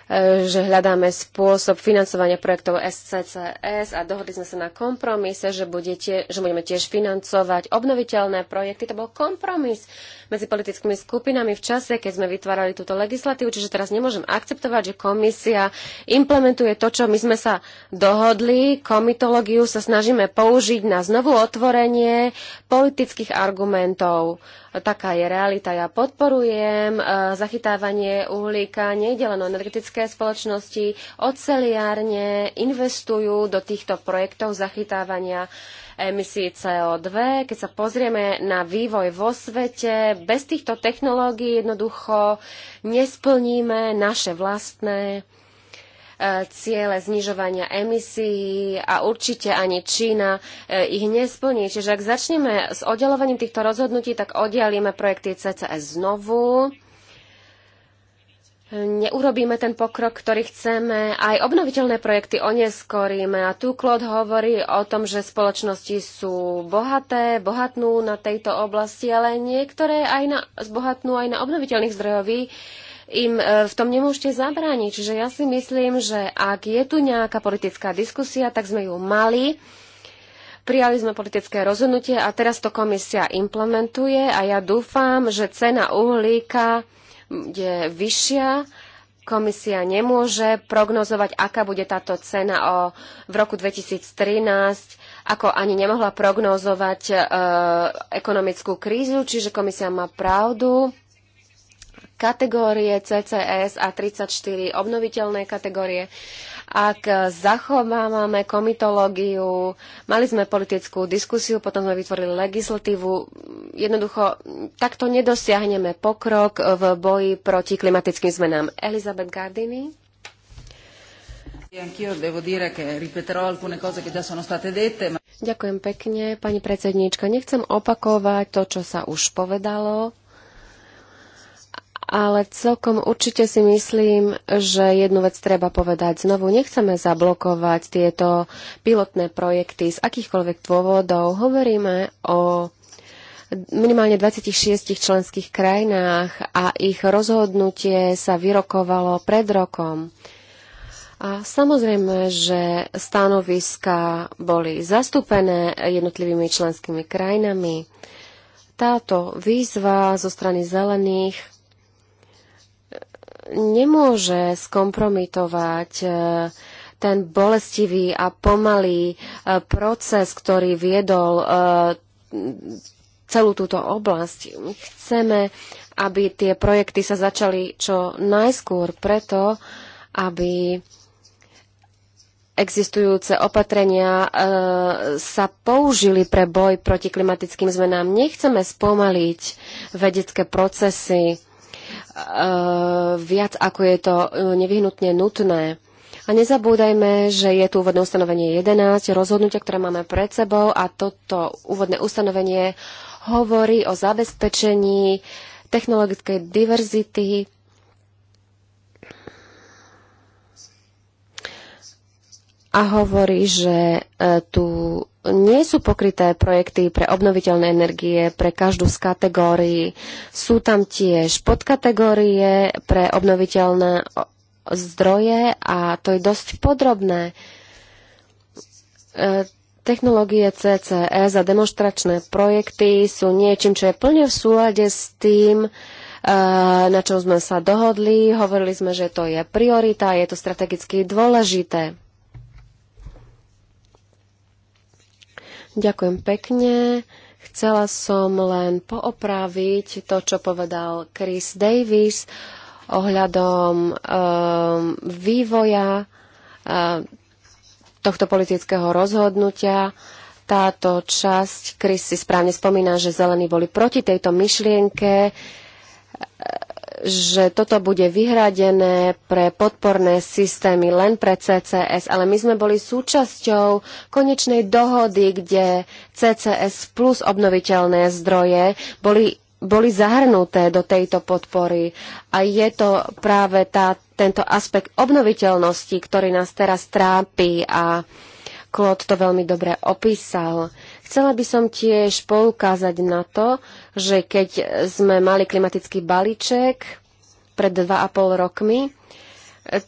e, že hľadáme spôsob financovania projektov SCCS a dohodli sme sa na kompromise, že, budete, že budeme tiež financovať obnoviteľné projekty. To bol kompromis medzi politickými skupinami v čase, keď sme vytvárali túto legislatívu, čiže teraz nemôžem akceptovať, že komisia implementuje to, čo my sme sa dohodli. Komitológiu sa snažíme použiť na znovu otvorenie politických argumentov. Taká je realita. Ja podporujem e, zachytávanie uhlíka, nejde len o energetické spoločnosti, oceliárne investujú do týchto projektov zachytávania emisí CO2. Keď sa pozrieme na vývoj vo svete, bez týchto technológií jednoducho nesplníme naše vlastné e, ciele znižovania emisií a určite ani Čína e, ich nesplní. Čiže ak začneme s oddelovaním týchto rozhodnutí, tak oddialíme projekty CCS znovu neurobíme ten pokrok, ktorý chceme. Aj obnoviteľné projekty oneskoríme. A tu Klod hovorí o tom, že spoločnosti sú bohaté, bohatnú na tejto oblasti, ale niektoré aj na, zbohatnú aj na obnoviteľných zdrojových im e, v tom nemôžete zabrániť. Čiže ja si myslím, že ak je tu nejaká politická diskusia, tak sme ju mali. Prijali sme politické rozhodnutie a teraz to komisia implementuje a ja dúfam, že cena uhlíka je vyššia. Komisia nemôže prognozovať, aká bude táto cena o, v roku 2013, ako ani nemohla prognozovať e, ekonomickú krízu, čiže komisia má pravdu. Kategórie CCS a 34 obnoviteľné kategórie ak zachovávame komitológiu, mali sme politickú diskusiu, potom sme vytvorili legislatívu, jednoducho takto nedosiahneme pokrok v boji proti klimatickým zmenám. Elizabeth Gardini. Ďakujem pekne, pani predsedníčka. Nechcem opakovať to, čo sa už povedalo ale celkom určite si myslím, že jednu vec treba povedať znovu. Nechceme zablokovať tieto pilotné projekty z akýchkoľvek dôvodov. Hovoríme o minimálne 26 členských krajinách a ich rozhodnutie sa vyrokovalo pred rokom. A samozrejme, že stanoviska boli zastúpené jednotlivými členskými krajinami. Táto výzva zo strany zelených nemôže skompromitovať e, ten bolestivý a pomalý e, proces, ktorý viedol e, celú túto oblasť. Chceme, aby tie projekty sa začali čo najskôr preto, aby existujúce opatrenia e, sa použili pre boj proti klimatickým zmenám. Nechceme spomaliť vedecké procesy. E, viac, ako je to e, nevyhnutne nutné. A nezabúdajme, že je tu úvodné ustanovenie 11, rozhodnutia, ktoré máme pred sebou a toto úvodné ustanovenie hovorí o zabezpečení technologickej diverzity a hovorí, že e, tu nie sú pokryté projekty pre obnoviteľné energie pre každú z kategórií. Sú tam tiež podkategórie pre obnoviteľné zdroje a to je dosť podrobné. E, technológie CCS a demonstračné projekty sú niečím, čo je plne v súlade s tým, e, na čom sme sa dohodli. Hovorili sme, že to je priorita, je to strategicky dôležité. Ďakujem pekne. Chcela som len poopraviť to, čo povedal Chris Davis ohľadom um, vývoja um, tohto politického rozhodnutia. Táto časť, Chris si správne spomína, že zelení boli proti tejto myšlienke. Uh, že toto bude vyhradené pre podporné systémy len pre CCS, ale my sme boli súčasťou konečnej dohody, kde CCS plus obnoviteľné zdroje boli boli zahrnuté do tejto podpory. A je to práve tá, tento aspekt obnoviteľnosti, ktorý nás teraz trápi a Klod to veľmi dobre opísal. Chcela by som tiež poukázať na to, že keď sme mali klimatický balíček pred 2,5 rokmi,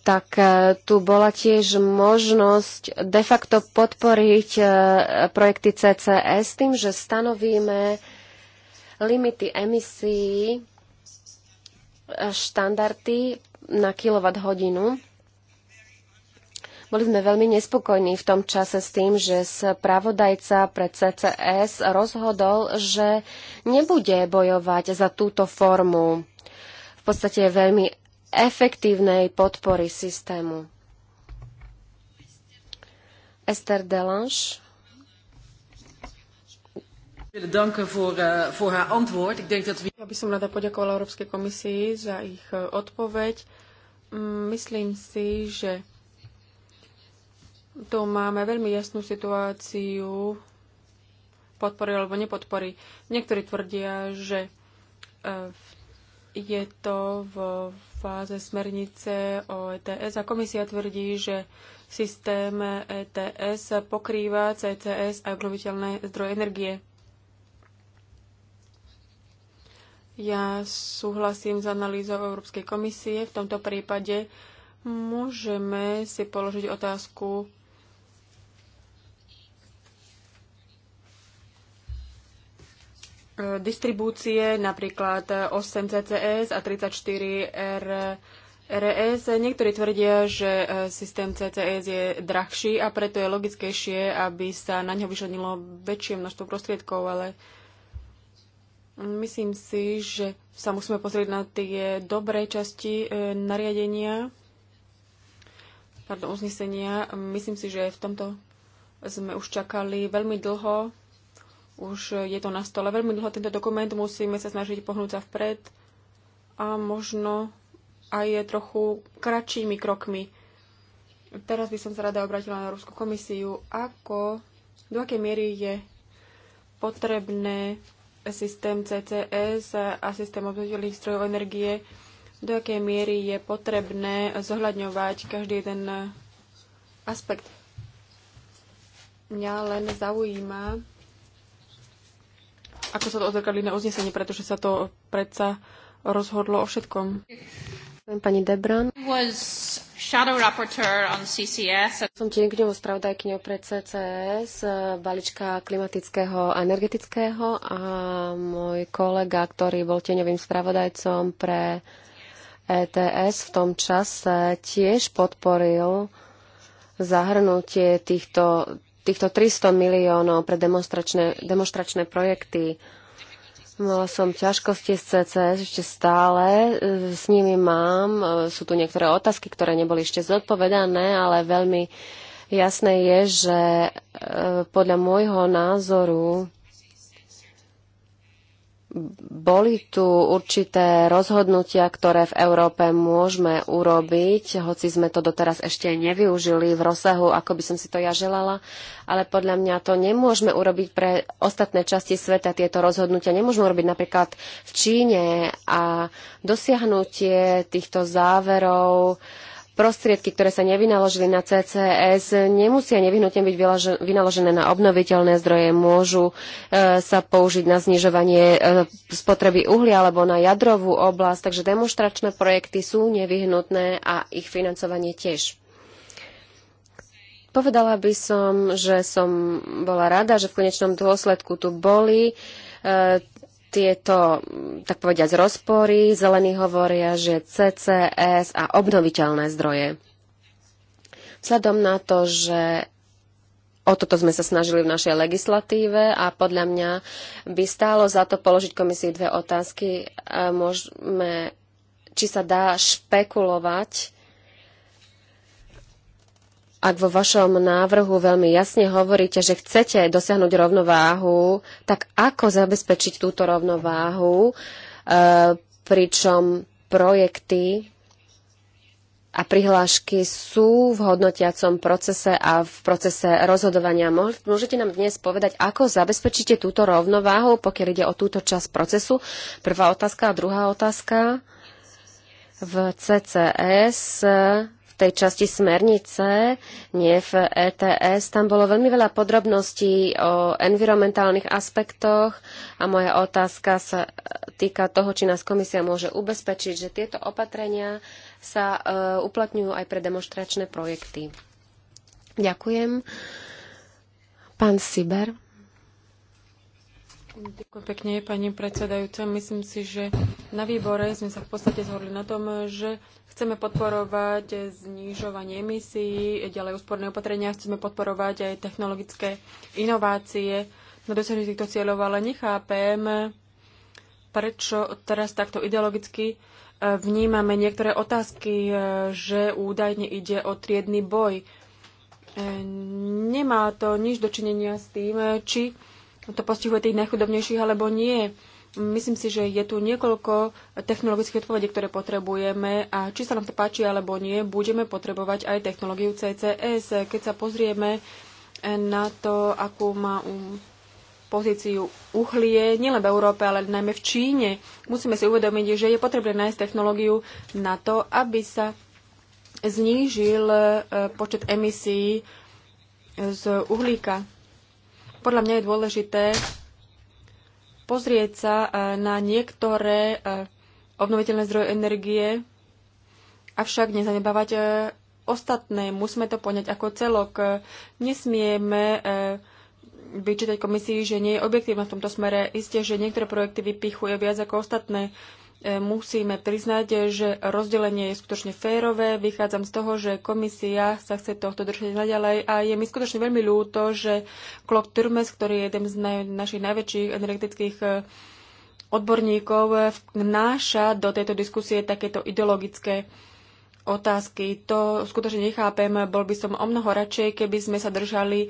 tak e, tu bola tiež možnosť de facto podporiť e, projekty CCS tým, že stanovíme limity emisí, e, štandardy na kilowatt hodinu boli sme veľmi nespokojní v tom čase s tým, že spravodajca pre CCS rozhodol, že nebude bojovať za túto formu v podstate veľmi efektívnej podpory systému. Esther Delange. Eh, ja by som rada poďakovala Európskej komisii za ich eh, odpoveď. Mm, myslím si, že tu máme veľmi jasnú situáciu podpory alebo nepodpory. Niektorí tvrdia, že e, je to v fáze smernice o ETS a komisia tvrdí, že systém ETS pokrýva CCS a obnoviteľné zdroje energie. Ja súhlasím s analýzou Európskej komisie. V tomto prípade môžeme si položiť otázku, distribúcie, napríklad 8 CCS a 34 R, RES. Niektorí tvrdia, že e, systém CCS je drahší a preto je logickejšie, aby sa na ňo vyšlenilo väčšie množstvo prostriedkov, ale myslím si, že sa musíme pozrieť na tie dobré časti e, nariadenia, pardon, uznesenia. Myslím si, že v tomto sme už čakali veľmi dlho už je to na stole veľmi dlho tento dokument, musíme sa snažiť pohnúť sa vpred a možno aj je trochu kratšími krokmi. Teraz by som sa rada obratila na Európsku komisiu, ako, do akej miery je potrebné systém CCS a systém obnoviteľných strojov energie, do akej miery je potrebné zohľadňovať každý jeden aspekt. Mňa len zaujíma, ako sa to odzrkadlí na uznesenie, pretože sa to predsa rozhodlo o všetkom. Pani Debran. Som tieňkňovou spravodajkyňou pre CCS, eh, balička klimatického a energetického a môj kolega, ktorý bol tieňovým spravodajcom pre ETS v tom čase, tiež podporil zahrnutie týchto týchto 300 miliónov pre demonstračné, demonstračné projekty. Mala som ťažkosti s CCS ešte stále, e, s nimi mám, e, sú tu niektoré otázky, ktoré neboli ešte zodpovedané, ale veľmi jasné je, že e, podľa môjho názoru boli tu určité rozhodnutia, ktoré v Európe môžeme urobiť, hoci sme to doteraz ešte nevyužili v rozsahu, ako by som si to ja želala, ale podľa mňa to nemôžeme urobiť pre ostatné časti sveta, tieto rozhodnutia nemôžeme urobiť napríklad v Číne a dosiahnutie týchto záverov prostriedky, ktoré sa nevynaložili na CCS, nemusia nevyhnutne byť vynaložené na obnoviteľné zdroje. Môžu e, sa použiť na znižovanie e, spotreby uhlia alebo na jadrovú oblasť, takže demonstračné projekty sú nevyhnutné a ich financovanie tiež. Povedala by som, že som bola rada, že v konečnom dôsledku tu boli e, tieto, mm, tak povediať, rozpory. Zelení hovoria, že CCS a obnoviteľné zdroje. Vzhľadom na to, že o toto sme sa snažili v našej legislatíve a podľa mňa by stálo za to položiť komisii dve otázky. E, môžeme, či sa dá špekulovať ak vo vašom návrhu veľmi jasne hovoríte, že chcete dosiahnuť rovnováhu, tak ako zabezpečiť túto rovnováhu, e, pričom projekty a prihlášky sú v hodnotiacom procese a v procese rozhodovania. Môžete nám dnes povedať, ako zabezpečíte túto rovnováhu, pokiaľ ide o túto časť procesu? Prvá otázka a druhá otázka. V CCS tej časti smernice, nie v ETS. Tam bolo veľmi veľa podrobností o environmentálnych aspektoch a moja otázka sa týka toho, či nás komisia môže ubezpečiť, že tieto opatrenia sa e, uplatňujú aj pre demonstračné projekty. Ďakujem. Pán Siber. Ďakujem pekne, pani predsedajúca. Myslím si, že na výbore sme sa v podstate zhodli na tom, že chceme podporovať znižovanie emisí, ďalej úsporné opatrenia, chceme podporovať aj technologické inovácie na dosiahnutie týchto cieľov, ale nechápem, prečo teraz takto ideologicky e, vnímame niektoré otázky, e, že údajne ide o triedny boj. E, nemá to nič dočinenia s tým, či to postihuje tých najchudobnejších alebo nie. Myslím si, že je tu niekoľko technologických odpovedí, ktoré potrebujeme a či sa nám to páči alebo nie, budeme potrebovať aj technológiu CCS. Keď sa pozrieme na to, akú má pozíciu uhlie, nielen v Európe, ale najmä v Číne, musíme si uvedomiť, že je potrebné nájsť technológiu na to, aby sa znížil eh, počet emisí z uhlíka. Podľa mňa je dôležité pozrieť sa e, na niektoré e, obnoviteľné zdroje energie, avšak nezanebávať e, ostatné. Musíme to poňať ako celok. Nesmieme vyčítať komisii, že nie je objektívna v tomto smere. Isté, že niektoré projekty vypichuje viac ako ostatné musíme priznať, že rozdelenie je skutočne férové. Vychádzam z toho, že komisia sa chce tohto držať naďalej a je mi skutočne veľmi ľúto, že Klok Turmes, ktorý je jeden z naj- našich najväčších energetických e, odborníkov, vnáša do tejto diskusie takéto ideologické otázky. To skutočne nechápem. Bol by som o mnoho radšej, keby sme sa držali e,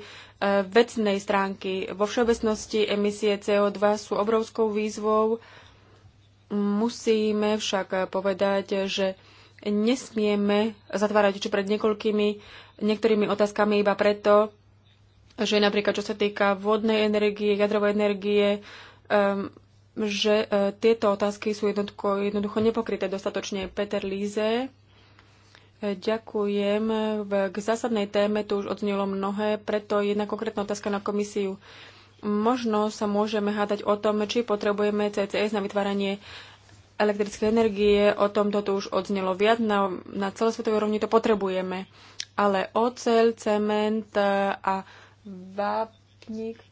vecnej stránky. Vo všeobecnosti emisie CO2 sú obrovskou výzvou Musíme však povedať, že nesmieme zatvárať oči pred niekoľkými, niektorými otázkami iba preto, že napríklad čo sa týka vodnej energie, jadrovej energie, um, že uh, tieto otázky sú jednoducho, jednoducho nepokryté dostatočne. Peter Líze, e, ďakujem. K zásadnej téme tu už odznelo mnohé, preto jedna konkrétna otázka na komisiu. Uh, Možno sa môžeme hádať o tom, či potrebujeme CCS na vytváranie elektrické energie, o tom toto už odznelo viac, na, na celosvetovej úrovni to potrebujeme. Ale oceľ, cement e, a vápnik,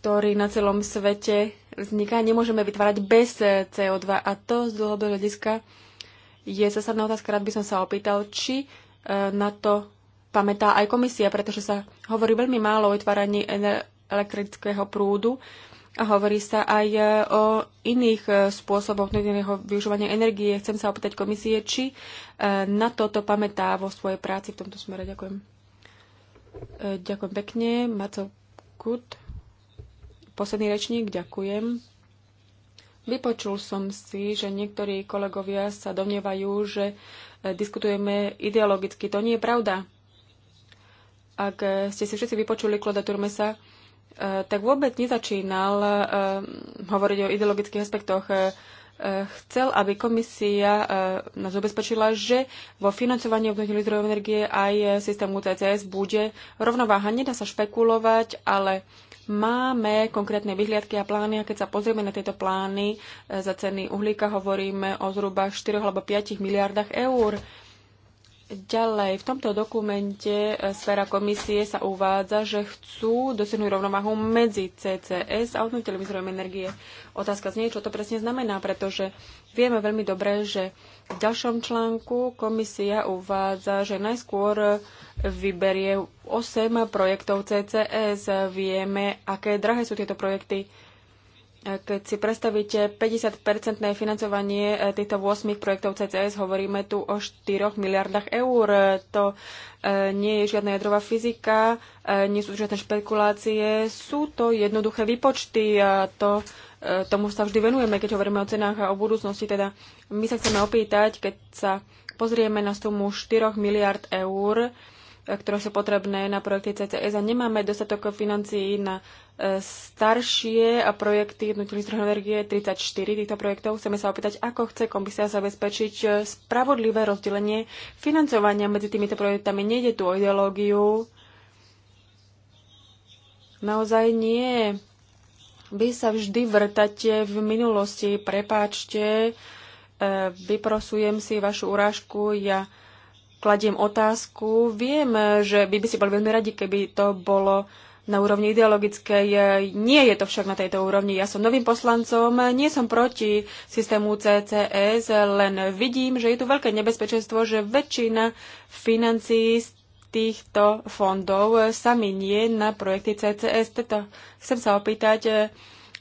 ktorý na celom svete vzniká, nemôžeme vytvárať bez e, CO2. A to z dlhodobého hľadiska je zásadná otázka, rád by som sa opýtal, či e, na to pamätá aj komisia, pretože sa hovorí veľmi málo o vytváraní elektrického prúdu a hovorí sa aj e, o iných e, spôsoboch nudeného využívania energie. Chcem sa opýtať komisie, či e, na toto pamätá vo svojej práci v tomto smere. Ďakujem. Ďakujem pekne. Maco Kut, posledný rečník, ďakujem. Vypočul som si, že niektorí kolegovia sa domnievajú, že diskutujeme ideologicky. To nie je pravda. Ak ste si všetci vypočuli Kloda Turmesa, Eh, tak vôbec nezačínal eh, hovoriť o ideologických aspektoch. Eh, chcel, aby komisia nás ubezpečila, že vo financovaní obnoviteľných zdrojov energie aj systému TCS bude rovnováha. Nedá sa špekulovať, ale máme konkrétne vyhliadky a plány a keď sa pozrieme na tieto plány za ceny uhlíka, hovoríme o zhruba 4 alebo 5 miliardách eur Ďalej, v tomto dokumente e, sféra komisie sa uvádza, že chcú dosiahnuť rovnováhu medzi CCS a obnoviteľnými zdrojmi energie. Otázka znie, čo to presne znamená, pretože vieme veľmi dobre, že v ďalšom článku komisia uvádza, že najskôr vyberie 8 projektov CCS. Vieme, aké drahé sú tieto projekty. Keď si predstavíte 50-percentné financovanie e, týchto 8 projektov CCS, hovoríme tu o 4 miliardách eur. To e, nie je žiadna jadrová fyzika, e, nie sú žiadne špekulácie, sú to jednoduché výpočty a to, tomu sa vždy venujeme, keď hovoríme o cenách a o budúcnosti. Teda my sa chceme opýtať, keď sa pozrieme na sumu 4 miliard eur, ktoré sú potrebné na projekty CCS a nemáme dostatok financií na e, staršie a projekty vnútorných zdrojov energie 34 týchto projektov. Chceme sa opýtať, ako chce komisia zabezpečiť e, spravodlivé rozdelenie financovania medzi týmito projektami. Nejde tu o ideológiu. Naozaj nie. Vy sa vždy vrtate v minulosti, prepáčte, e, vyprosujem si vašu urážku, ja kladiem otázku. Viem, že by by si boli veľmi radi, keby to bolo na úrovni ideologickej. Nie je to však na tejto úrovni. Ja som novým poslancom, nie som proti systému CCS, len vidím, že je tu veľké nebezpečenstvo, že väčšina financí z týchto fondov sa minie na projekty CCS. Teto teda chcem sa opýtať,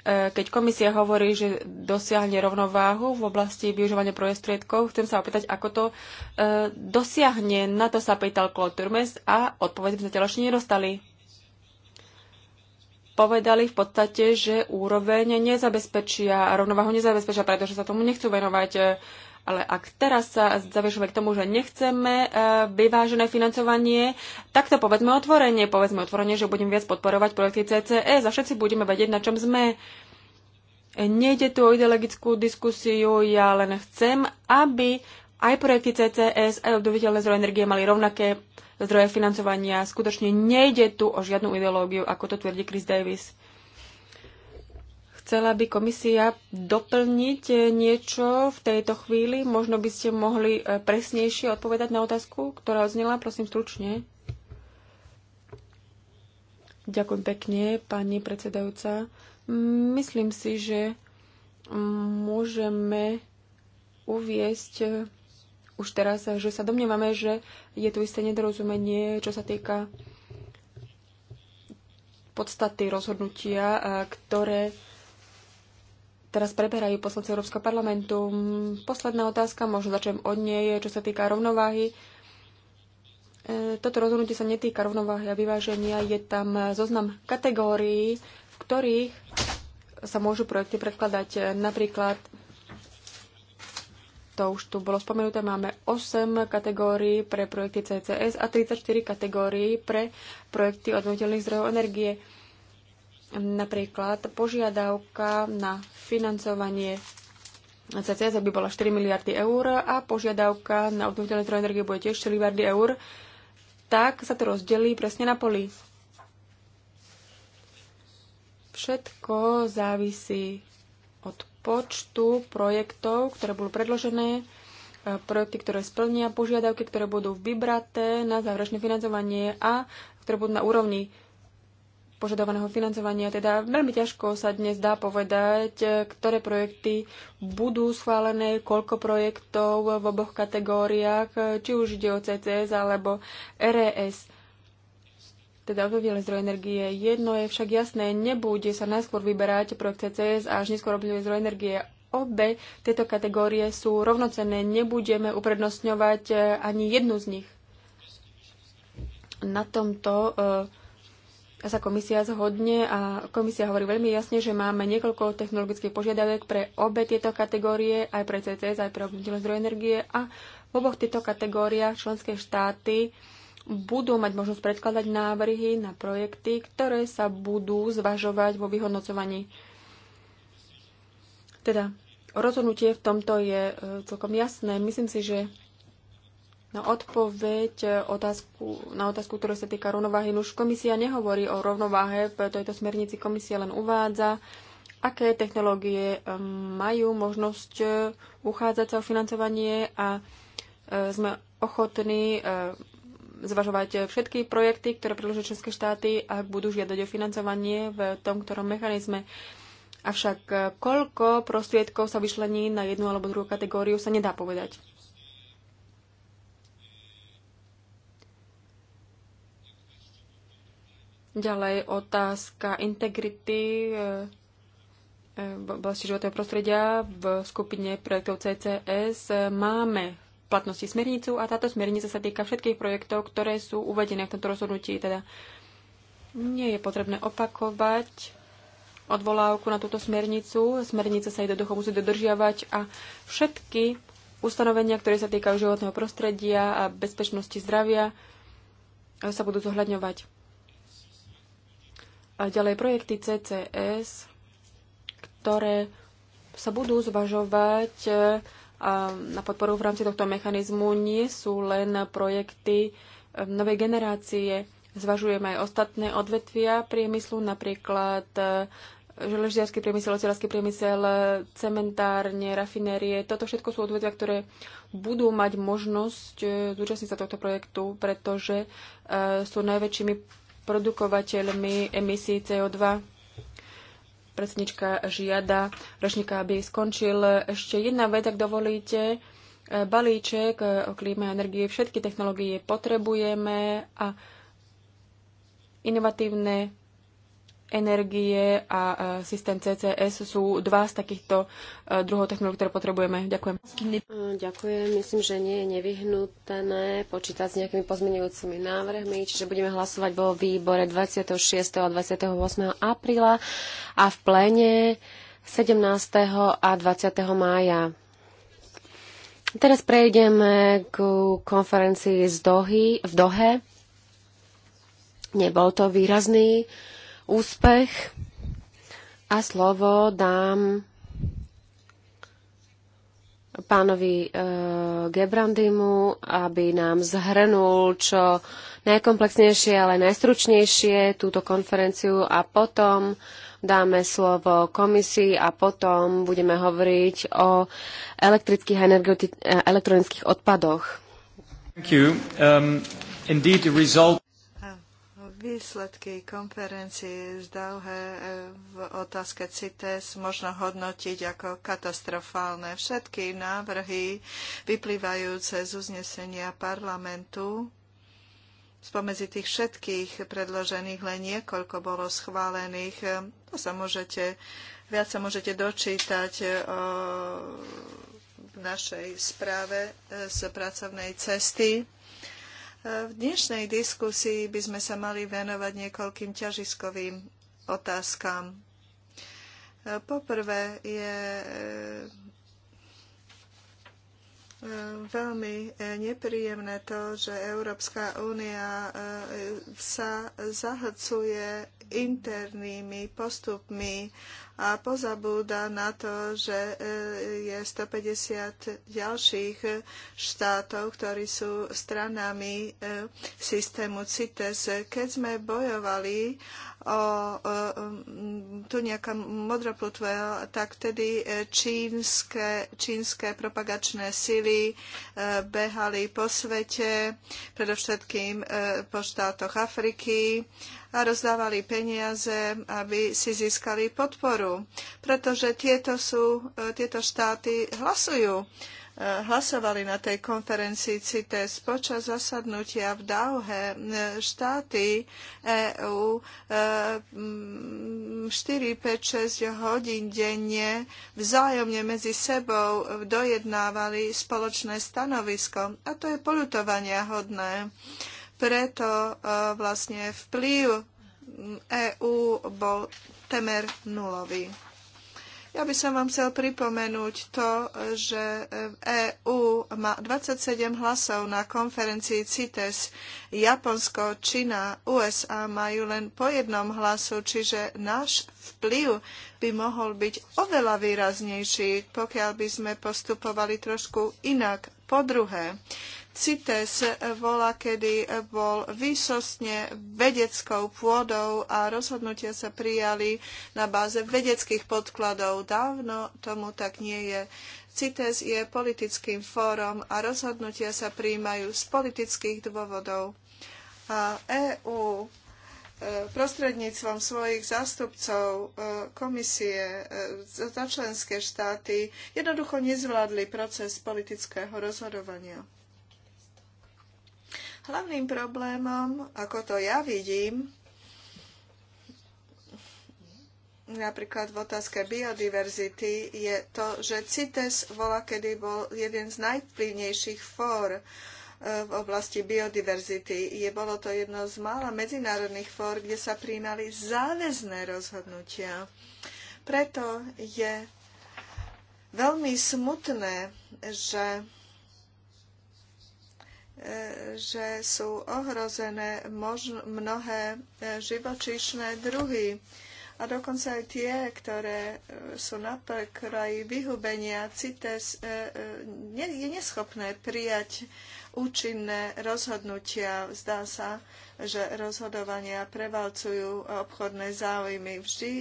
E, keď komisia hovorí, že dosiahne rovnováhu v oblasti využívania prostriedkov, chcem sa opýtať, ako to e, dosiahne. Na to sa pýtal Claude Turmes a odpoveď sme zatiaľ ešte nedostali. Povedali v podstate, že úroveň nezabezpečia, rovnováhu nezabezpečia, pretože sa tomu nechcú venovať. E, ale ak teraz sa zaviešame k tomu, že nechceme e, vyvážené financovanie, tak to povedzme otvorenie. Povedzme otvorenie, že budeme viac podporovať projekty CCE. A všetci budeme vedieť, na čom sme. Nejde tu o ideologickú diskusiu, ja len chcem, aby aj projekty CCS, e aj obdoviteľné zdroje energie mali rovnaké zdroje financovania. Skutočne nejde tu o žiadnu ideológiu, ako to tvrdí Chris Davis. Chcela by komisia doplniť eh, niečo v tejto chvíli? Možno by ste mohli eh, presnejšie odpovedať na otázku, ktorá odznela, prosím stručne. Ďakujem pekne, pani predsedajúca. Myslím si, že môžeme uviesť eh, už teraz, že sa domnievame, že je tu isté nedorozumenie, čo sa týka podstaty rozhodnutia, ktoré teraz preberajú poslanci Európskeho parlamentu. Posledná otázka, možno začnem od nej, čo sa týka rovnováhy. E, toto rozhodnutie sa netýka rovnováhy a vyváženia. Je tam zoznam kategórií, v ktorých sa môžu projekty predkladať. Napríklad, to už tu bolo spomenuté, máme 8 kategórií pre projekty CCS a 34 kategórií pre projekty odnoviteľných zdrojov energie. Napríklad požiadavka na financovanie CCS by bola 4 miliardy eur a požiadavka na obnoviteľné zdroje energie bude tiež 4 miliardy eur, tak sa to rozdelí presne na poli. Všetko závisí od počtu projektov, ktoré budú predložené, e, projekty, ktoré splnia požiadavky, ktoré budú vybraté na záverečné financovanie a ktoré budú na úrovni požadovaného financovania. Teda veľmi ťažko sa dnes dá povedať, e, ktoré projekty budú schválené, koľko projektov v oboch kategóriách, e, či už ide o CCS alebo RES teda obnoviteľné zdroje energie. Jedno je však jasné, nebude sa najskôr vyberať projekt CCS a až neskôr obnoviteľné zdroje energie. Obe tieto kategórie sú rovnocenné, nebudeme uprednostňovať e, ani jednu z nich. Na tomto uh, sa komisia zhodne a komisia hovorí veľmi jasne, že máme niekoľko technologických požiadavek pre obe tieto kategórie, aj pre CCS, aj pre obnoviteľné zdroje energie a v oboch týchto kategóriách členské štáty budú mať možnosť predkladať návrhy na projekty, ktoré sa budú zvažovať vo vyhodnocovaní. Teda rozhodnutie v tomto je e, celkom jasné. Myslím si, že na odpoveď e, otázku, na otázku, ktorá sa týka rovnováhy. Už komisia nehovorí o rovnováhe v tejto smernici. Komisia len uvádza, aké technológie e, majú možnosť e, uchádzať sa o financovanie a sme ochotní zvažovať všetky projekty, ktoré predložia České štáty, ak budú žiadať o financovanie v tom, ktorom mechanizme. Avšak koľko prostriedkov sa vyšlení na jednu alebo druhú kategóriu, sa nedá povedať. Ďalej otázka integrity e, e, v oblasti životného prostredia v skupine projektov CCS. Máme v platnosti smernicu a táto smernica sa týka všetkých projektov, ktoré sú uvedené v tomto rozhodnutí. Teda nie je potrebné opakovať odvolávku na túto smernicu. Smernica sa jednoducho musí dodržiavať a všetky ustanovenia, ktoré sa týkajú životného prostredia a bezpečnosti zdravia, e, sa budú zohľadňovať. A ďalej projekty CCS, ktoré sa budú zvažovať e, na podporu v rámci tohto mechanizmu, nie sú len projekty e, novej generácie. Zvažujeme aj ostatné odvetvia priemyslu, napríklad e, želežiarský priemysel, ocelársky priemysel, cementárne, rafinérie. Toto všetko sú odvetvia, ktoré budú mať možnosť zúčastniť sa tohto projektu, pretože sú najväčšími produkovateľmi emisí CO2. Predsednička žiada ročníka, aby skončil. Ešte jedna vec, ak dovolíte. Balíček o klíme a energie, všetky technológie potrebujeme a inovatívne energie a systém CCS sú dva z takýchto e, druhov technológií, ktoré potrebujeme. Ďakujem. E, ďakujem. Myslím, že nie je nevyhnutné počítať s nejakými pozmenujúcimi návrhmi, čiže budeme hlasovať vo výbore 26. a 28. apríla a v plene 17. a 20. mája. Teraz prejdeme k konferencii z Dohy, v Dohe. Nebol to výrazný úspech a slovo dám pánovi e, Gebrandimu, aby nám zhrnul čo najkomplexnejšie, ale najstručnejšie túto konferenciu a potom dáme slovo komisii a potom budeme hovoriť o elektrických a e, elektronických odpadoch. Um, indeed, result... Výsledky konferencie z Dauhe e, v otázke CITES možno hodnotiť ako katastrofálne. Všetky návrhy vyplývajúce z uznesenia parlamentu spomezi tých všetkých predložených len niekoľko bolo schválených. E, to sa môžete, viac sa môžete dočítať e, o v našej správe z pracovnej cesty v dnešnej diskusii by sme sa mali venovať niekoľkým ťažiskovým otázkam. Poprvé je e, veľmi nepríjemné to, že Európska únia e, sa zahlcuje internými postupmi a pozabúda na to, že e, je 150 ďalších štátov, ktorí sú stranami e, systému CITES. Keď sme bojovali o, mm, tu nejaká modrá plutva, tak tedy e, čínske, čínske propagačné sily e, behali po svete, predovšetkým e, po štátoch Afriky a rozdávali peniaze, aby si získali podporu, pretože tieto, sú, tieto štáty hlasujú E, hlasovali na tej konferencii CITES počas zasadnutia v Dauhe e, štáty EU 4, 5, 6 hodín denne vzájomne medzi sebou dojednávali spoločné stanovisko. A to je polutovania hodné. Preto e, vlastne vplyv EÚ bol temer nulový. Ja by som vám chcel pripomenúť to, že EÚ má 27 hlasov na konferencii CITES. Japonsko, Čína, USA majú len po jednom hlasu, čiže náš vplyv by mohol byť oveľa výraznejší, pokiaľ by sme postupovali trošku inak. Po druhé, CITES bola, kedy bol výsostne vedeckou pôdou a rozhodnutia sa prijali na báze vedeckých podkladov. Dávno tomu tak nie je. CITES je politickým fórom a rozhodnutia sa prijímajú z politických dôvodov. A EÚ e, prostredníctvom svojich zástupcov e, komisie e, za členské štáty jednoducho nezvládli proces politického rozhodovania. Hlavným problémom, ako to ja vidím, napríklad v otázke biodiverzity, je to, že CITES volá, kedy bol jeden z najvplyvnejších fór e, v oblasti biodiverzity. Je, bolo to jedno z mála medzinárodných fór, kde sa príjmali záväzné rozhodnutia. Preto je veľmi smutné, že že sú ohrozené mnohé e, živočíšne druhy a dokonca aj tie, ktoré e, sú na kraji vyhubenia, CITES e, je neschopné prijať účinné rozhodnutia. Zdá sa, že rozhodovania prevalcujú obchodné záujmy. Vždy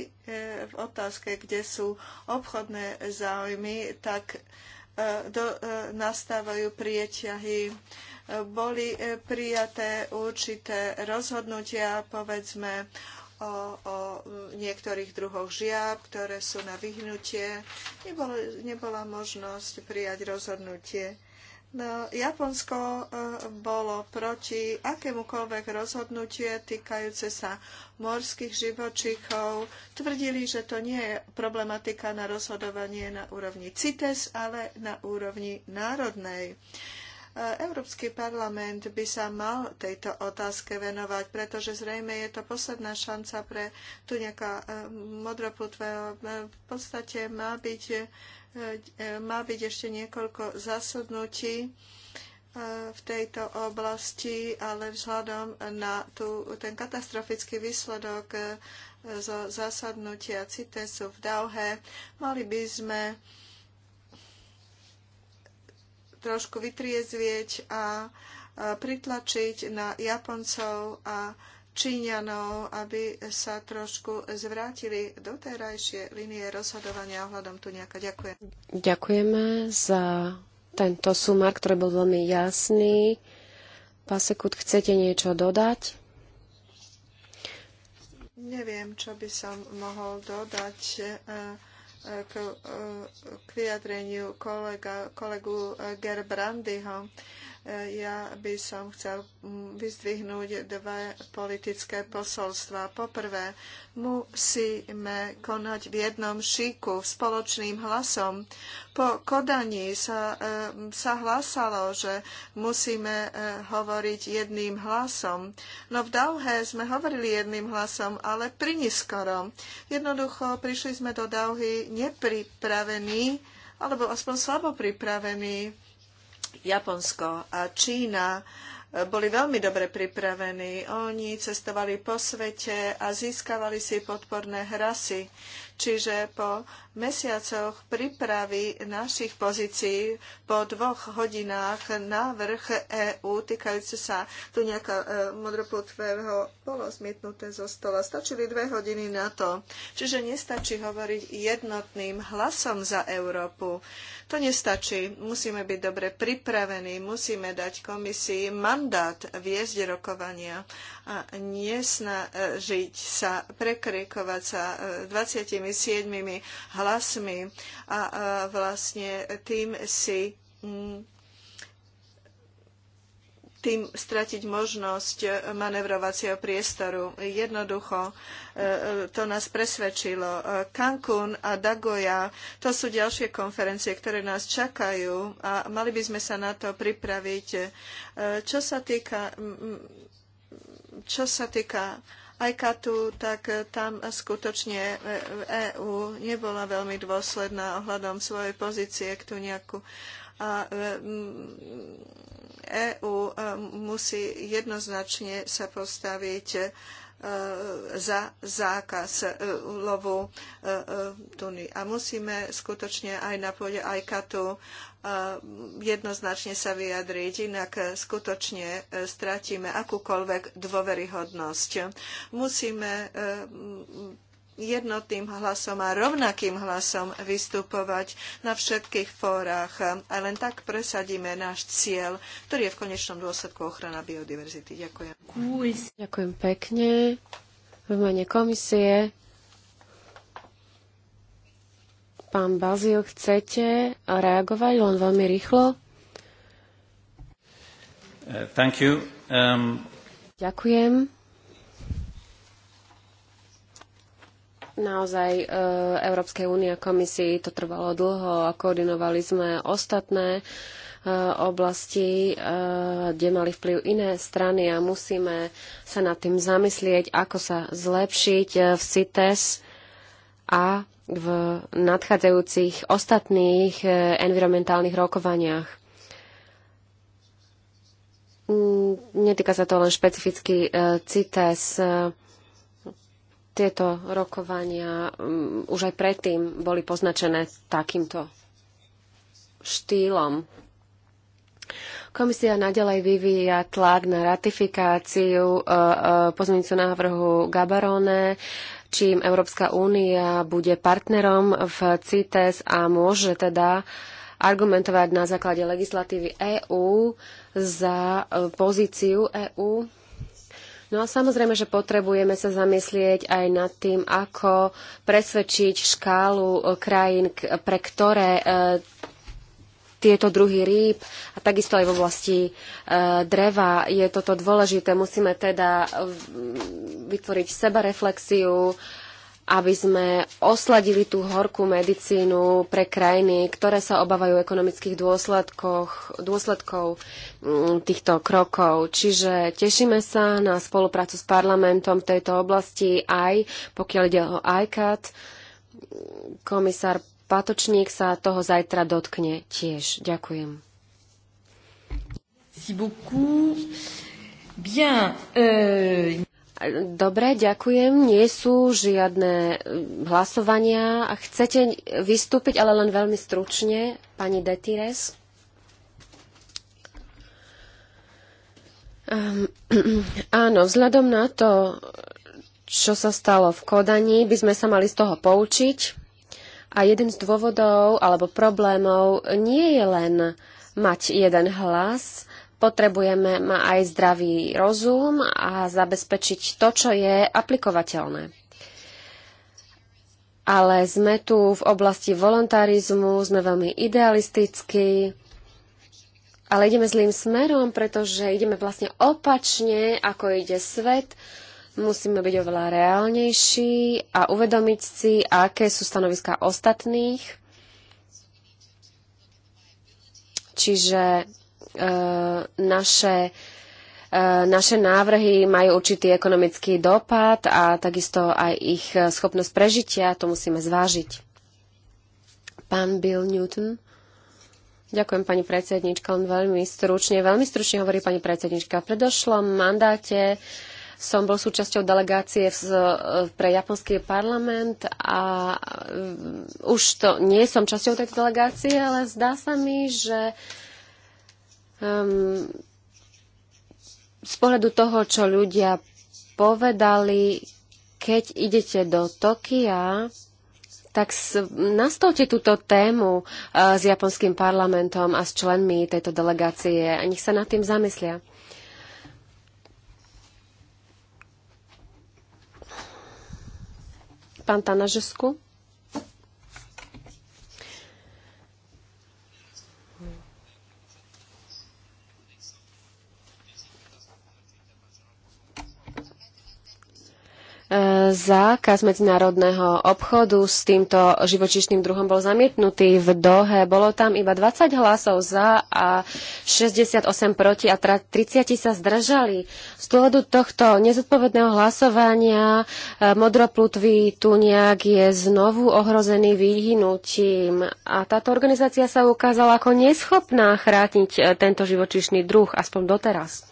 v otázke, kde sú obchodné záujmy, tak nastávajú prieťahy boli e, prijaté určité rozhodnutia, povedzme, o, o niektorých druhoch žiab, ktoré sú na vyhnutie. Nebolo, nebola možnosť prijať rozhodnutie. No, Japonsko e, bolo proti akémukoľvek rozhodnutie týkajúce sa morských živočíchov. Tvrdili, že to nie je problematika na rozhodovanie na úrovni CITES, ale na úrovni národnej. Uh, Európsky parlament by sa mal tejto otázke venovať, pretože zrejme je to posledná šanca pre tu nejaká modroputvého. V podstate má byť, e, má byť ešte niekoľko zasadnutí e, v tejto oblasti, ale vzhľadom na tú, ten katastrofický výsledok e, zo zasadnutia CITESu v Dauhe, mali by sme trošku vytriezvieť a pritlačiť na Japoncov a Číňanov, aby sa trošku zvrátili do terajšie linie rozhodovania ohľadom tu nejaká. Ďakujem. Ďakujeme za tento sumár, ktorý bol veľmi jasný. Pasekut, chcete niečo dodať? Neviem, čo by som mohol dodať. E, k, k vyjadreniu kolega, kolegu Gerbrandyho ja by som chcel mm, vyzdvihnúť dve politické posolstva. Poprvé, musíme konať v jednom šíku, spoločným hlasom. Po kodaní sa, sa hlásalo, že musíme e, hovoriť jedným hlasom. No v Dauhe sme hovorili jedným hlasom, ale priniskoro. Jednoducho prišli sme do Dauhy nepripravení, alebo aspoň slabo pripravení Japonsko a Čína e, boli veľmi dobre pripravení. Oni cestovali po svete a získavali si podporné hrasy. Čiže po mesiacoch prípravy našich pozícií po dvoch hodinách návrh EÚ týkajúce sa tu nejaká e, modroputvého bolo zmietnuté zo stola. Stačili dve hodiny na to. Čiže nestačí hovoriť jednotným hlasom za Európu. To nestačí. Musíme byť dobre pripravení, musíme dať komisii mandát viesť rokovania a nesnažiť sa prekrikovať sa 27 e, hlasami hlasmi a vlastne tým si mm, tým stratiť možnosť manevrovacieho priestoru. Jednoducho e, e, to nás presvedčilo. E, Cancún a Dagoja, to sú ďalšie konferencie, ktoré nás čakajú a mali by sme sa na to pripraviť. Čo sa týka, čo sa týka ICATu, tak eh, tam skutočne EÚ eh, eh, e nebola veľmi dôsledná ohľadom svojej pozície k tu nejakú a EÚ mm, e musí jednoznačne sa postaviť za zákaz lovu tuny. A musíme skutočne aj na pôde ICATu jednoznačne sa vyjadriť, inak skutočne e, stratíme akúkoľvek dôveryhodnosť. Musíme e, jednotným hlasom a rovnakým hlasom vystupovať na všetkých fórach a len tak presadíme náš cieľ, ktorý je v konečnom dôsledku ochrana biodiverzity. Ďakujem. Ďakujem pekne. V mene komisie Pán Bazil, chcete reagovať len veľmi rýchlo? Uh, thank you. Um... Ďakujem. Naozaj uh, Európskej únie a komisii to trvalo dlho a koordinovali sme ostatné uh, oblasti, uh, kde mali vplyv iné strany a musíme sa nad tým zamyslieť, ako sa zlepšiť v CITES a v nadchádzajúcich ostatných e, environmentálnych rokovaniach. Mm, netýka sa to len špecificky e, CITES. E, tieto rokovania mm, už aj predtým boli poznačené takýmto štýlom. Komisia nadalej vyvíja tlak na ratifikáciu pozmeňujúceho návrhu Gabarone čím Európska únia bude partnerom v CITES a môže teda argumentovať na základe legislatívy EÚ za e, pozíciu EÚ. No a samozrejme, že potrebujeme sa zamyslieť aj nad tým, ako presvedčiť škálu e, krajín, pre ktoré e, tieto druhy rýb a takisto aj v oblasti e, dreva je toto dôležité. Musíme teda e, vytvoriť sebareflexiu, aby sme osladili tú horkú medicínu pre krajiny, ktoré sa obávajú ekonomických dôsledkov mm, týchto krokov. Čiže tešíme sa na spoluprácu s parlamentom v tejto oblasti aj pokiaľ ide o ICAT. Komisár Pátočník sa toho zajtra dotkne tiež. Ďakujem. Euh, Dobre, ďakujem. Nie sú žiadne hm, hlasovania. chcete vystúpiť, ale len veľmi stručne, pani Detires. Um, ehm, áno, vzhľadom na to, čo sa stalo v Kodani, by sme sa mali z toho poučiť a jeden z dôvodov alebo problémov nie je len mať jeden hlas, potrebujeme ma aj zdravý rozum a zabezpečiť to, čo je aplikovateľné. Ale sme tu v oblasti voluntarizmu, sme veľmi idealistickí, ale ideme zlým smerom, pretože ideme vlastne opačne, ako ide svet Musíme byť oveľa reálnejší a uvedomiť si, aké sú stanoviska ostatných. Čiže e, naše e, naše návrhy majú určitý ekonomický dopad a takisto aj ich schopnosť prežitia, to musíme zvážiť. Pán Bill Newton. Ďakujem, pani predsednička, On veľmi stručne. Veľmi stručne hovorí pani predsednička. V predošlom mandáte uh, som bol súčasťou delegácie v, pre japonský parlament a e, už to nie som časťou tejto delegácie, ale zdá sa mi, že um, z pohľadu toho, čo ľudia povedali, keď idete do Tokia, tak nastolte túto tému e, s japonským parlamentom a s členmi tejto delegácie a nech sa nad tým zamyslia. pán Tanažesku. Zákaz medzinárodného obchodu s týmto živočíšnym druhom bol zamietnutý v Dohe. Bolo tam iba 20 hlasov za a 68 proti a 30 sa zdržali. Z dôvodu tohto nezodpovedného hlasovania eh, modroplutvý tuniak je znovu ohrozený vyhnutím a táto organizácia sa ukázala ako neschopná chrániť eh, tento živočíšny druh, aspoň doteraz.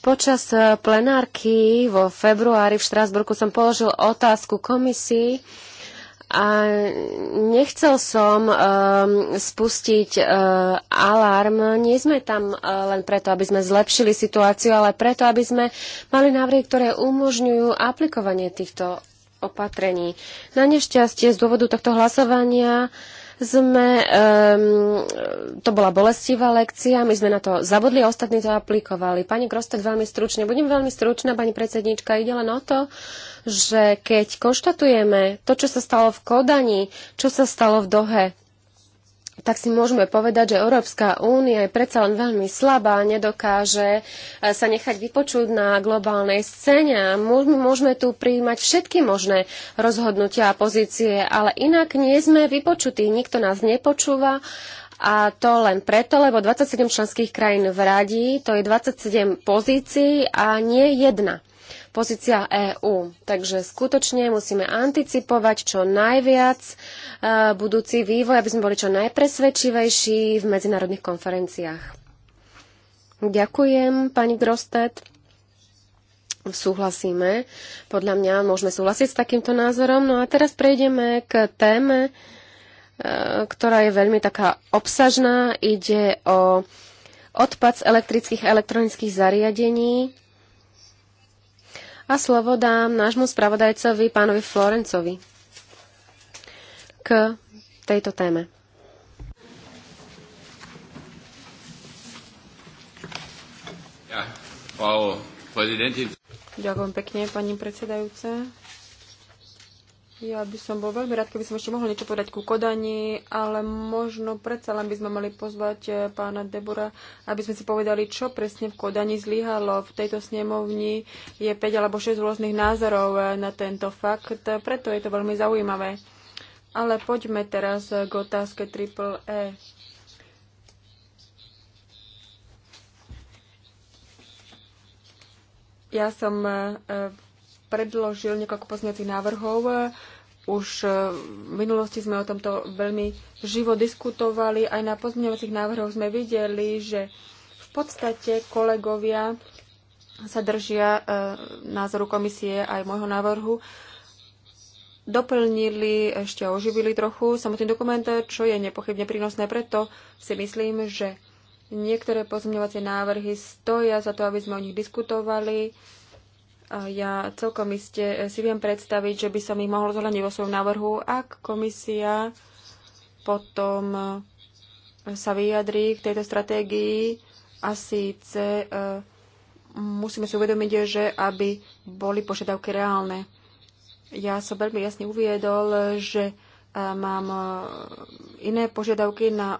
Počas e, plenárky vo februári v Štrásburku som položil otázku komisii a nechcel som um, spustiť uh, alarm. Nie sme tam uh, len preto, aby sme zlepšili situáciu, ale preto, aby sme mali návrhy, ktoré umožňujú aplikovanie týchto opatrení. Na nešťastie z dôvodu tohto hlasovania uh, sme, um, to bola bolestivá lekcia, my sme na to zabudli, ostatní to aplikovali. Pani Grostek, veľmi stručne, budem veľmi stručná, pani predsednička, ide len o to, že keď konštatujeme to, čo sa stalo v Kodani, čo sa stalo v Dohe, tak si môžeme povedať, že Európska únia je predsa len veľmi slabá, nedokáže e, sa nechať vypočuť na globálnej scéne. môžeme tu prijímať všetky možné rozhodnutia a pozície, ale inak nie sme vypočutí, nikto nás nepočúva a to len preto, lebo 27 členských krajín v radi, to je 27 pozícií a nie jedna pozícia EÚ. Takže skutočne musíme anticipovať čo najviac e, budúci vývoj, aby sme boli čo najpresvedčivejší v medzinárodných konferenciách. Ďakujem, pani Grostet súhlasíme. Podľa mňa môžeme súhlasiť s takýmto názorom. No a teraz prejdeme k téme, e, ktorá je veľmi taká obsažná. Ide o odpad z elektrických a elektronických zariadení. A slovo dám nášmu spravodajcovi, pánovi Florencovi, k tejto téme. Ja, Ďakujem pekne, pani predsedajúce. Ja by som bol veľmi rád, keby som ešte mohol niečo povedať ku Kodani, ale možno predsa len by sme mali pozvať eh, pána Debora, aby sme si povedali, čo presne v Kodani zlyhalo. V tejto snemovni je 5 alebo 6 rôznych názorov eh, na tento fakt, preto je to veľmi zaujímavé. Ale poďme teraz k otázke triple E. Ja som eh, predložil niekoľko pozňacích návrhov. Už e, v minulosti sme o tomto veľmi živo diskutovali. Aj na pozmeňovacích návrhoch sme videli, že v podstate kolegovia sa držia e, názoru komisie aj môjho návrhu doplnili, ešte oživili trochu samotný dokument, čo je nepochybne prínosné. Preto si myslím, že niektoré pozmeňovacie návrhy stoja za to, aby sme o nich diskutovali. Ja celkom iste si viem predstaviť, že by som ich mohol zohľadniť vo svojom návrhu, ak komisia potom sa vyjadrí k tejto stratégii a síce e, musíme si uvedomiť, že aby boli požiadavky reálne. Ja som veľmi jasne uviedol, že e, mám e, iné požiadavky na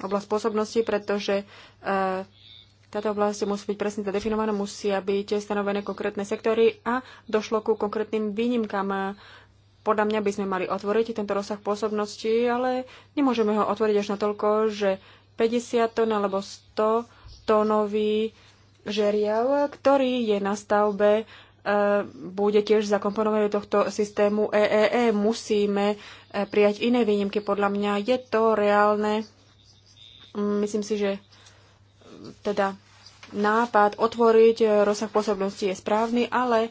oblasť spôsobnosti, pretože táto oblasť musí byť presne zadefinovaná, musia byť stanovené konkrétne sektory a došlo ku konkrétnym výnimkám. Podľa mňa by sme mali otvoriť tento rozsah pôsobnosti, ale nemôžeme ho otvoriť až natoľko, že 50 tón alebo 100 tónový žeriav, ktorý je na stavbe, e, bude tiež zakomponovaný tohto systému EEE. E e. Musíme prijať iné výnimky. Podľa mňa je to reálne. Myslím si, že teda nápad otvoriť e, rozsah pôsobnosti je správny, ale e,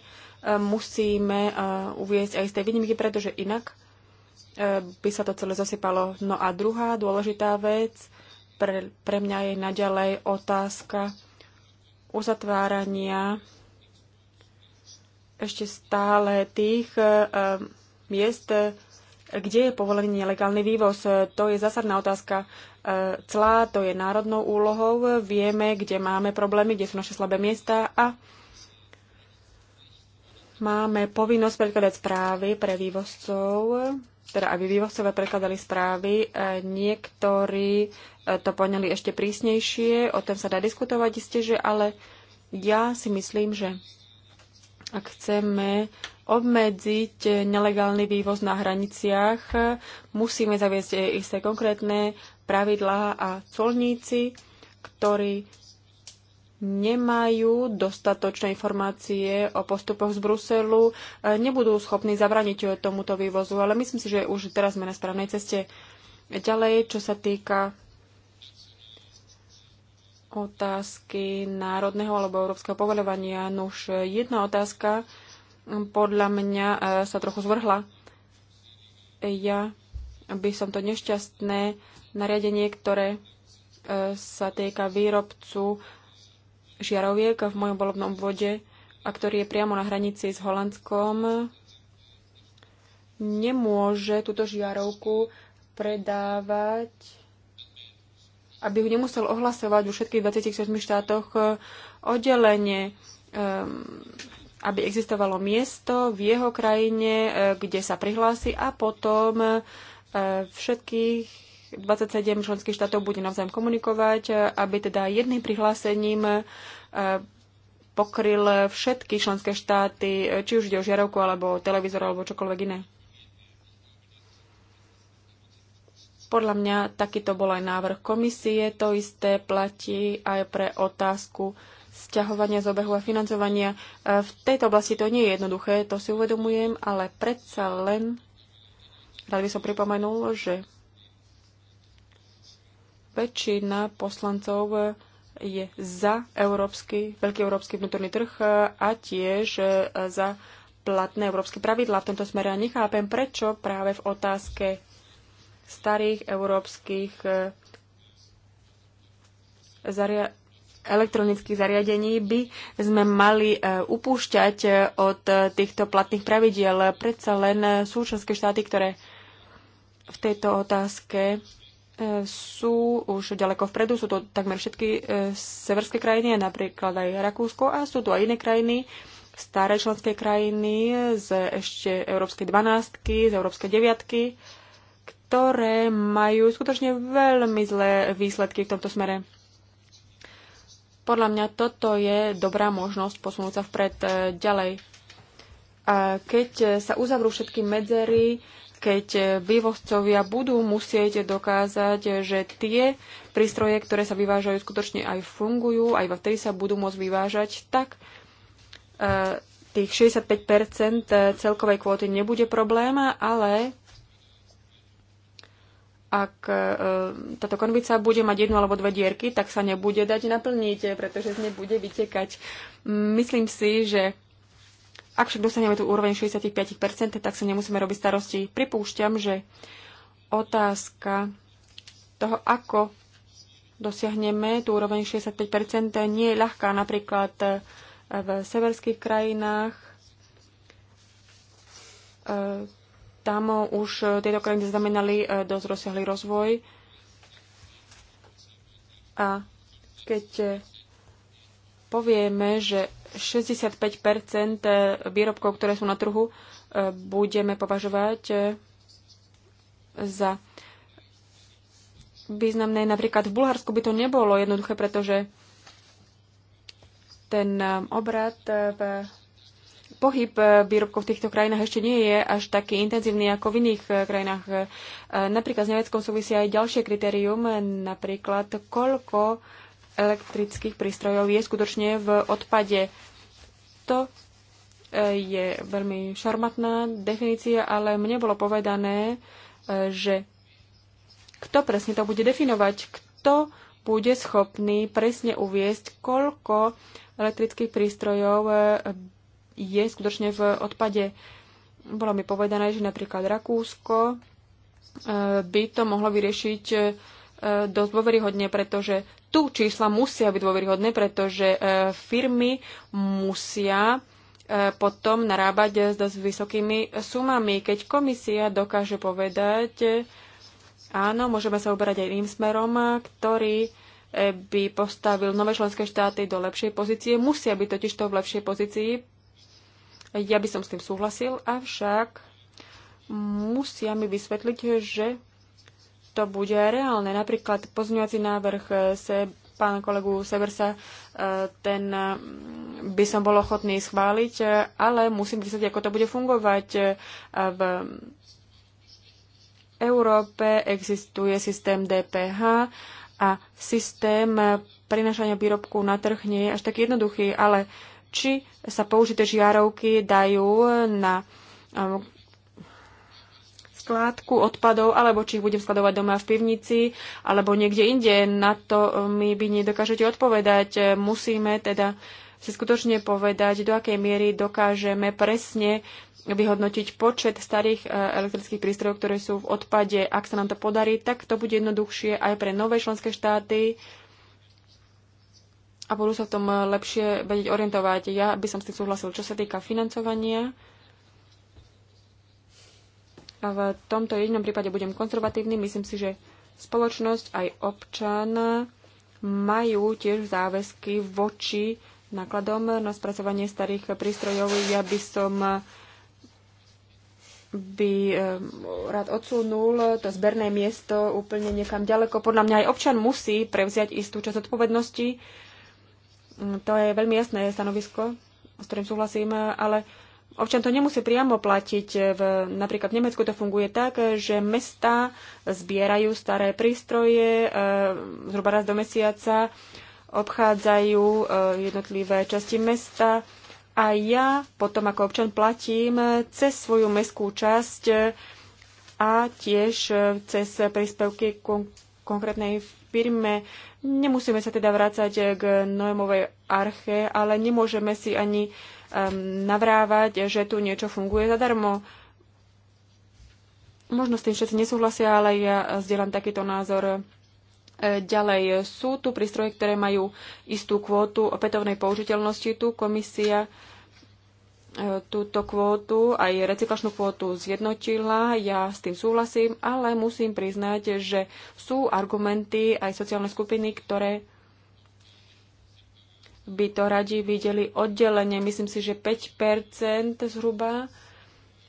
musíme e, uviezť aj z tej výnimky, pretože inak by sa to celé zasypalo. No a druhá dôležitá vec pre, pre mňa je naďalej otázka uzatvárania ešte stále tých miest, kde je povolený nelegálny vývoz. To je zásadná otázka. Clá to je národnou úlohou, vieme, kde máme problémy, kde sú naše slabé miesta a máme povinnosť predkladať správy pre vývozcov, teda aby vývozcovia prekladali správy. E, niektorí e, to poňali ešte prísnejšie, o tom sa dá diskutovať isté, že ale ja si myslím, že ak chceme obmedziť nelegálny vývoz na hraniciach, musíme zaviesť e, isté konkrétne pravidlá a colníci, ktorí nemajú dostatočné informácie o postupoch z Bruselu, e, nebudú schopní zabraniť tomuto vývozu, ale myslím si, že už teraz sme na správnej ceste. Ďalej, čo sa týka otázky národného alebo európskeho povoľovania, už jedna otázka podľa mňa e, sa trochu zvrhla. Ja by som to nešťastné nariadenie, ktoré e, sa týka výrobcu žiaroviek v mojom volebnom vode, a ktorý je priamo na hranici s Holandskom, nemôže túto žiarovku predávať, aby ju nemusel ohlasovať vo všetkých 27 štátoch e, oddelenie, ehm, aby existovalo miesto v jeho krajine, e, kde sa prihlási a potom všetkých 27 členských štátov bude navzájom komunikovať, e, aby teda jedným prihlásením e, pokryl všetky členské štáty, e, či už ide o žiarovku, alebo televízor, alebo čokoľvek iné. Podľa mňa takýto bol aj návrh komisie. To isté platí aj pre otázku sťahovania z obehu a financovania. V tejto oblasti to nie je jednoduché, to si uvedomujem, ale predsa len rád by som pripomenul, že väčšina poslancov je za európsky, veľký európsky vnútorný trh a tiež za platné európske pravidlá v tomto smere. A nechápem, prečo práve v otázke starých európskych eh, zaria- elektronických zariadení by sme mali eh, upúšťať eh, od týchto platných pravidiel. Predsa len sú štáty, ktoré v tejto otázke sú už ďaleko vpredu, sú to takmer všetky e, severské krajiny, napríklad aj Rakúsko a sú tu aj iné krajiny, staré členské krajiny z ešte Európskej 12, z Európskej 9, ktoré majú skutočne veľmi zlé výsledky v tomto smere. Podľa mňa toto je dobrá možnosť posunúť sa vpred e, ďalej. A keď sa uzavrú všetky medzery, keď vývozcovia budú musieť dokázať, že tie prístroje, ktoré sa vyvážajú, skutočne aj fungujú, aj vtedy sa budú môcť vyvážať, tak e, tých 65 celkovej kvóty nebude probléma, ale ak e, táto konvica bude mať jednu alebo dve dierky, tak sa nebude dať naplniť, pretože z nej bude vytekať. Myslím si, že ak však dosiahneme tú úroveň 65%, tak sa nemusíme robiť starosti. Pripúšťam, že otázka toho, ako dosiahneme tú úroveň 65%, nie je ľahká. Napríklad eh, v severských krajinách eh, tam už tieto krajiny znamenali eh, dosť rozsiahly rozvoj. A keď povieme, že 65 e, výrobkov, ktoré sú na trhu, e, budeme považovať e, za významné. Napríklad v Bulharsku by to nebolo jednoduché, pretože ten obrad v pohyb výrobkov v týchto krajinách ešte nie je až taký intenzívny ako v iných krajinách. Napríklad s Nemeckom súvisia aj ďalšie kritérium, napríklad koľko elektrických prístrojov je skutočne v odpade. To e, je veľmi šarmatná definícia, ale mne bolo povedané, e, že kto presne to bude definovať, kto bude schopný presne uviesť, koľko elektrických prístrojov e, je skutočne v odpade. Bolo mi povedané, že napríklad Rakúsko by to mohlo vyriešiť E, dosť dôveryhodne, pretože tu čísla musia byť dôveryhodné, pretože e, firmy musia e, potom narábať s dosť vysokými sumami. Keď komisia dokáže povedať, áno, môžeme sa uberať aj iným smerom, ktorý by postavil nové členské štáty do lepšej pozície. Musia byť totiž to v lepšej pozícii. Ja by som s tým súhlasil, avšak musia mi vysvetliť, že to bude reálne. Napríklad pozňovací návrh e, se, pán kolegu Seversa, e, ten by som bol ochotný schváliť, e, ale musím vysvetliť, ako to bude fungovať. V Európe existuje systém DPH a systém prinašania výrobku na trh nie je až tak jednoduchý, ale či sa použité žiarovky dajú na skládku odpadov, alebo či ich budem skladovať doma v pivnici, alebo niekde inde. Na to e, mi by nedokážete odpovedať. E, musíme teda si skutočne povedať, do akej miery dokážeme presne vyhodnotiť počet starých e, elektrických prístrojov, ktoré sú v odpade. Ak sa nám to podarí, tak to bude jednoduchšie aj pre nové členské štáty a budú sa v tom lepšie vedieť orientovať. Ja by som s tým súhlasil. Čo sa týka financovania, v tomto jedinom prípade budem konzervatívny. Myslím si, že spoločnosť aj občan majú tiež záväzky voči nákladom na spracovanie starých prístrojov. Ja by som eh, by eh, rád odsunul to zberné miesto úplne niekam ďaleko. Podľa mňa aj občan musí prevziať istú časť odpovednosti. Mm, to je veľmi jasné stanovisko, s ktorým súhlasím, ale Občan to nemusí priamo platiť. V, napríklad v Nemecku to funguje tak, že mesta zbierajú staré prístroje e, zhruba raz do mesiaca, obchádzajú e, jednotlivé časti mesta a ja potom ako občan platím cez svoju mestskú časť a tiež cez príspevky kon- konkrétnej firme. Nemusíme sa teda vrácať k Noemovej arche, ale nemôžeme si ani uh, Um, navrávať, že tu niečo funguje zadarmo. Možno s tým všetci nesúhlasia, ale ja zdieľam takýto názor. E, ďalej sú tu prístroje, ktoré majú istú kvótu opätovnej použiteľnosti. Tu komisia e, túto kvótu, aj recyklačnú kvótu zjednotila. Ja s tým súhlasím, ale musím priznať, že sú argumenty aj sociálne skupiny, ktoré by to radi videli oddelenie. Myslím si, že 5 zhruba.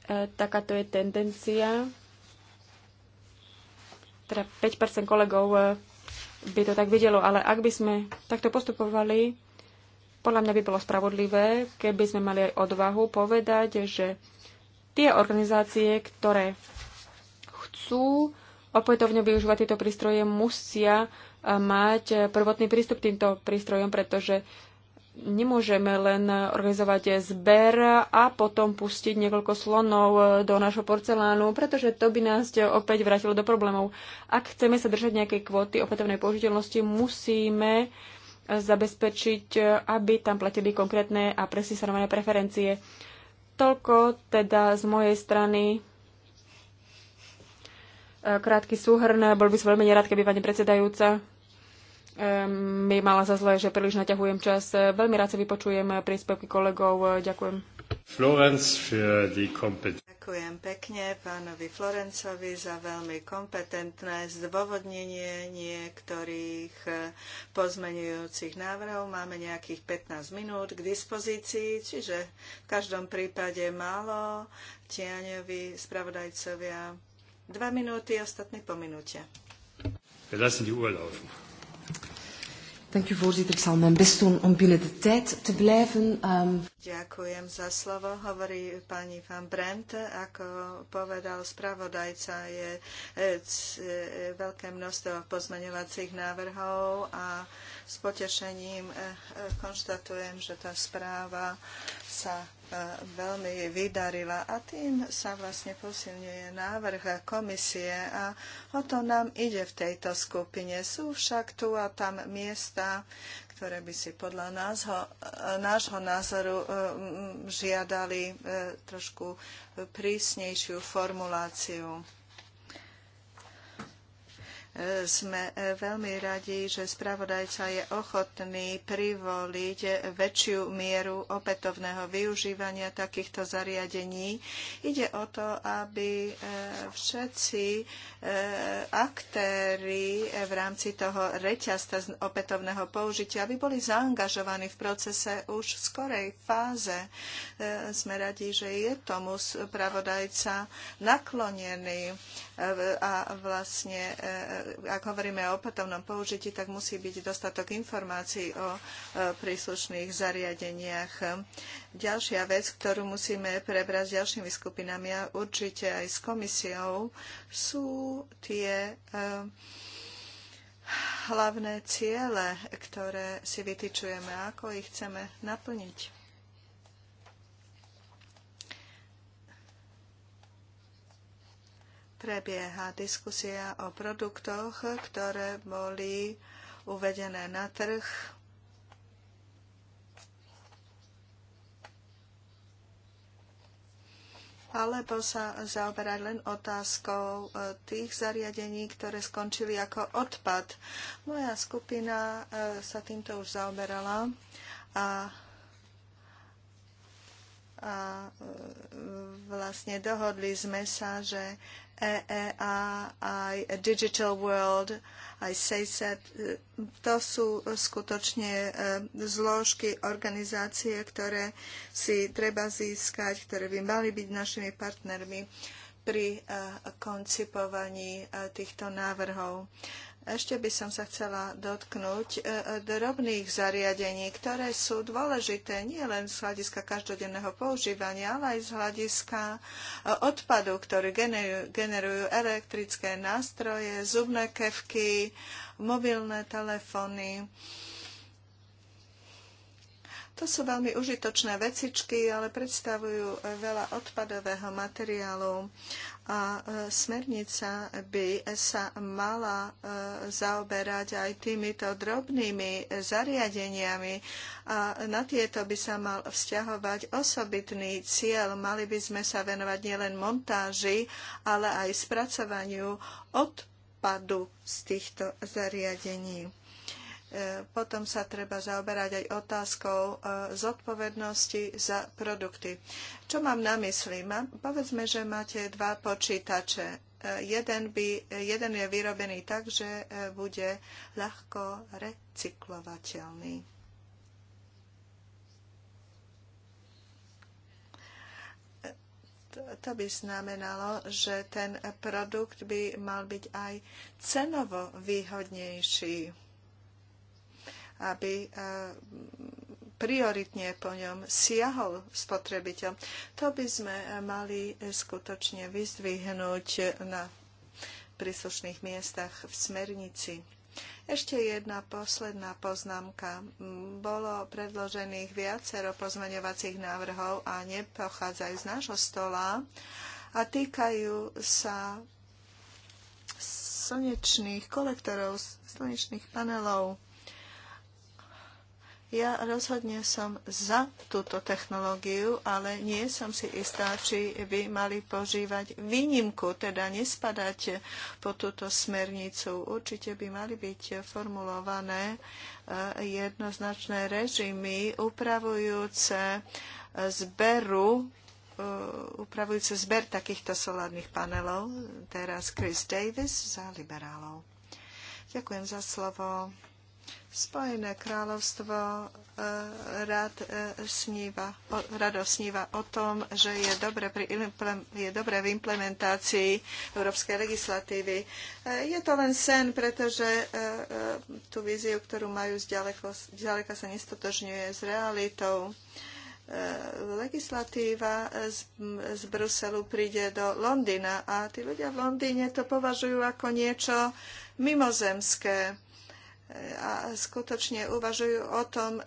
E, takáto je tendencia. Teda 5 kolegov e, by to tak videlo, ale ak by sme takto postupovali, podľa mňa by bolo spravodlivé, keby sme mali aj odvahu povedať, že tie organizácie, ktoré chcú opätovne využívať tieto prístroje, musia e, mať e, prvotný prístup k týmto prístrojom, pretože nemôžeme len organizovať zber a potom pustiť niekoľko slonov do nášho porcelánu, pretože to by nás opäť vrátilo do problémov. Ak chceme sa držať nejakej kvóty opätovnej použiteľnosti, musíme zabezpečiť, aby tam platili konkrétne a presne stanovené preferencie. Toľko teda z mojej strany krátky súhrn. Bol by som veľmi nerád, keby pani predsedajúca Ehm, mi mala za zle, že príliš naťahujem čas. Veľmi rád sa vypočujem príspevky kolegov. Ďakujem. Florence für die Ďakujem pekne pánovi Florencovi za veľmi kompetentné zdôvodnenie niektorých eh, pozmenujúcich návrhov. Máme nejakých 15 minút k dispozícii, čiže v každom prípade málo. Tiaňovi spravodajcovia 2 minúty, ostatní po minúte. Wir lassen die Uhr laufen. Dank u voorzitter. Ik zal mijn best doen om binnen de tijd te blijven. Um... Ďakujem za slovo, hovorí pani Van Brent. Ako povedal spravodajca, je, je, eh, je eh, veľké množstvo pozmeňovacích návrhov a uh, s potešením eh, eh, konštatujem, že tá správa sa eh, veľmi vydarila a tým sa vlastne posilňuje návrh komisie a o to nám ide v tejto skupine. Sú však tu a tam miesta, ktoré by si podľa názho, nášho názoru žiadali trošku prísnejšiu formuláciu sme e, veľmi radi, že spravodajca je ochotný privoliť väčšiu mieru opätovného využívania takýchto zariadení. Ide o to, aby e, všetci e, aktéry v rámci toho reťazca opätovného použitia, aby boli zaangažovaní v procese už v skorej fáze. Sme radi, že je tomu spravodajca naklonený a vlastne, e, ak hovoríme o opätovnom použití, tak musí byť dostatok informácií o e, príslušných zariadeniach. Ďalšia vec, ktorú musíme prebrať s ďalšími skupinami a určite aj s komisiou, sú tie e, hlavné ciele, ktoré si vytyčujeme, ako ich chceme naplniť. prebieha diskusia o produktoch, ktoré boli uvedené na trh. alebo sa zaoberať len otázkou e, tých zariadení, ktoré skončili ako odpad. Moja skupina e, sa týmto už zaoberala a a e, vlastne dohodli sme sa, že EEA, aj Digital World, aj SASET. To sú skutočne e, zložky, organizácie, ktoré si treba získať, ktoré by mali byť našimi partnermi pri e, koncipovaní e, týchto návrhov. Ešte by som sa chcela dotknúť e, e, drobných zariadení, ktoré sú dôležité nie len z hľadiska každodenného používania, ale aj z hľadiska e, odpadu, ktorý generujú elektrické nástroje, zubné kevky, mobilné telefóny. To sú veľmi užitočné vecičky, ale predstavujú veľa odpadového materiálu a e, smernica by sa mala e, zaoberať aj týmito drobnými zariadeniami a na tieto by sa mal vzťahovať osobitný cieľ. Mali by sme sa venovať nielen montáži, ale aj spracovaniu odpadu z týchto zariadení. E, potom sa treba zaoberať aj otázkou e, zodpovednosti za produkty. Čo mám na mysli? Povedzme, že máte dva počítače. E, jeden, by, jeden je vyrobený tak, že bude ľahko recyklovateľný. To by znamenalo, že ten produkt by mal byť aj cenovo výhodnejší aby e, prioritne po ňom siahol spotrebiteľ. To by sme e, mali skutočne vyzdvihnúť na príslušných miestach v smernici. Ešte jedna posledná poznámka. Bolo predložených viacero pozmeňovacích návrhov a nepochádzajú z nášho stola a týkajú sa slnečných kolektorov, slnečných panelov. Ja rozhodne som za túto technológiu, ale nie som si istá, či by mali požívať výnimku, teda nespadať po túto smernicu. Určite by mali byť formulované e, jednoznačné režimy upravujúce zberu e, upravujúce zber takýchto solárnych panelov. Teraz Chris Davis za liberálov. Ďakujem za slovo. Spojené kráľovstvo e, rad e, sníva, rado sníva o tom, že je dobre, pri, je dobre v implementácii európskej legislatívy. E, je to len sen, pretože tú víziu, ktorú majú zďaleko, zďaleka sa nestotožňuje s realitou legislatíva z, z Bruselu príde do Londýna a tí ľudia v Londýne to považujú ako niečo mimozemské a skutočne uvažujú o tom, e,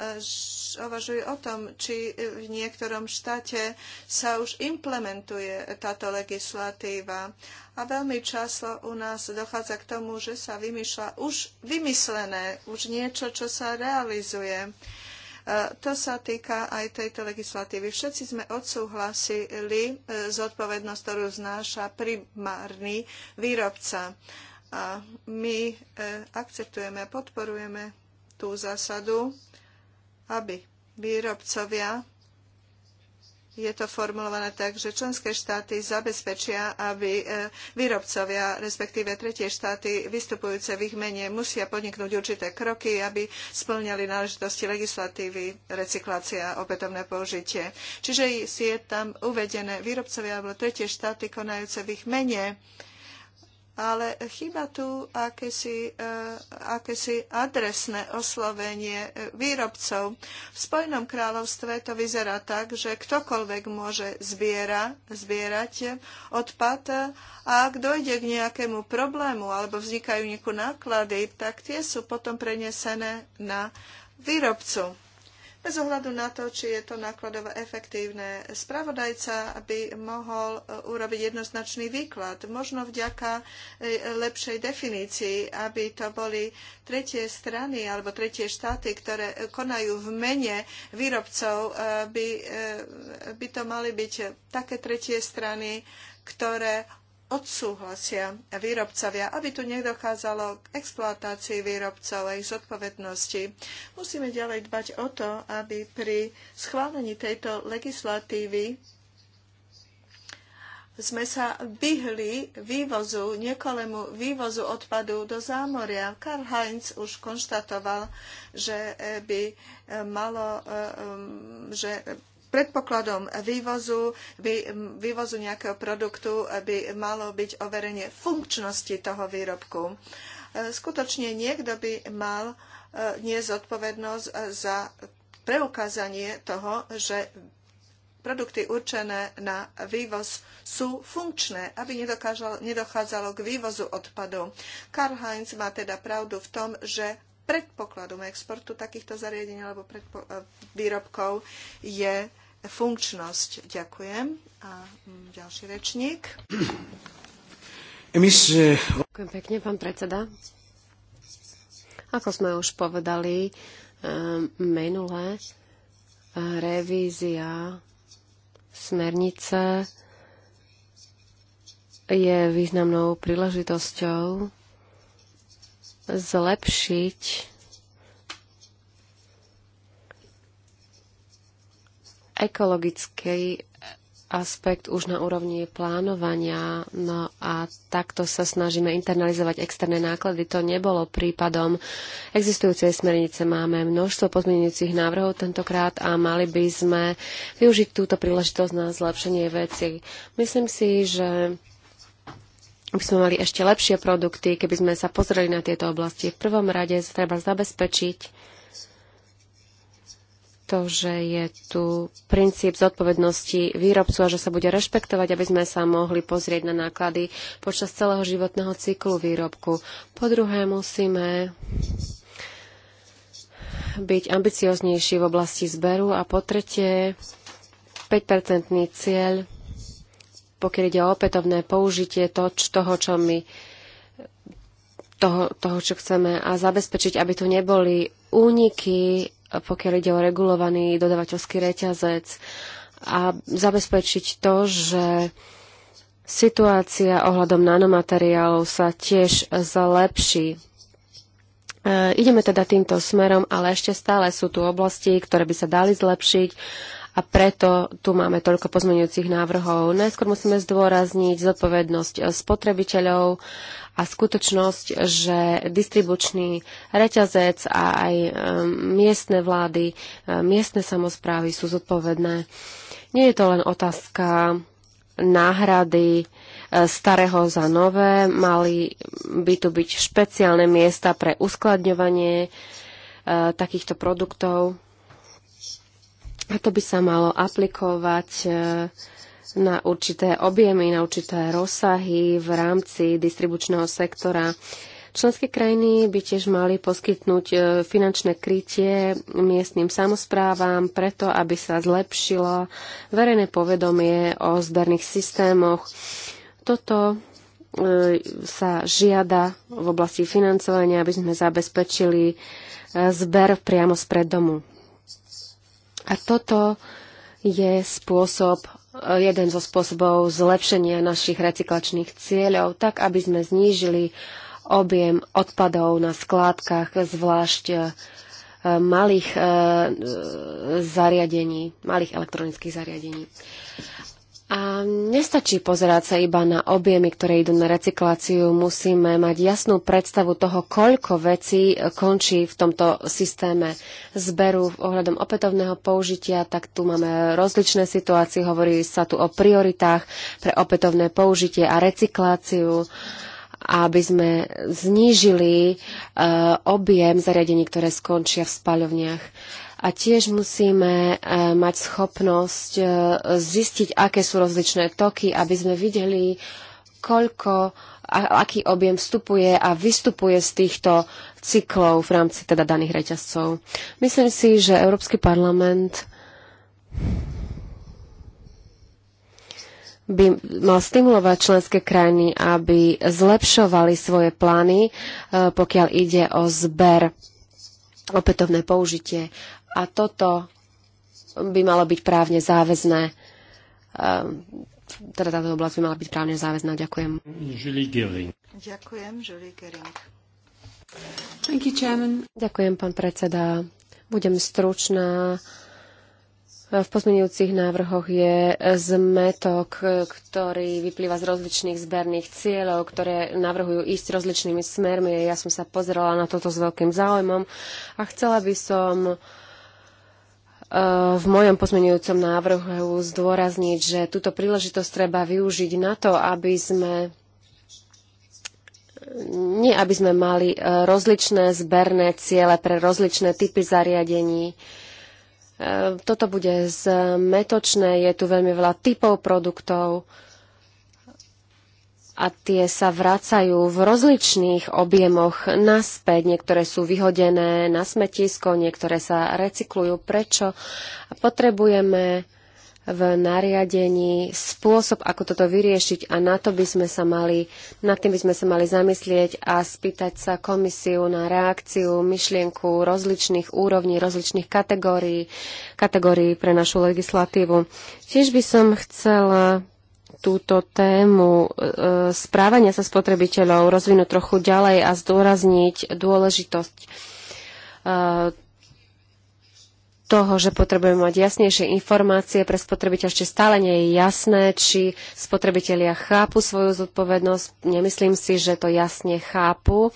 uvažujú o tom, či v niektorom štáte sa už implementuje táto legislatíva. A veľmi často u nás dochádza k tomu, že sa vymýšľa už vymyslené, už niečo, čo sa realizuje. E, to sa týka aj tejto legislatívy. Všetci sme odsúhlasili e, zodpovednosť, ktorú znáša primárny výrobca. A my e, akceptujeme, podporujeme tú zásadu, aby výrobcovia je to formulované tak, že členské štáty zabezpečia, aby e, výrobcovia, respektíve tretie štáty vystupujúce v ich mene musia podniknúť určité kroky, aby splňali náležitosti legislatívy, recyklácia, opätovné použitie. Čiže si je tam uvedené výrobcovia alebo tretie štáty konajúce v ich mene ale chýba tu akési, eh, akési adresné oslovenie eh, výrobcov. V Spojenom kráľovstve to vyzerá tak, že ktokoľvek môže zbiera, zbierať odpad a ak dojde k nejakému problému alebo vznikajú nejaké náklady, tak tie sú potom prenesené na výrobcu bez ohľadu na to, či je to nákladovo efektívne. Spravodajca by mohol e, urobiť jednoznačný výklad, možno vďaka e, lepšej definícii, aby to boli tretie strany alebo tretie štáty, ktoré e, konajú v mene výrobcov, by, by to mali byť také tretie strany, ktoré odsúhlasia výrobcovia, aby tu nedochádzalo k exploatácii výrobcov a ich zodpovednosti. Musíme ďalej dbať o to, aby pri schválení tejto legislatívy sme sa vyhli vývozu, niekolemu vývozu odpadu do zámoria. Karl Heinz už konštatoval, že by malo, eh, um, že predpokladom vývozu, vývozu nejakého produktu by malo byť overenie funkčnosti toho výrobku. E, skutočne niekto by mal e, niesť zodpovednosť za preukázanie toho, že produkty určené na vývoz sú funkčné, aby nedochádzalo k vývozu odpadu. Karl Heinz má teda pravdu v tom, že predpokladom exportu takýchto zariadení alebo e, výrobkov je funkčnosť. Ďakujem. A mm, ďalší rečník. Eh, Ďakujem pekne, pán predseda. Ako sme už povedali eh, minule, eh, revízia smernice je významnou príležitosťou zlepšiť ekologický aspekt už na úrovni plánovania. No a takto sa snažíme internalizovať externé náklady. To nebolo prípadom existujúcej smernice. Máme množstvo pozmeňujúcich návrhov tentokrát a mali by sme využiť túto príležitosť na zlepšenie veci. Myslím si, že by sme mali ešte lepšie produkty, keby sme sa pozreli na tieto oblasti. V prvom rade treba zabezpečiť to, že je tu princíp zodpovednosti výrobcu a že sa bude rešpektovať, aby sme sa mohli pozrieť na náklady počas celého životného cyklu výrobku. Po druhé, musíme byť ambicioznejší v oblasti zberu a po tretie, 5-percentný cieľ, pokiaľ ide o opätovné použitie to, toho, čo my toho, toho, čo chceme a zabezpečiť, aby tu neboli úniky pokiaľ ide o regulovaný dodavateľský reťazec a zabezpečiť to, že situácia ohľadom nanomateriálov sa tiež zlepší. E, ideme teda týmto smerom, ale ešte stále sú tu oblasti, ktoré by sa dali zlepšiť a preto tu máme toľko pozmeňujúcich návrhov. Najskôr musíme zdôrazniť zodpovednosť spotrebiteľov a skutočnosť, že distribučný reťazec a aj e, miestne vlády, e, miestne samozprávy sú zodpovedné. Nie je to len otázka náhrady e, starého za nové, mali by tu byť špeciálne miesta pre uskladňovanie takýchto produktov. A to by sa malo aplikovať na určité objemy, na určité rozsahy v rámci distribučného sektora. Členské krajiny by tiež mali poskytnúť e, finančné krytie miestnym samozprávam preto, aby sa zlepšilo verejné povedomie o zberných systémoch. Toto e, sa žiada v oblasti financovania, aby sme zabezpečili e, zber priamo z domu. A toto je spôsob, jeden zo spôsobov zlepšenia našich recyklačných cieľov, tak aby sme znížili objem odpadov na skládkach, zvlášť e, malých e, e, zariadení, malých elektronických zariadení. A nestačí pozerať sa iba na objemy, ktoré idú na recykláciu. Musíme mať jasnú predstavu toho, koľko vecí e, končí v tomto systéme zberu v ohľadom opätovného použitia. Tak tu máme rozličné situácie. Hovorí sa tu o prioritách pre opätovné použitie a recykláciu aby sme znížili uh, objem zariadení, ktoré skončia v spaľovniach. A tiež musíme e, mať schopnosť e, zistiť, aké sú rozličné toky, aby sme videli, koľko, aký objem vstupuje a vystupuje z týchto cyklov v rámci teda daných reťazcov. Myslím si, že Európsky parlament by mal stimulovať členské krajiny, aby zlepšovali svoje plány, e, pokiaľ ide o zber opätovné použitie a toto by malo byť právne záväzné. Ehm, teda táto oblasť by mala byť právne záväzná. Ďakujem. Julie Gering. Ďakujem, Julie Gering. Thank you, chairman. Ďakujem, pán predseda. Budem stručná. V pozmeňujúcich návrhoch je zmetok, ktorý vyplýva z rozličných zberných cieľov, ktoré navrhujú ísť rozličnými smermi. Ja som sa pozerala na toto s veľkým záujmom a chcela by som uh, v mojom pozmenujúcom návrhu zdôrazniť, že túto príležitosť treba využiť na to, aby sme nie aby sme mali e, rozličné zberné ciele pre rozličné typy zariadení. E, toto bude zmetočné, je tu veľmi veľa typov produktov, a tie sa vracajú v rozličných objemoch naspäť. Niektoré sú vyhodené na smetisko, niektoré sa recyklujú. Prečo? potrebujeme v nariadení spôsob, ako toto vyriešiť a na to by sme sa mali, nad tým by sme sa mali zamyslieť a spýtať sa komisiu na reakciu, myšlienku rozličných úrovní, rozličných kategórií, kategórií pre našu legislatívu. Tiež by som chcela túto tému e, správania sa spotrebiteľov rozvinúť trochu ďalej a zdôrazniť dôležitosť e, toho, že potrebujeme mať jasnejšie informácie pre spotrebiteľa, ešte stále nie je jasné, či spotrebitelia chápu svoju zodpovednosť. Nemyslím si, že to jasne chápu.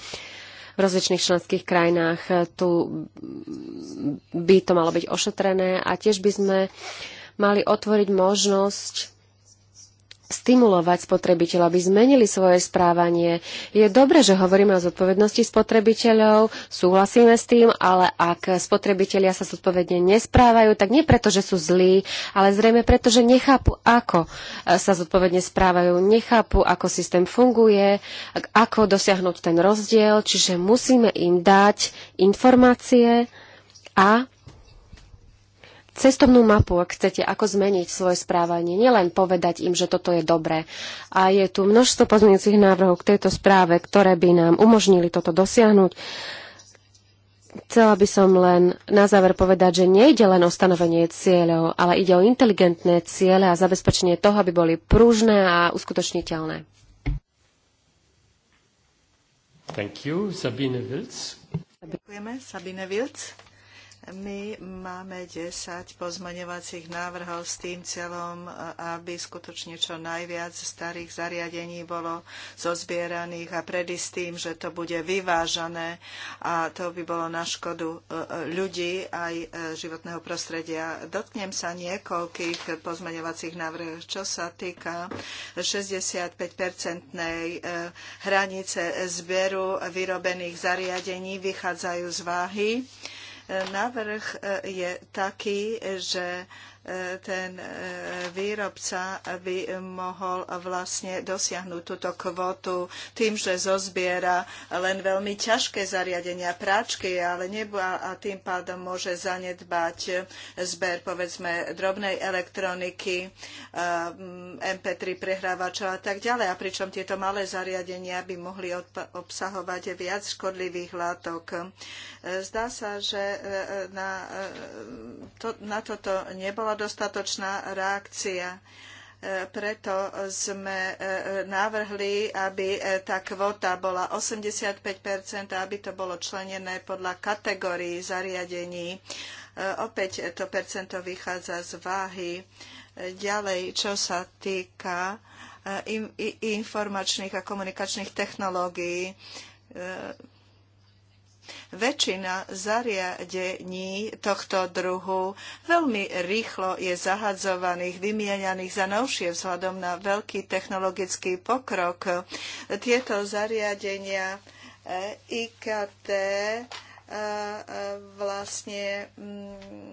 V rozličných členských krajinách tu by to malo byť ošetrené a tiež by sme mali otvoriť možnosť stimulovať spotrebiteľov, aby zmenili svoje správanie. Je dobré, že hovoríme o zodpovednosti spotrebiteľov, súhlasíme s tým, ale ak spotrebitelia sa zodpovedne nesprávajú, tak nie preto, že sú zlí, ale zrejme preto, že nechápu, ako e, sa zodpovedne správajú, nechápu, ako systém funguje, ako dosiahnuť ten rozdiel, čiže musíme im dať informácie a cestovnú mapu, ak chcete, ako zmeniť svoje správanie. Nielen povedať im, že toto je dobré. A je tu množstvo pozmeňujúcich návrhov k tejto správe, ktoré by nám umožnili toto dosiahnuť. Chcela by som len na záver povedať, že nejde len o stanovenie cieľov, ale ide o inteligentné ciele a zabezpečenie toho, aby boli pružné a uskutočniteľné. Thank you. Sabine Wilz. Ďakujeme. Sabine Wilz. My máme 10 pozmaňovacích návrhov s tým celom, aby skutočne čo najviac starých zariadení bolo zozbieraných a predy s tým, že to bude vyvážané a to by bolo na škodu e, e, ľudí aj e, životného prostredia. Dotknem sa niekoľkých pozmaňovacích návrhov, čo sa týka 65-percentnej hranice zberu vyrobených zariadení, vychádzajú z váhy. Návrh e, je taký, že ten e, výrobca by mohol vlastne dosiahnuť túto kvotu tým, že zozbiera len veľmi ťažké zariadenia, práčky, ale nebo a tým pádom môže zanedbať zber povedzme drobnej elektroniky, e, MP3 prehrávačov a tak ďalej. A pričom tieto malé zariadenia by mohli obsahovať viac škodlivých látok. E, zdá sa, že na, to, na toto nebola dostatočná reakcia e, preto sme e, navrhli, aby e, tá kvota bola 85 a aby to bolo členené podľa kategórií zariadení. Opäť to percento vychádza z váhy. Ďalej, čo sa týka informačných a komunikačných technológií, Väčšina zariadení tohto druhu veľmi rýchlo je zahadzovaných, vymienianých za novšie vzhľadom na veľký technologický pokrok. Tieto zariadenia eh, IKT eh, eh, vlastne mm,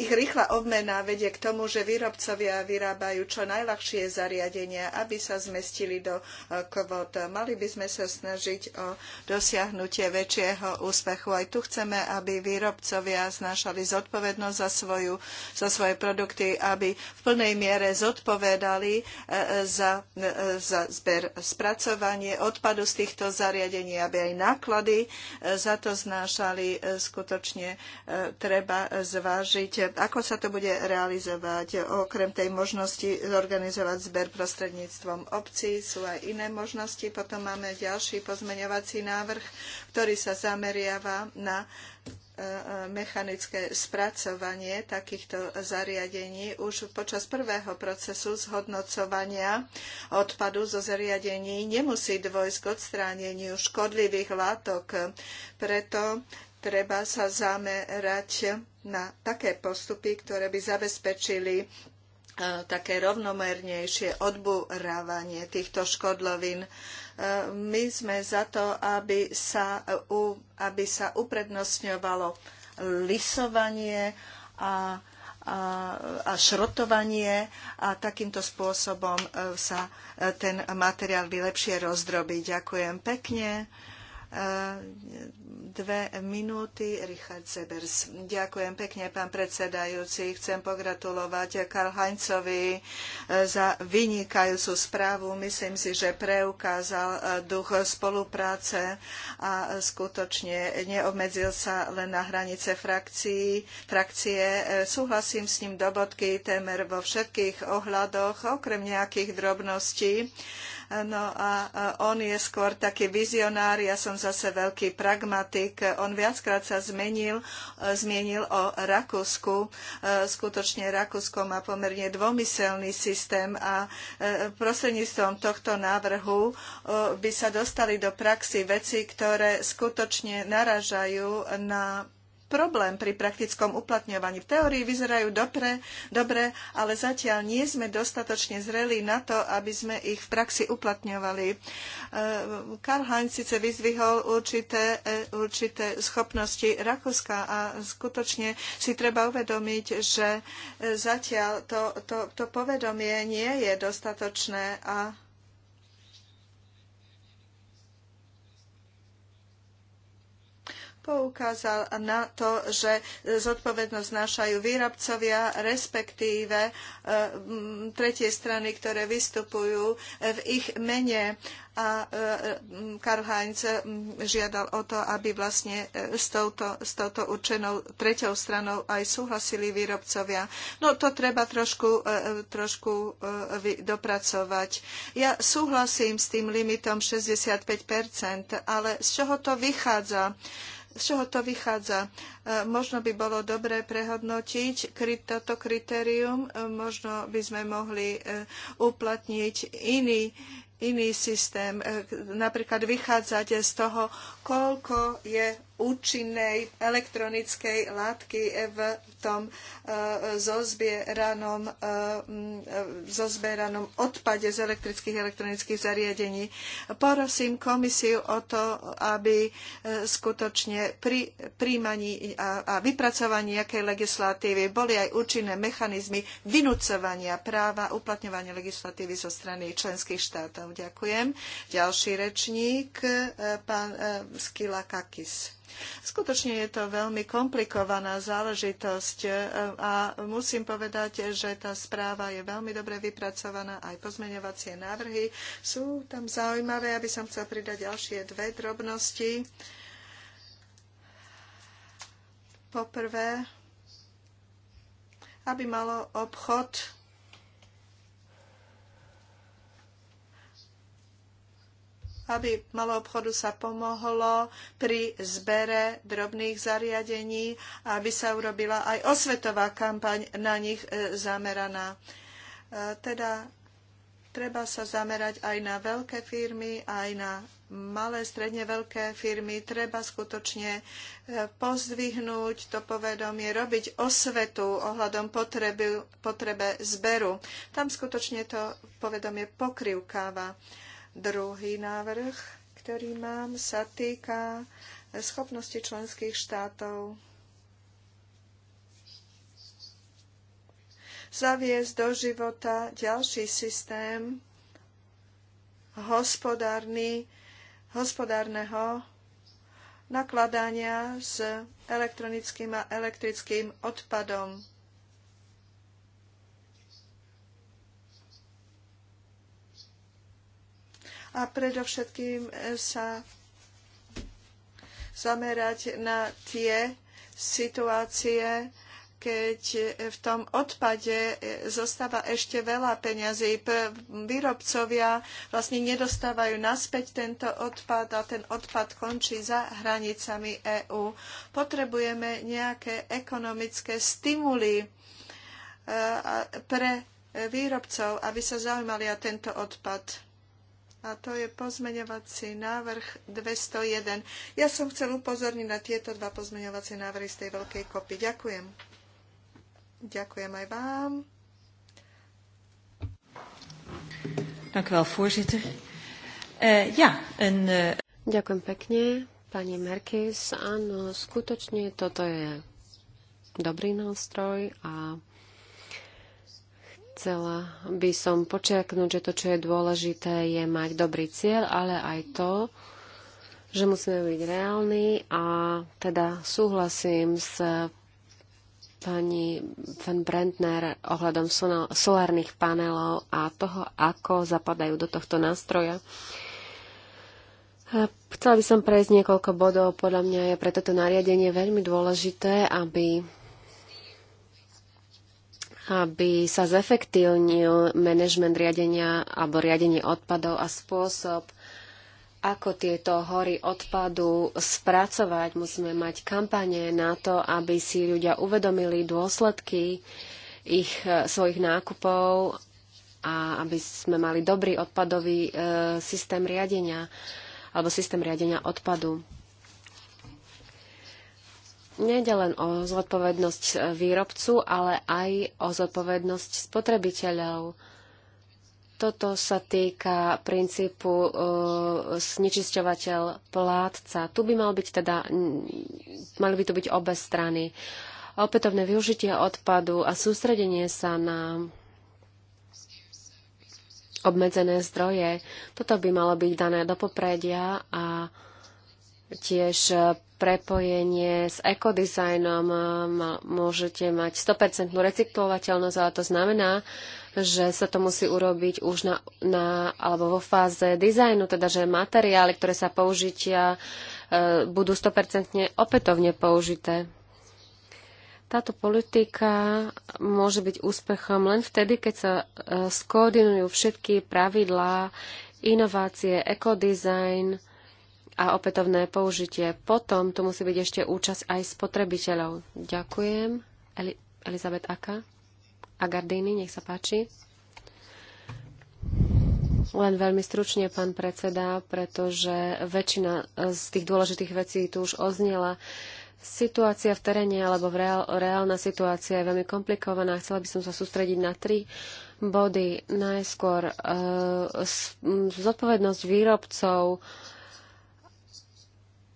ich rýchla obmena vedie k tomu, že výrobcovia vyrábajú čo najľahšie zariadenia, aby sa zmestili do e, kvót. Mali by sme sa snažiť o dosiahnutie väčšieho úspechu. Aj tu chceme, aby výrobcovia znášali zodpovednosť za, svoju, za svoje produkty, aby v plnej miere zodpovedali e, e, za, za zber spracovanie odpadu z týchto zariadení, aby aj náklady za to znášali skutočne treba zvážiť ako sa to bude realizovať? Okrem tej možnosti zorganizovať zber prostredníctvom obcí sú aj iné možnosti. Potom máme ďalší pozmeňovací návrh, ktorý sa zameriava na e, e, mechanické spracovanie takýchto zariadení už počas prvého procesu zhodnocovania odpadu zo zariadení nemusí dôjsť k odstráneniu škodlivých látok. Preto treba sa zamerať na také postupy, ktoré by zabezpečili e, také rovnomernejšie odburávanie týchto škodlovín. E, my sme za to, aby sa, aby sa uprednostňovalo lisovanie a, a, a šrotovanie a takýmto spôsobom e, sa ten materiál by lepšie rozdrobí. Ďakujem pekne Dve minúty, Richard Sebers. Ďakujem pekne, pán predsedajúci. Chcem pogratulovať Karl Heinzovi eh, za vynikajúcu správu. Myslím si, že preukázal eh, duch spolupráce a skutočne neobmedzil sa len na hranice frakcií, frakcie. Eh, súhlasím s ním do bodky témer vo všetkých ohľadoch, okrem nejakých drobností. No a on je skôr taký vizionár, ja som zase veľký pragmatik politik. On viackrát sa zmenil, e, zmienil o Rakúsku. E, skutočne Rakúsko má pomerne dvomyselný systém a e, prostredníctvom tohto návrhu by sa dostali do praxi veci, ktoré skutočne naražajú na problém pri praktickom uplatňovaní. V teórii vyzerajú dobre, dobre, ale zatiaľ nie sme dostatočne zrelí na to, aby sme ich v praxi uplatňovali. E, Karl Heinz síce vyzvihol určité, e, určité schopnosti Rakúska a skutočne si treba uvedomiť, že e, zatiaľ to, to, to povedomie nie je dostatočné a poukázal na to, že zodpovednosť znášajú výrobcovia, respektíve e, tretie strany, ktoré vystupujú v ich mene a e, Karl Heinz žiadal o to, aby vlastne e, s touto, s touto určenou treťou stranou aj súhlasili výrobcovia. No to treba trošku, trošku dopracovať. Ja súhlasím s tým limitom 65%, ale z čoho to vychádza? Z čoho to vychádza? E, možno by bolo dobré prehodnotiť toto kritérium, e, možno by sme mohli e, uplatniť iný, iný systém, napríklad vychádzať z toho, koľko je účinnej elektronickej látky v tom e, zozbieranom, e, e, zozbieranom odpade z elektrických elektronických zariadení. Porosím komisiu o to, aby skutočne pri príjmaní a, a vypracovaní nejakej legislatívy boli aj účinné mechanizmy vynúcovania práva uplatňovania legislatívy zo strany členských štátov. Ďakujem. Ďalší rečník, pán Skila Kakis. Skutočne je to veľmi komplikovaná záležitosť e, a musím povedať, že tá správa je veľmi dobre vypracovaná, aj pozmeňovacie návrhy sú tam zaujímavé, aby som chcel pridať ďalšie dve drobnosti. Poprvé, aby malo obchod aby malo obchodu sa pomohlo pri zbere drobných zariadení, aby sa urobila aj osvetová kampaň na nich e, zameraná. E, teda treba sa zamerať aj na veľké firmy, aj na malé, stredne veľké firmy. Treba skutočne e, pozdvihnúť to povedomie, robiť osvetu ohľadom potreby, potrebe zberu. Tam skutočne to povedomie pokrivkáva. Druhý návrh, ktorý mám, sa týka schopnosti členských štátov zaviesť do života ďalší systém hospodárny, hospodárneho nakladania s elektronickým a elektrickým odpadom. a predovšetkým e, sa zamerať na tie situácie, keď e, v tom odpade e, zostáva ešte veľa peňazí. Výrobcovia vlastne nedostávajú naspäť tento odpad a ten odpad končí za hranicami EÚ. Potrebujeme nejaké ekonomické stimuly pre výrobcov, aby sa zaujímali o tento odpad a to je pozmeňovací návrh 201. Ja som chcel upozorniť na tieto dva pozmeňovacie návrhy z tej veľkej kopy. Ďakujem. Ďakujem aj vám. voorzitter. Uh, uh... ja, en, eh, Ďakujem pekne, pani Merkis. Áno, skutočne toto je dobrý nástroj a Chcela by som počiaknúť, že to, čo je dôležité, je mať dobrý cieľ, ale aj to, že musíme byť reálni a teda súhlasím s pani Van Brentner ohľadom solárnych panelov a toho, ako zapadajú do tohto nástroja. Chcela by som prejsť niekoľko bodov. Podľa mňa je pre toto nariadenie veľmi dôležité, aby aby sa zefektívnil manažment riadenia alebo riadenie odpadov a spôsob, ako tieto hory odpadu spracovať. Musíme mať kampane na to, aby si ľudia uvedomili dôsledky ich e, svojich nákupov a aby sme mali dobrý odpadový e, systém riadenia alebo systém riadenia odpadu. Nejde len o zodpovednosť e, výrobcu, ale aj o zodpovednosť spotrebiteľov. Toto sa týka princípu e, snečisťovateľ plátca. Tu by mal byť teda, mali by tu byť obe strany. Opätovné využitie odpadu a sústredenie sa na obmedzené zdroje. Toto by malo byť dané do popredia a tiež e, prepojenie s ekodizajnom. E, môžete mať 100% recyklovateľnosť, ale to znamená, že sa to musí urobiť už na, na, alebo vo fáze dizajnu, teda že materiály, ktoré sa použitia, e, budú 100% opätovne použité. Táto politika môže byť úspechom len vtedy, keď sa skoordinujú všetky pravidlá, inovácie, ekodizajn, a opätovné použitie. Potom tu musí byť ešte účasť aj spotrebiteľov. Ďakujem. Eli- Elizabeth Aka. A Gardini, nech sa páči. Len veľmi stručne, pán predseda, pretože väčšina z tých dôležitých vecí tu už oznela. Situácia v teréne alebo v reál, reálna situácia je veľmi komplikovaná. Chcela by som sa sústrediť na tri body. Najskôr e, zodpovednosť výrobcov, e,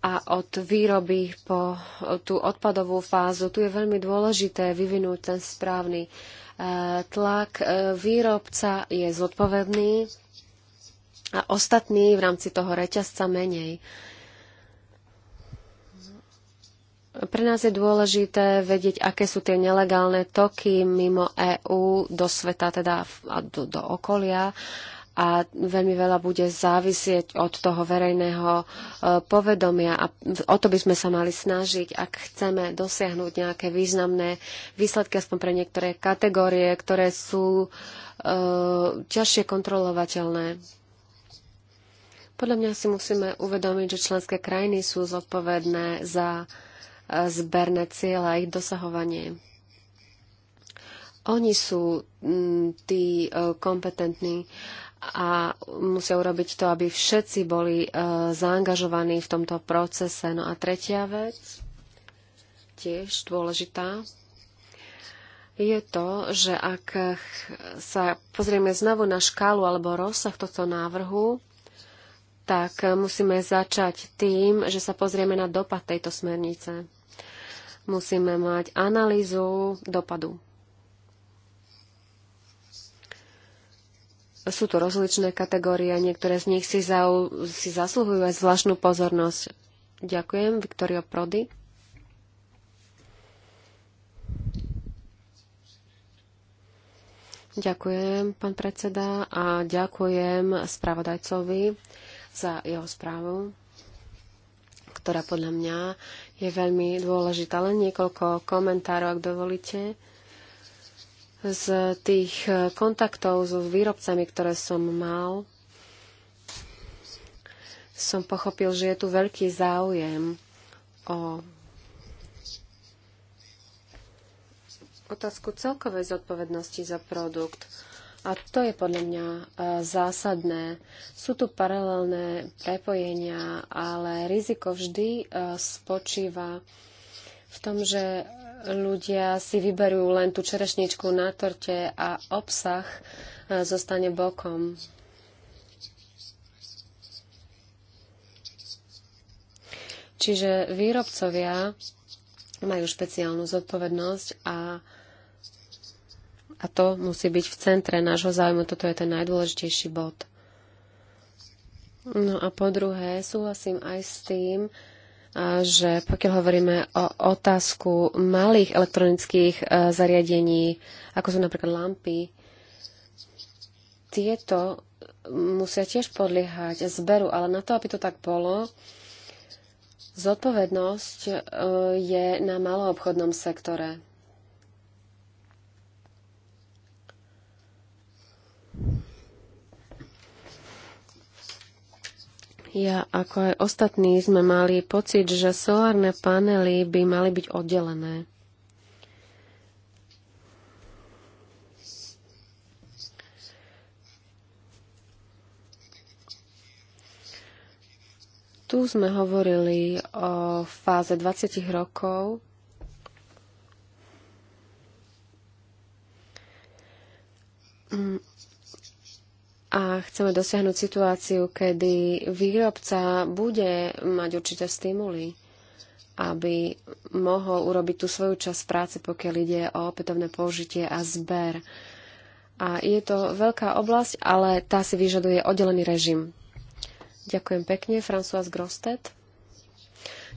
a od výroby po tú odpadovú fázu. Tu je veľmi dôležité vyvinúť ten správny e, tlak. E, výrobca je zodpovedný a ostatní v rámci toho reťazca menej. Pre nás je dôležité vedieť, aké sú tie nelegálne toky mimo EÚ do sveta, teda do, do okolia a veľmi veľa bude závisieť od toho verejného e, povedomia a o to by sme sa mali snažiť, ak chceme dosiahnuť nejaké významné výsledky, aspoň pre niektoré kategórie, ktoré sú e, ťažšie kontrolovateľné. Podľa mňa si musíme uvedomiť, že členské krajiny sú zodpovedné za e, zberné cieľa a ich dosahovanie. Oni sú tí e, kompetentní a musia urobiť to, aby všetci boli e, zaangažovaní v tomto procese. No a tretia vec, tiež dôležitá, je to, že ak sa pozrieme znovu na škálu alebo rozsah tohto návrhu, tak musíme začať tým, že sa pozrieme na dopad tejto smernice. Musíme mať analýzu dopadu. Sú to rozličné kategórie, niektoré z nich si, za, si zasluhujú aj zvláštnu pozornosť. Ďakujem, Viktorio Prody. Ďakujem, pán predseda, a ďakujem spravodajcovi za jeho správu, ktorá podľa mňa je veľmi dôležitá. Len niekoľko komentárov, ak dovolíte z tých e, kontaktov so výrobcami, ktoré som mal, som pochopil, že je tu veľký záujem o otázku celkovej zodpovednosti za produkt. A to je podľa mňa e, zásadné. Sú tu paralelné prepojenia, ale riziko vždy e, spočíva v tom, že ľudia si vyberú len tú čerešničku na torte a obsah e, zostane bokom. Čiže výrobcovia majú špeciálnu zodpovednosť a, a to musí byť v centre nášho záujmu. Toto je ten najdôležitejší bod. No a po druhé, súhlasím aj s tým, že pokiaľ hovoríme o otázku malých elektronických e, zariadení, ako sú napríklad lampy, tieto musia tiež podliehať zberu, ale na to, aby to tak bolo, zodpovednosť e, je na maloobchodnom sektore. Ja ako aj ostatní sme mali pocit, že solárne panely by mali byť oddelené. Tu sme hovorili o fáze 20 rokov. Mm a chceme dosiahnuť situáciu, kedy výrobca bude mať určité stimuly, aby mohol urobiť tú svoju časť práce, pokiaľ ide o opätovné použitie a zber. A je to veľká oblasť, ale tá si vyžaduje oddelený režim. Ďakujem pekne, François Grostet.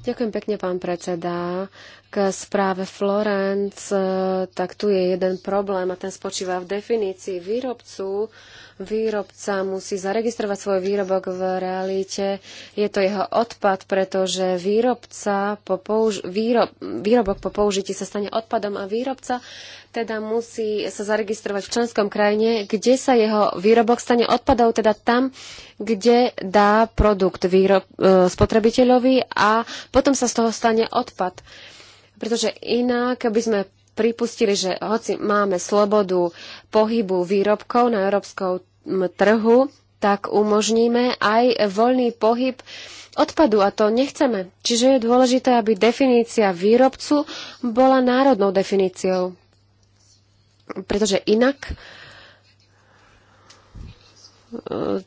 Ďakujem pekne, pán predseda. K správe Florence, e, tak tu je jeden problém a ten spočíva v definícii výrobcu. Výrobca musí zaregistrovať svoj výrobok v realite. Je to jeho odpad, pretože výrobca po použ- výrob- výrobok po použití sa stane odpadom a výrobca teda musí sa zaregistrovať v členskom krajine, kde sa jeho výrobok stane odpadov, teda tam, kde dá produkt výrob, e, spotrebiteľovi a potom sa z toho stane odpad. Pretože inak by sme pripustili, že hoci máme slobodu pohybu výrobkov na európskom trhu, tak umožníme aj voľný pohyb odpadu a to nechceme. Čiže je dôležité, aby definícia výrobcu bola národnou definíciou pretože inak e,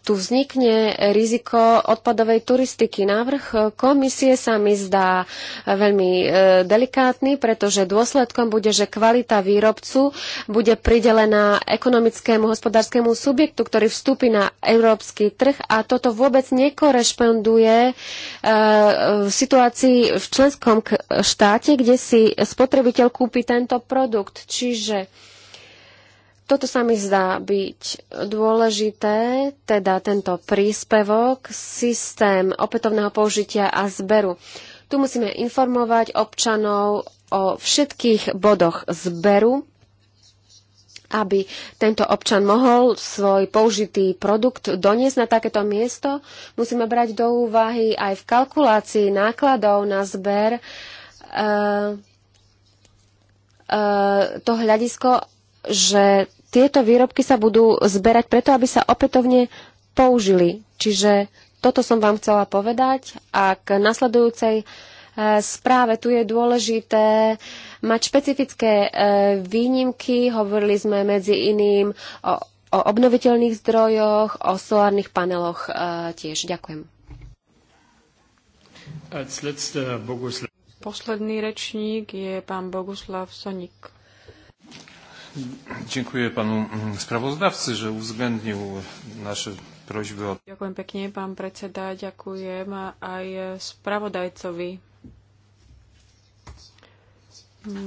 tu vznikne riziko odpadovej turistiky. Návrh komisie sa mi zdá veľmi e, delikátny, pretože dôsledkom bude, že kvalita výrobcu bude pridelená ekonomickému hospodárskému subjektu, ktorý vstúpi na európsky trh a toto vôbec nekorešponduje e, v situácii v členskom štáte, kde si spotrebiteľ kúpi tento produkt. Čiže toto sa mi zdá byť dôležité, teda tento príspevok, systém opätovného použitia a zberu. Tu musíme informovať občanov o všetkých bodoch zberu, aby tento občan mohol svoj použitý produkt doniesť na takéto miesto. Musíme brať do úvahy aj v kalkulácii nákladov na zber e, e, to hľadisko, že tieto výrobky sa budú zberať preto, aby sa opätovne použili. Čiže toto som vám chcela povedať a k nasledujúcej e, správe tu je dôležité mať špecifické e, výnimky. Hovorili sme medzi iným o, o obnoviteľných zdrojoch, o solárnych paneloch e, tiež. Ďakujem. Posledný rečník je pán Boguslav Sonik. Dziękuję panu mm, sprawozdawcy, że uwzględnił nasze prośby o... Ďakujem pekne, pán predseda. Ďakujem aj spravodajcovi.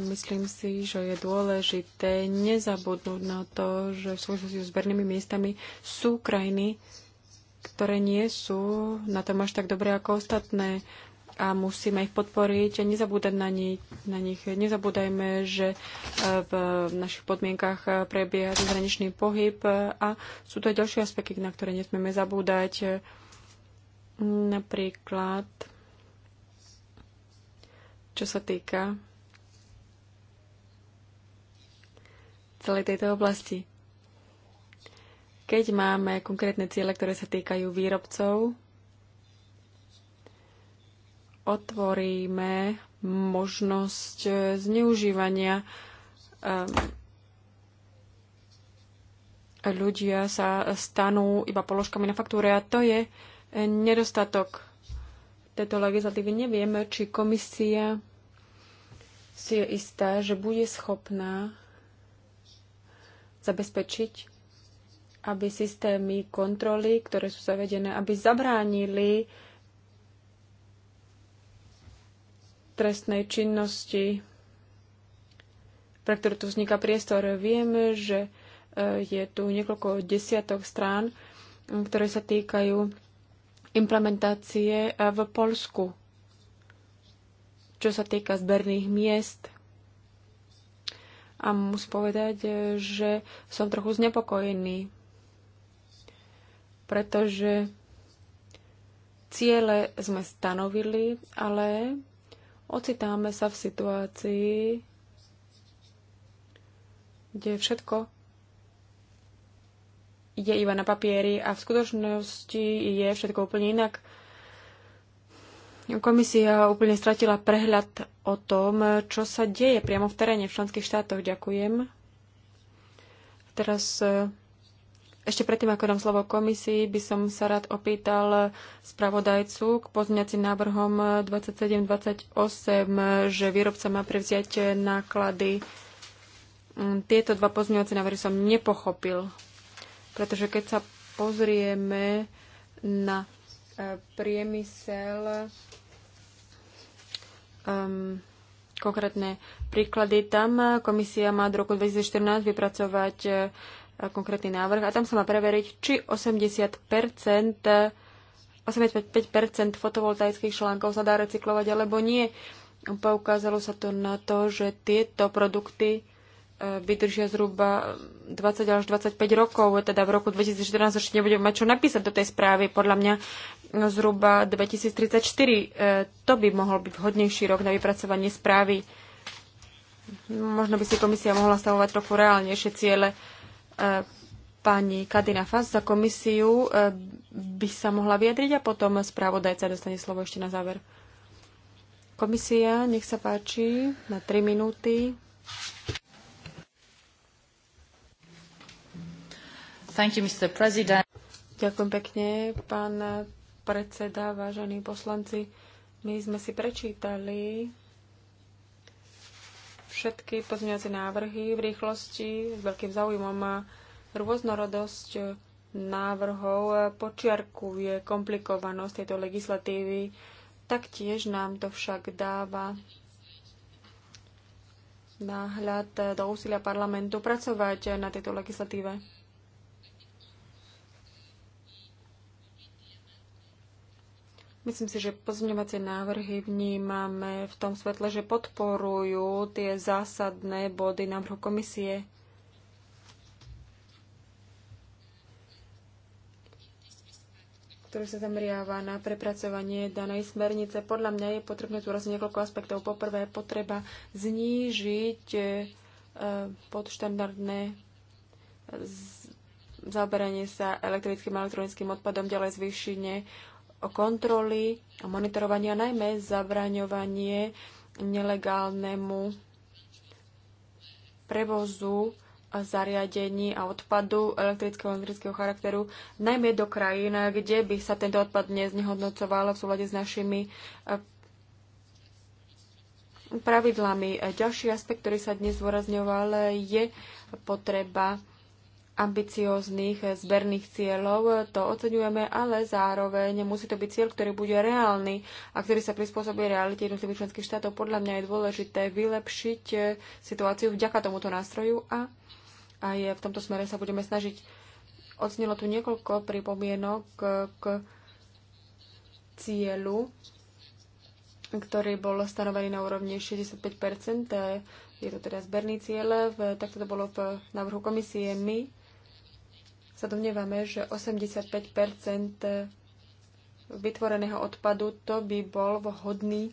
Myslím si, že je dôležité nezabudnúť na to, že v súvislosti s zbernými miestami sú krajiny, ktoré nie sú na tom až tak dobré ako ostatné a musíme ich podporiť a nezabúdať na, ni- na nich. Nezabúdajme, že e, v našich podmienkach e, prebieha zahraničný pohyb a sú to aj ďalšie aspekty, na ktoré nesmieme zabúdať. Napríklad, čo sa týka celej tejto oblasti. Keď máme konkrétne ciele, ktoré sa týkajú výrobcov, otvoríme možnosť zneužívania. Ehm, ľudia sa stanú iba položkami na faktúre a to je nedostatok tejto legislatívy. Nevieme, či komisia si je istá, že bude schopná zabezpečiť, aby systémy kontroly, ktoré sú zavedené, aby zabránili trestnej činnosti, pre ktorú tu vzniká priestor. Vieme, že eh, je tu niekoľko desiatok strán, mm, ktoré sa týkajú implementácie eh, v Polsku, čo sa týka zberných miest. A musím povedať, eh, že som trochu znepokojený, pretože ciele sme stanovili, ale Ocitáme sa v situácii, kde všetko je iba na papieri a v skutočnosti je všetko úplne inak. Komisia úplne stratila prehľad o tom, čo sa deje priamo v teréne v členských štátoch. Ďakujem. Teraz ešte predtým, ako dám slovo komisii, by som sa rád opýtal spravodajcu k pozňacím návrhom 27-28, že výrobca má prevziať náklady. Mm, tieto dva pozňovacie návrhy som nepochopil, pretože keď sa pozrieme na e, priemysel, um, konkrétne príklady tam, e, komisia má do roku 2014 vypracovať e, konkrétny návrh a tam sa má preveriť, či 80 85 fotovoltaických článkov sa dá recyklovať alebo nie. Poukázalo sa to na to, že tieto produkty e, vydržia zhruba 20 až 25 rokov, teda v roku 2014 ešte nebudeme mať čo napísať do tej správy. Podľa mňa no, zhruba 2034 e, to by mohol byť vhodnejší rok na vypracovanie správy. Možno by si komisia mohla stavovať trochu reálnejšie ciele Pani Kadina Fas za komisiu e, by sa mohla vyjadriť a potom správodajca dostane slovo ešte na záver. Komisia, nech sa páči, na 3 minúty. Thank you, Mr. President. Ďakujem pekne, pán predseda, vážení poslanci. My sme si prečítali všetky pozmeňovacie návrhy v rýchlosti s veľkým záujmom a rôznorodosť návrhov počiarkuje komplikovanosť tejto legislatívy. Taktiež nám to však dáva náhľad do úsilia parlamentu pracovať na tejto legislatíve. Myslím si, že pozmeňovacie návrhy vnímame v tom svetle, že podporujú tie zásadné body návrhu komisie. ktorý sa zameriava na prepracovanie danej smernice. Podľa mňa je potrebné tu raz niekoľko aspektov. Poprvé, potreba znížiť e, podštandardné zaberanie sa elektrickým a elektronickým odpadom, ďalej zvýšenie kontroly a monitorovania, najmä zabraňovanie nelegálnemu prevozu zariadení a odpadu elektrického a elektrického charakteru, najmä do krajín, kde by sa tento odpad neznehodnocoval v súlade s našimi eh, pravidlami. Ďalší aspekt, ktorý sa dnes zvorazňoval, je potreba ambicióznych zberných cieľov, to oceňujeme, ale zároveň musí to byť cieľ, ktorý bude reálny a ktorý sa prispôsobí realite jednotlivých členských štátov. Podľa mňa je dôležité vylepšiť situáciu vďaka tomuto nástroju a aj v tomto smere sa budeme snažiť. ocnilo tu niekoľko pripomienok k cieľu, ktorý bol stanovený na úrovni 65 je to teda zberný cieľ, tak to bolo v návrhu komisie my sa domnievame, že 85 vytvoreného odpadu to by bol vhodný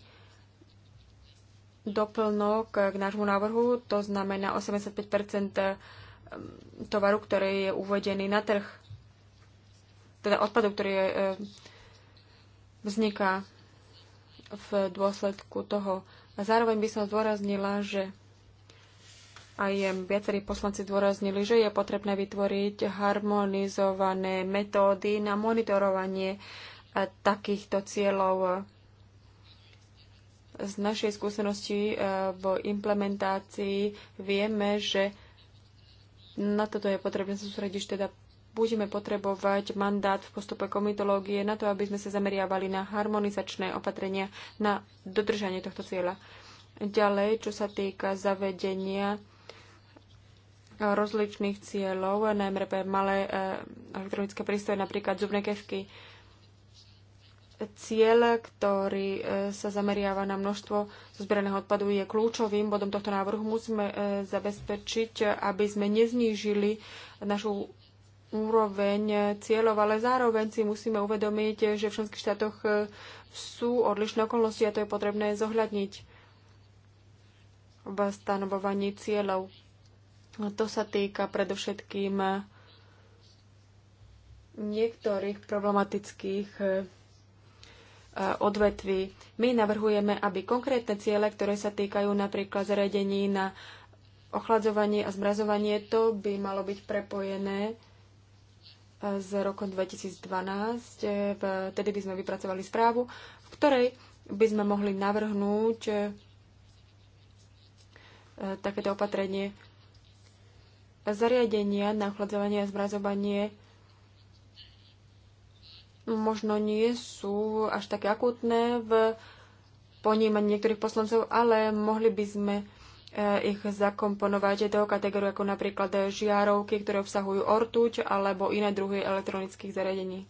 doplnok k nášmu návrhu, to znamená 85 um, tovaru, ktorý je uvedený na trh, teda odpadu, ktorý je, um, vzniká v dôsledku toho. A zároveň by som zdôraznila, že aj viacerí poslanci dôraznili, že je potrebné vytvoriť harmonizované metódy na monitorovanie e, takýchto cieľov. Z našej skúsenosti e, v implementácii vieme, že na toto je potrebné sústrediť, teda budeme potrebovať mandát v postupe komitológie na to, aby sme sa zameriavali na harmonizačné opatrenia na dodržanie tohto cieľa. Ďalej, čo sa týka zavedenia rozličných cieľov, najmä pre malé e, elektronické prístroje, napríklad zubné kevky. Cieľ, ktorý e, sa zameriava na množstvo zozbieraného odpadu, je kľúčovým bodom tohto návrhu. Musíme e, zabezpečiť, aby sme neznížili našu úroveň cieľov, ale zároveň si musíme uvedomiť, že v členských štátoch sú odlišné okolnosti a to je potrebné zohľadniť v stanovovaní cieľov No to sa týka predovšetkým niektorých problematických e, odvetví. My navrhujeme, aby konkrétne ciele, ktoré sa týkajú napríklad zariadení na ochladzovanie a zmrazovanie, to by malo byť prepojené z e, rokom 2012. E, Vtedy by sme vypracovali správu, v ktorej by sme mohli navrhnúť takéto opatrenie zariadenia na chladzovanie a zmrazovanie no možno nie sú až také akutné v ponímaní niektorých poslancov, ale mohli by sme e, ich zakomponovať do kategórie ako napríklad žiarovky, ktoré obsahujú ortuť alebo iné druhy elektronických zariadení.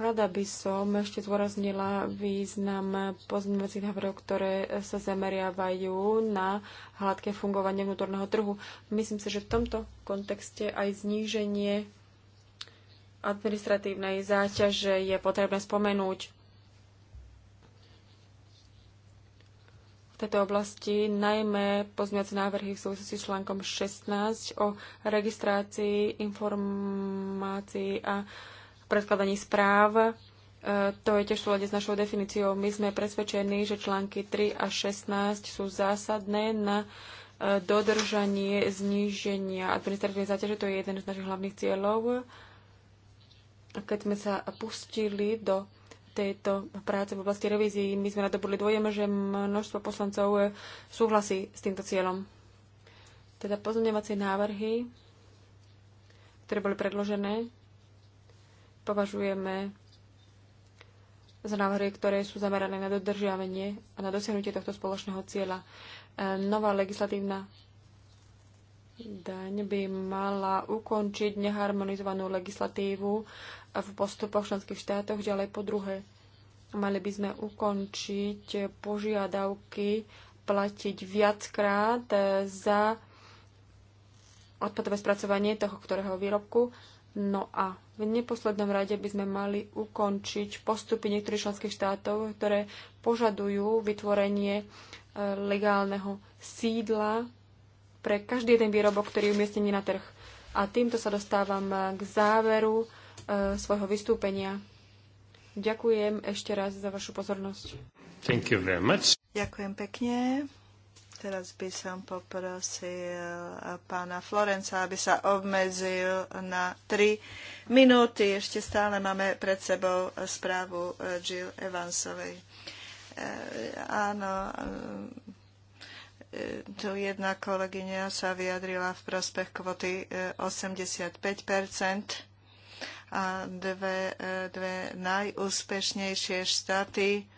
Rada by som ešte zdôraznila význam pozmeňovacích návrhov, ktoré sa zameriavajú na hladké fungovanie vnútorného trhu. Myslím si, že v tomto kontexte aj zníženie administratívnej záťaže je potrebné spomenúť. V tejto oblasti najmä pozmeňovacie návrhy v súvislosti s článkom 16 o registrácii informácií a predkladaní správ. E, to je tiež v súlade s našou definíciou. My sme presvedčení, že články 3 a 16 sú zásadné na e, dodržanie zníženia administratívnej záťaže. To je jeden z našich hlavných cieľov. Keď sme sa pustili do tejto práce v oblasti revízií, my sme nadobudli dvojem, že množstvo poslancov súhlasí s týmto cieľom. Teda pozmeňovacie návrhy, ktoré boli predložené, považujeme za návrhy, ktoré sú zamerané na dodržiavanie a na dosiahnutie tohto spoločného cieľa. E, nová legislatívna daň by mala ukončiť neharmonizovanú legislatívu v postupoch v členských štátoch. Ďalej po druhé, mali by sme ukončiť požiadavky platiť viackrát e, za odpadové spracovanie toho, ktorého výrobku No a v neposlednom rade by sme mali ukončiť postupy niektorých členských štátov, ktoré požadujú vytvorenie e, legálneho sídla pre každý jeden výrobok, ktorý je umiestnený na trh. A týmto sa dostávam e, k záveru e, svojho vystúpenia. Ďakujem ešte raz za vašu pozornosť. Thank you very much. Ďakujem pekne. Teraz by som poprosil eh, pána Florenca, aby sa obmedzil na tri minúty. Ešte stále máme pred sebou správu eh, Jill Evansovej. Eh, áno, tu jedna kolegyňa sa vyjadrila v prospech kvoty 85 a dve, dve najúspešnejšie štáty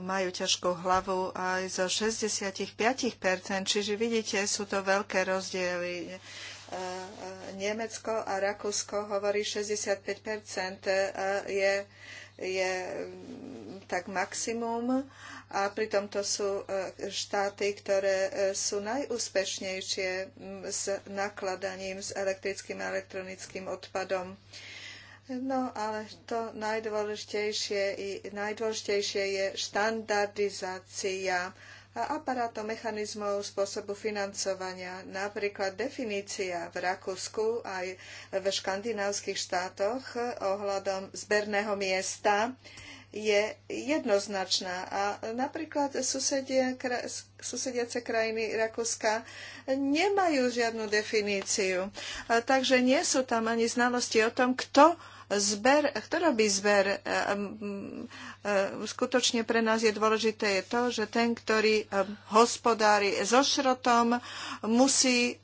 majú ťažkú hlavu aj zo 65%, čiže vidíte, sú to veľké rozdiely. E, e, Nemecko a Rakúsko hovorí 65% e, je, je tak maximum a pritom to sú štáty, ktoré sú najúspešnejšie s nakladaním s elektrickým a elektronickým odpadom. Uh, No ale to najdôležitejšie, i najdôležitejšie je štandardizácia a aparátov mechanizmov spôsobu financovania. Napríklad definícia v Rakúsku aj v škandinávskych štátoch ohľadom zberného miesta je jednoznačná. A napríklad susedia, kra, susediace krajiny Rakúska nemajú žiadnu definíciu. A takže nie sú tam ani znalosti o tom, kto zber, ktorý zber eh, eh, skutočne pre nás je dôležité je to, že ten, ktorý eh, hospodári so šrotom, musí,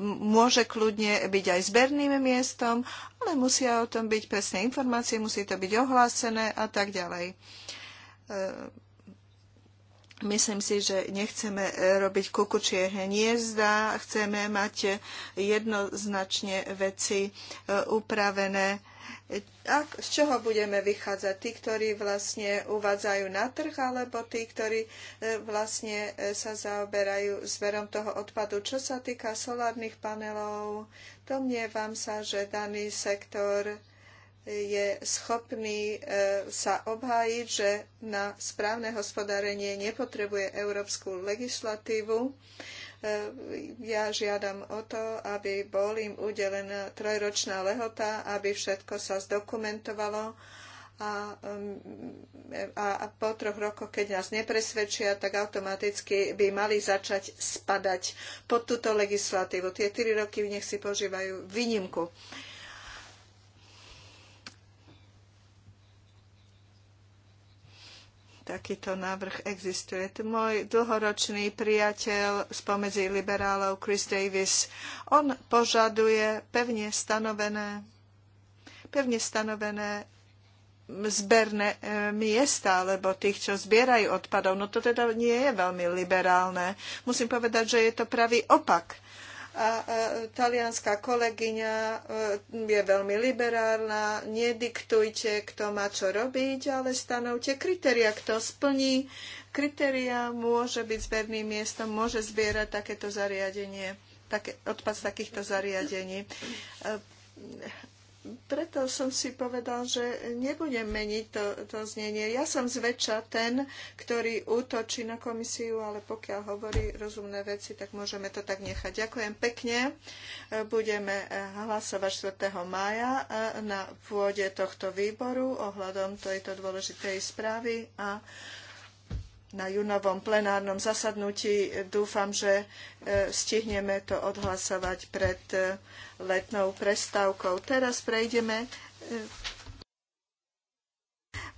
môže kľudne byť aj zberným miestom, ale musia o tom byť presné informácie, musí to byť ohlásené a tak ďalej Myslím si, že nechceme e, robiť kukučie hniezda, chceme mať jednoznačne veci e, upravené. A z čoho budeme vychádzať? Tí, ktorí vlastne uvádzajú na trh, alebo tí, ktorí e, vlastne sa zaoberajú zverom toho odpadu. Čo sa týka solárnych panelov, domnievam sa, že daný sektor je schopný e, sa obhájiť, že na správne hospodárenie nepotrebuje európsku legislatívu. E, ja žiadam o to, aby bol im udelená trojročná lehota, aby všetko sa zdokumentovalo a, mm, a, a po troch rokoch, keď nás nepresvedčia, tak automaticky by mali začať spadať pod túto legislatívu. Tie tri roky v nech si požívajú výnimku. takýto návrh existuje. Môj dlhoročný priateľ spomedzi liberálov Chris Davis, on požaduje pevne stanovené, pevne stanovené zberné e, miesta, alebo tých, čo zbierajú odpadov. No to teda nie je veľmi liberálne. Musím povedať, že je to pravý opak a talianská kolegyňa e, je veľmi liberálna, nediktujte, kto má čo robiť, ale stanovte kritéria, kto splní kritéria, môže byť zberným miestom, môže zbierať takéto zariadenie, také, odpad z takýchto zariadení e, preto som si povedal, že nebudem meniť to, to znenie. Ja som zväčša ten, ktorý útočí na komisiu, ale pokiaľ hovorí rozumné veci, tak môžeme to tak nechať. Ďakujem pekne. Budeme eh, hlasovať 4. mája eh, na pôde tohto výboru ohľadom tejto dôležitej správy a na junovom plenárnom zasadnutí. Dúfam, že e, stihneme to odhlasovať pred e, letnou prestávkou. Teraz prejdeme e,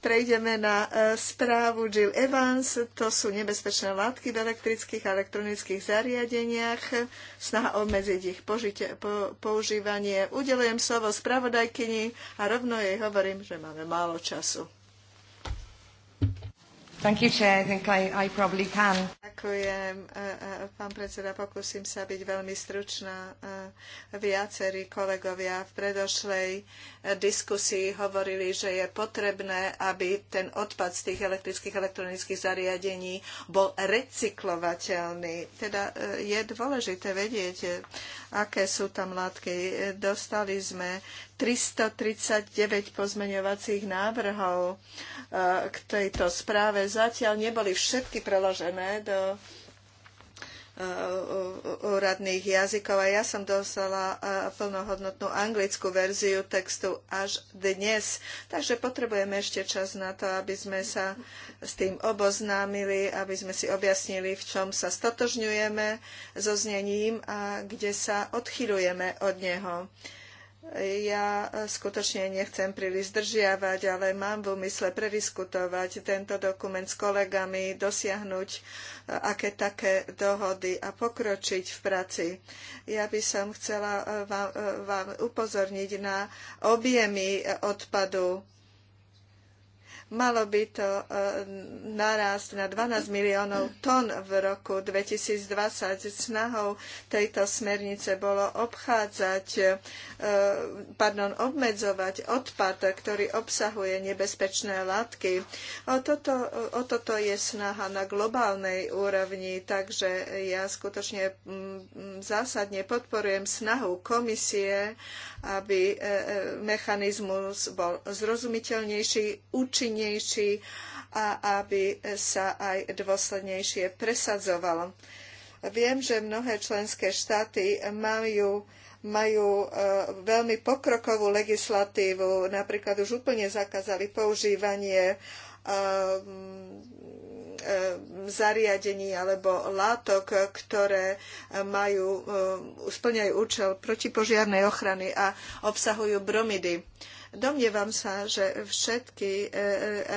Prejdeme na správu Jill Evans. To sú nebezpečné látky v elektrických a elektronických zariadeniach. Snaha obmedziť ich požite, po, používanie. Udelujem slovo spravodajkyni a rovno jej hovorím, že máme málo času. Thank you, Chair. I think I, I probably can. Ďakujem, e, e, pán predseda. Pokúsim sa byť veľmi stručná. E, viacerí kolegovia v predošlej diskusii hovorili, že je potrebné, aby ten odpad z tých elektrických elektronických zariadení bol recyklovateľný. Teda je dôležité vedieť, aké sú tam látky. Dostali sme 339 pozmeňovacích návrhov e, k tejto správe. Zatiaľ neboli všetky preložené do úradných e, jazykov a ja som dostala e, plnohodnotnú anglickú verziu textu až dnes. Takže potrebujeme ešte čas na to, aby sme sa s tým oboznámili, aby sme si objasnili, v čom sa stotožňujeme so znením a kde sa odchylujeme od neho. Ja skutočne nechcem príliš zdržiavať, ale mám v úmysle prediskutovať tento dokument s kolegami, dosiahnuť eh, aké také dohody a pokročiť v práci. Ja by som chcela eh, vám, eh, vám upozorniť na objemy odpadu Malo by to e, narásť na 12 miliónov tón v roku 2020. Snahou tejto smernice bolo obchádzať, e, pardon, obmedzovať odpad, ktorý obsahuje nebezpečné látky. O toto, o toto je snaha na globálnej úrovni, takže ja skutočne mm, zásadne podporujem snahu komisie, aby e, mechanizmus bol zrozumiteľnejší, účinnejší účinnejší a aby sa aj dôslednejšie presadzovalo. Viem, že mnohé členské štáty majú majú e, veľmi pokrokovú legislatívu, napríklad už úplne zakázali používanie e, e, zariadení alebo látok, ktoré majú, splňajú účel protipožiarnej ochrany a obsahujú bromidy. Domnievam sa, že všetky e, e,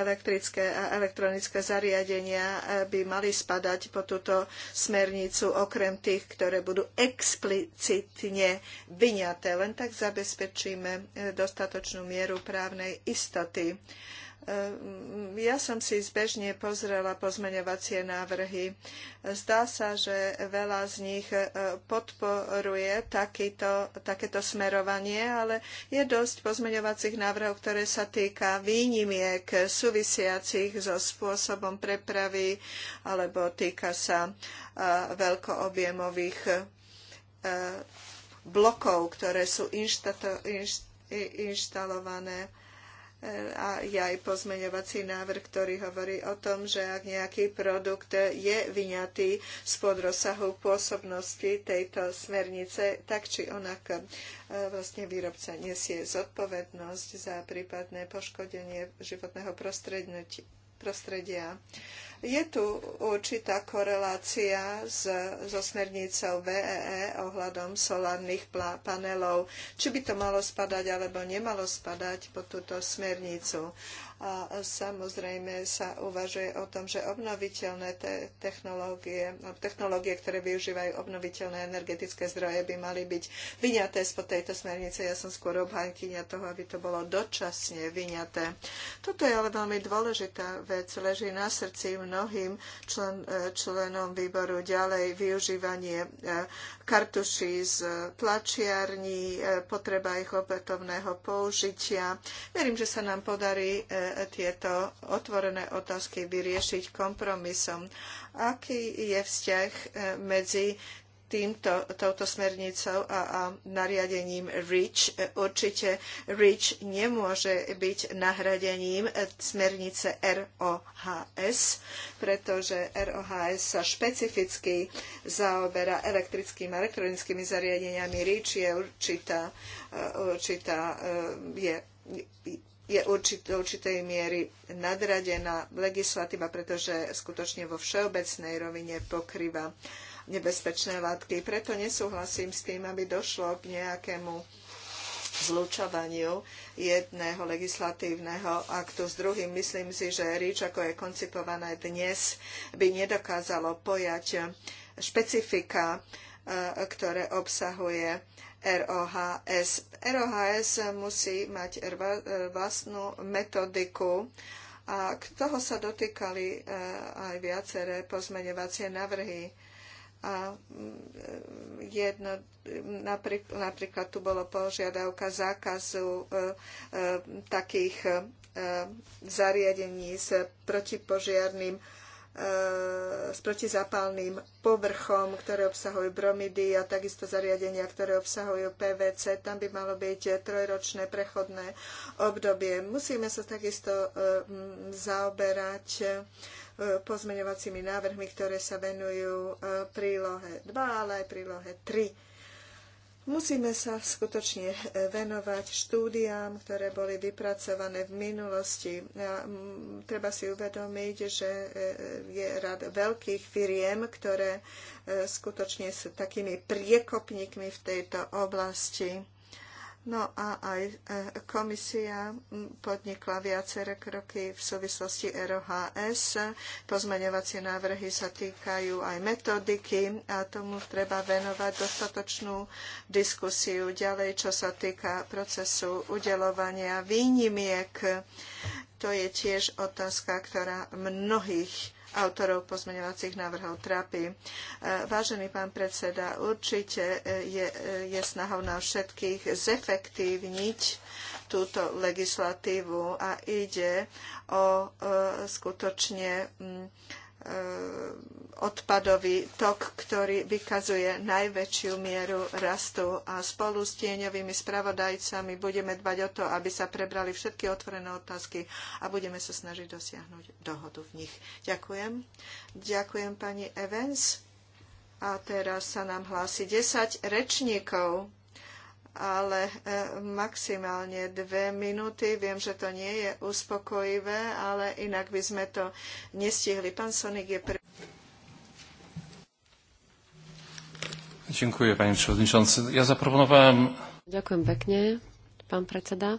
elektrické a elektronické zariadenia e, by mali spadať po túto smernicu, okrem tých, ktoré budú explicitne vyňaté. Len tak zabezpečíme dostatočnú mieru právnej istoty. Ehm, ja som si zbežne pozrela pozmeňovacie návrhy. Zdá sa, že veľa z nich e, podporuje takýto, takéto smerovanie, ale je dosť pozmeňovacích návrhov, ktoré sa týka výnimiek súvisiacich so spôsobom prepravy alebo týka sa e, veľkoobjemových e, blokov, ktoré sú inštato, inš, inštalované E, a je aj pozmeňovací návrh, ktorý hovorí o tom, že ak nejaký produkt je vyňatý spod rozsahu pôsobnosti tejto smernice, tak či onak e, vlastne výrobca nesie zodpovednosť za prípadné poškodenie životného prostredia prostredia. Je tu určitá korelácia s, so smernicou VEE e ohľadom solárnych panelov, či by to malo spadať alebo nemalo spadať pod túto smernicu a samozrejme sa uvažuje o tom, že obnoviteľné te technológie, no, technológie, ktoré využívajú obnoviteľné energetické zdroje, by mali byť vyňaté spod tejto smernice. Ja som skôr obhajkynia toho, aby to bolo dočasne vyňaté. Toto je ale veľmi dôležitá vec. Leží na srdci mnohým člen, eh, členom výboru ďalej využívanie eh, kartuši z tlačiarní, e, potreba ich opätovného použitia. Verím, že sa nám podarí e, tieto otvorené otázky vyriešiť kompromisom. Aký je vzťah e, medzi týmto, touto smernicou a, a nariadením REACH. Určite REACH nemôže byť nahradením smernice ROHS, pretože ROHS sa špecificky zaoberá elektrickými a elektronickými zariadeniami. REACH je určitá, e, určitá e, je, je určit, do určitej miery nadradená legislatíva, pretože skutočne vo všeobecnej rovine pokryva uh, nebezpečné látky. Preto nesúhlasím s tým, aby došlo k nejakému zlučovaniu jedného legislatívneho aktu s druhým. Myslím si, že REACH, ako je koncipované dnes, by nedokázalo pojať špecifika, e, ktoré obsahuje ROHS. ROHS musí mať e, vlastnú metodiku a k toho sa dotýkali e, aj viaceré pozmeňovacie návrhy a mm, jedno, napríklad, napríklad tu bolo požiadavka zákazu e, e, takých e, zariadení s protipožiarným s protizapálnym povrchom, ktoré obsahujú bromidy a takisto zariadenia, ktoré obsahujú PVC. Tam by malo byť trojročné prechodné obdobie. Musíme sa takisto zaoberať pozmeňovacími návrhmi, ktoré sa venujú e, prílohe 2, ale aj prílohe 3. Musíme sa skutočne e, venovať štúdiám, ktoré boli vypracované v minulosti. A treba si uvedomiť, že e, je rad veľkých firiem, ktoré skutočne sú takými priekopníkmi v tejto oblasti No a aj e, komisia podnikla viaceré kroky v súvislosti ROHS. Pozmeňovacie návrhy sa týkajú aj metodiky a tomu treba venovať dostatočnú diskusiu. Ďalej, čo sa týka procesu udelovania výnimiek, to je tiež otázka, ktorá mnohých autorov pozmeňovacích návrhov trápi. E, vážený pán predseda, určite e, je, e, je snahou na všetkých zefektívniť túto legislatívu a ide o skutočne E, odpadový tok, ktorý vykazuje najväčšiu mieru rastu. A spolu s tieňovými spravodajcami budeme dbať o to, aby sa prebrali všetky otvorené otázky a budeme sa snažiť dosiahnuť dohodu v nich. Ďakujem. Ďakujem pani Evans. A teraz sa nám hlási 10 rečníkov ale e, maximálne dve minúty. Viem, že to nie je uspokojivé, ale inak by sme to nestihli. Pán Sonik je prvý. Ďakujem, pani przewodniczący. Ja zaproponowałem... Ďakujem pekne, pán predseda.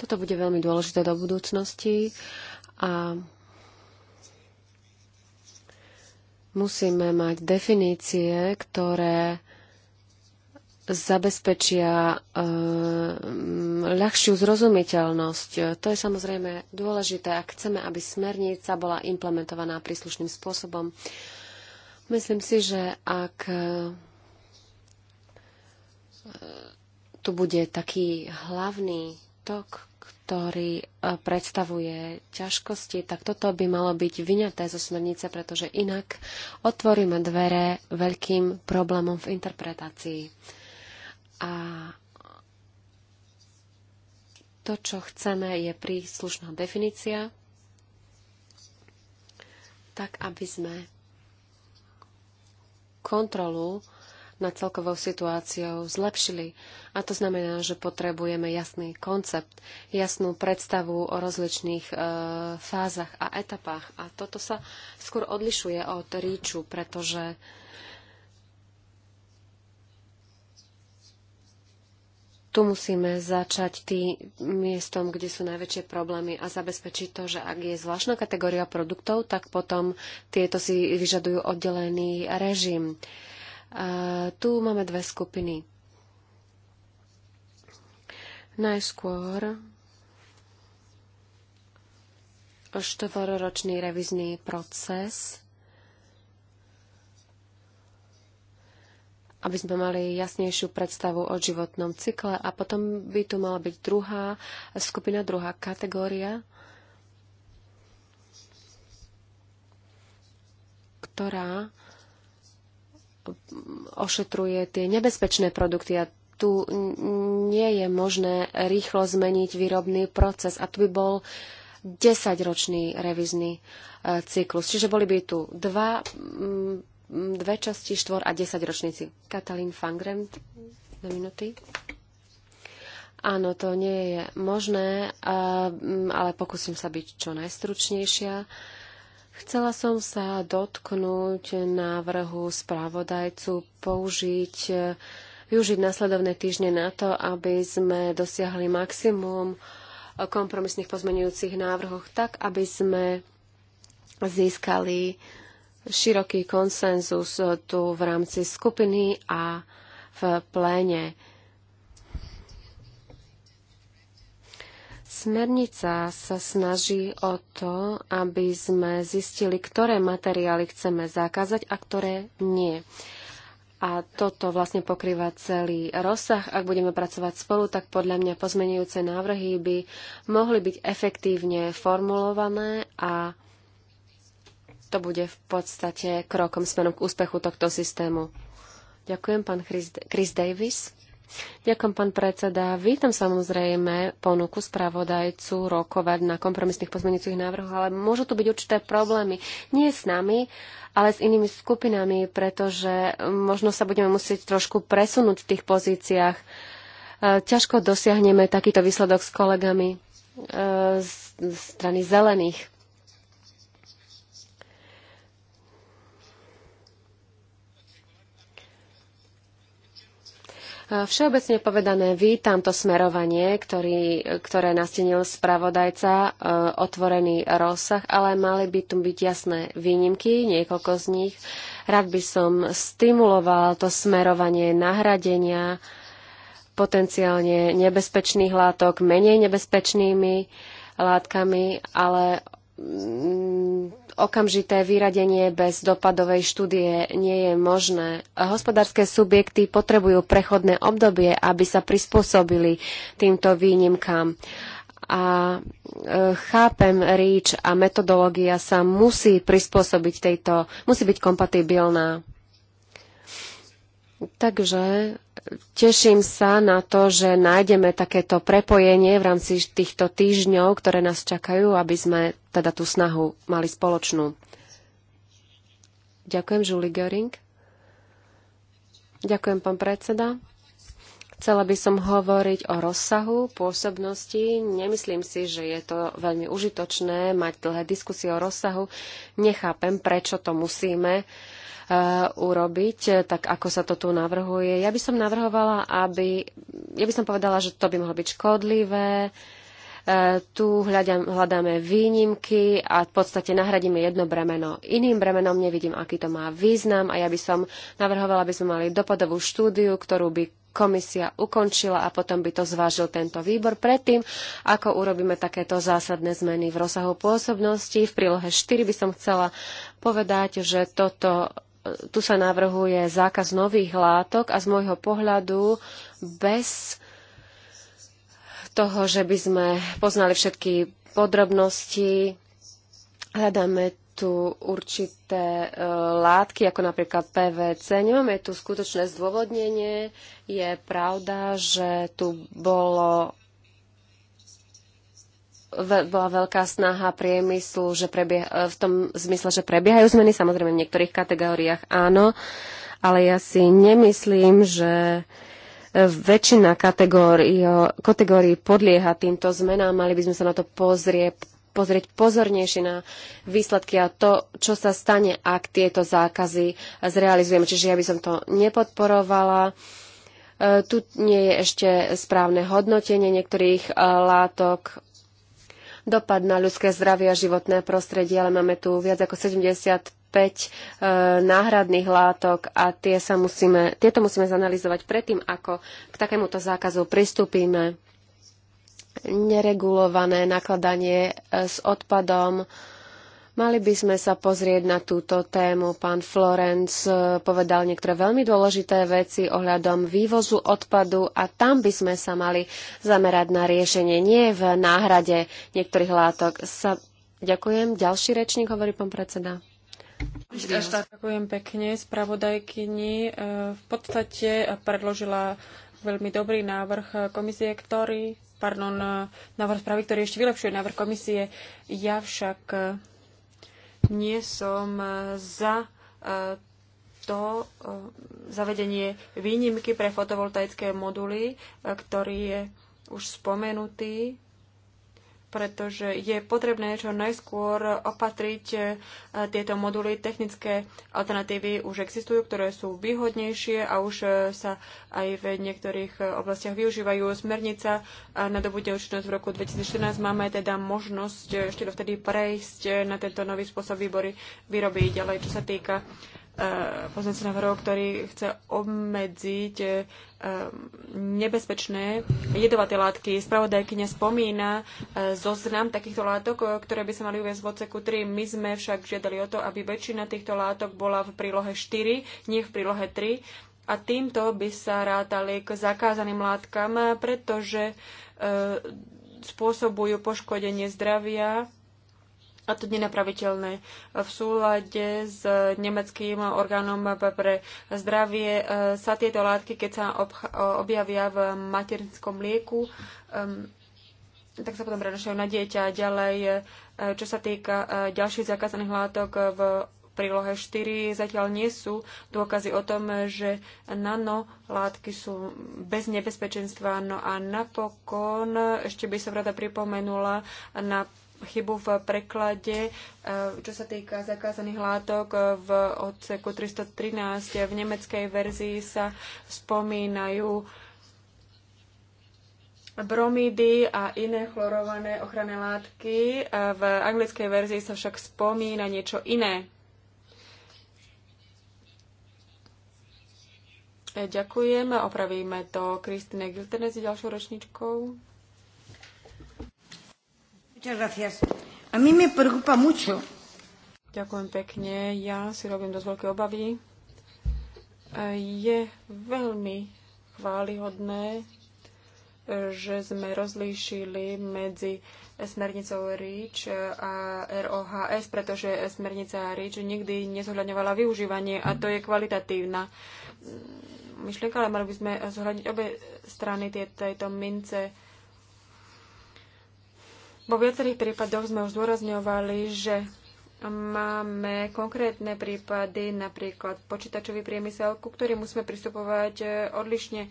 Toto bude veľmi dôležité do budúcnosti a musíme mať definície, ktoré zabezpečia e, ľahšiu zrozumiteľnosť. To je samozrejme dôležité, ak chceme, aby smernica bola implementovaná príslušným spôsobom. Myslím si, že ak e, e, tu bude taký hlavný tok, ktorý e, predstavuje ťažkosti, tak toto by malo byť vyňaté zo smernice, pretože inak otvoríme dvere veľkým problémom v interpretácii. A to, čo chceme, je príslušná definícia, tak aby sme kontrolu nad celkovou situáciou zlepšili. A to znamená, že potrebujeme jasný koncept, jasnú predstavu o rozličných e, fázach a etapách. A toto sa skôr odlišuje od ríču, pretože tu musíme začať tým miestom, kde sú najväčšie problémy a zabezpečiť to, že ak je zvláštna kategória produktov, tak potom tieto si vyžadujú oddelený režim. Uh, tu máme dve skupiny. Najskôr štvororočný revizný proces, aby sme mali jasnejšiu predstavu o životnom cykle a potom by tu mala byť druhá skupina, druhá kategória, ktorá ošetruje tie nebezpečné produkty a tu nie je možné rýchlo zmeniť výrobný proces a tu by bol 10-ročný revizný e, cyklus. Čiže boli by tu dva, mm, dve časti, štvor a 10-ročníci. Katalín Fangrem, dve minúty. Áno, to nie je možné, e, ale pokúsim sa byť čo najstručnejšia. Chcela som sa dotknúť návrhu správodajcu použiť využiť nasledovné týždne na to, aby sme dosiahli maximum kompromisných pozmenujúcich návrhoch tak, aby sme získali široký konsenzus tu v rámci skupiny a v pléne. Smernica sa snaží o to, aby sme zistili, ktoré materiály chceme zakázať a ktoré nie. A toto vlastne pokrýva celý rozsah. Ak budeme pracovať spolu, tak podľa mňa pozmenujúce návrhy by mohli byť efektívne formulované a to bude v podstate krokom smerom k úspechu tohto systému. Ďakujem, pán Chris, Chris Davis. Ďakujem, pán predseda. Vítam samozrejme ponuku spravodajcu rokovať na kompromisných pozmeňujúcich návrhoch, ale môžu tu byť určité problémy. Nie s nami, ale s inými skupinami, pretože možno sa budeme musieť trošku presunúť v tých pozíciách. E, ťažko dosiahneme takýto výsledok s kolegami e, z strany zelených. Všeobecne povedané, vítam to smerovanie, ktorý, ktoré nastenil spravodajca, e, otvorený rozsah, ale mali by tu byť jasné výnimky, niekoľko z nich. Rád by som stimuloval to smerovanie nahradenia potenciálne nebezpečných látok menej nebezpečnými látkami, ale mm, okamžité vyradenie bez dopadovej štúdie nie je možné. Hospodárske subjekty potrebujú prechodné obdobie, aby sa prispôsobili týmto výnimkám. A e, chápem REACH a metodológia sa musí prispôsobiť tejto, musí byť kompatibilná Takže teším sa na to, že nájdeme takéto prepojenie v rámci týchto týždňov, ktoré nás čakajú, aby sme teda tú snahu mali spoločnú. Ďakujem, Julie Göring. Ďakujem, pán predseda. Chcela by som hovoriť o rozsahu pôsobnosti. Nemyslím si, že je to veľmi užitočné mať dlhé diskusie o rozsahu. Nechápem, prečo to musíme. Uh, Eh, urobiť, eh, tak ako sa to tu navrhuje. Ja by som navrhovala, aby... Ja by som povedala, že to by mohlo byť škodlivé, eh, tu hľadám, hľadáme výnimky a v podstate nahradíme jedno bremeno iným bremenom. Nevidím, aký to má význam a ja by som navrhovala, aby sme mali dopadovú štúdiu, ktorú by komisia ukončila a potom by to zvážil tento výbor predtým, ako urobíme takéto zásadné zmeny v rozsahu pôsobnosti. V prílohe 4 by som chcela povedať, že toto tu sa navrhuje zákaz nových látok a z môjho pohľadu bez toho, že by sme poznali všetky podrobnosti, hľadáme tu určité e, látky, ako napríklad PVC. Nemáme tu skutočné zdôvodnenie. Je pravda, že tu bolo bola veľká snaha priemyslu, že prebieha, e, v tom zmysle, že prebiehajú zmeny, samozrejme v niektorých kategóriách áno, ale ja si nemyslím, že e, väčšina kategórií, kategórií podlieha týmto zmenám. Mali by sme sa na to pozrieť, pozrieť pozornejšie na výsledky a to, čo sa stane, ak tieto zákazy zrealizujeme. Čiže ja by som to nepodporovala. E, tu nie je ešte správne hodnotenie niektorých látok dopad na ľudské zdravie a životné prostredie, ale máme tu viac ako 75 e, náhradných látok a tie sa musíme, tieto musíme zanalizovať predtým, ako k takémuto zákazu pristúpime. Neregulované nakladanie e, s odpadom, Mali by sme sa pozrieť na túto tému. Pán Florenc eh, povedal niektoré veľmi dôležité veci ohľadom vývozu odpadu a tam by sme sa mali zamerať na riešenie, nie v náhrade niektorých látok. Sa... Ďakujem. Ďalší rečník hovorí pán predseda. Ďakujem pekne spravodajkyni. Eh, v podstate predložila veľmi dobrý návrh komisie, ktorý pardon, eh, návrh správy, ktorý ešte vylepšuje návrh komisie. Ja však nie som eh, za eh, to eh, zavedenie výnimky pre fotovoltaické moduly, ktorý je už spomenutý pretože je potrebné čo najskôr opatriť e, tieto moduly. Technické alternatívy už existujú, ktoré sú výhodnejšie a už e, sa aj v niektorých e, oblastiach využívajú. Smernica na dobu účinnosť v roku 2014 máme teda možnosť ešte dovtedy prejsť na tento nový spôsob výbory, výroby ďalej, čo sa týka Eh, pozornosť návrhov, ktorý chce obmedziť eh, nebezpečné jedovaté látky. Spravodajkyňa spomína eh, zoznam takýchto látok, ktoré by sa mali uviezť v odseku 3. My sme však žiadali o to, aby väčšina týchto látok bola v prílohe 4, nie v prílohe 3 a týmto by sa rátali k zakázaným látkam, pretože spôsobujú poškodenie zdravia a to nenapraviteľné. V súlade s nemeckým orgánom pre zdravie eh, sa tieto látky, keď sa objavia v materinskom mlieku, ehm, tak sa potom prenašajú na dieťa. Ďalej, eh, čo sa týka eh, ďalších zakázaných látok v prílohe 4, zatiaľ nie sú dôkazy o tom, že nanolátky sú bez nebezpečenstva. No a napokon ešte by som rada pripomenula na chybu v preklade, e, čo sa týka zakázaných látok e, v odseku 313. V nemeckej verzii sa spomínajú bromidy a iné chlorované ochranné látky. E, v anglickej verzii sa však spomína niečo iné. Ďakujem, opravíme to Kristine Giltene s ďalšou ročničkou. Ďakujem pekne. Ja si robím dosť veľké obavy. Je veľmi chválihodné, že sme rozlíšili medzi smernicou REACH a ROHS, pretože smernica REACH nikdy nezohľadňovala využívanie a to je kvalitatívna myšlienka, ale mali by sme zohľadniť obe strany tejto mince vo viacerých prípadoch sme už zdôrazňovali, že máme konkrétne prípady, napríklad počítačový priemysel, ku ktorým musíme pristupovať e, odlišne.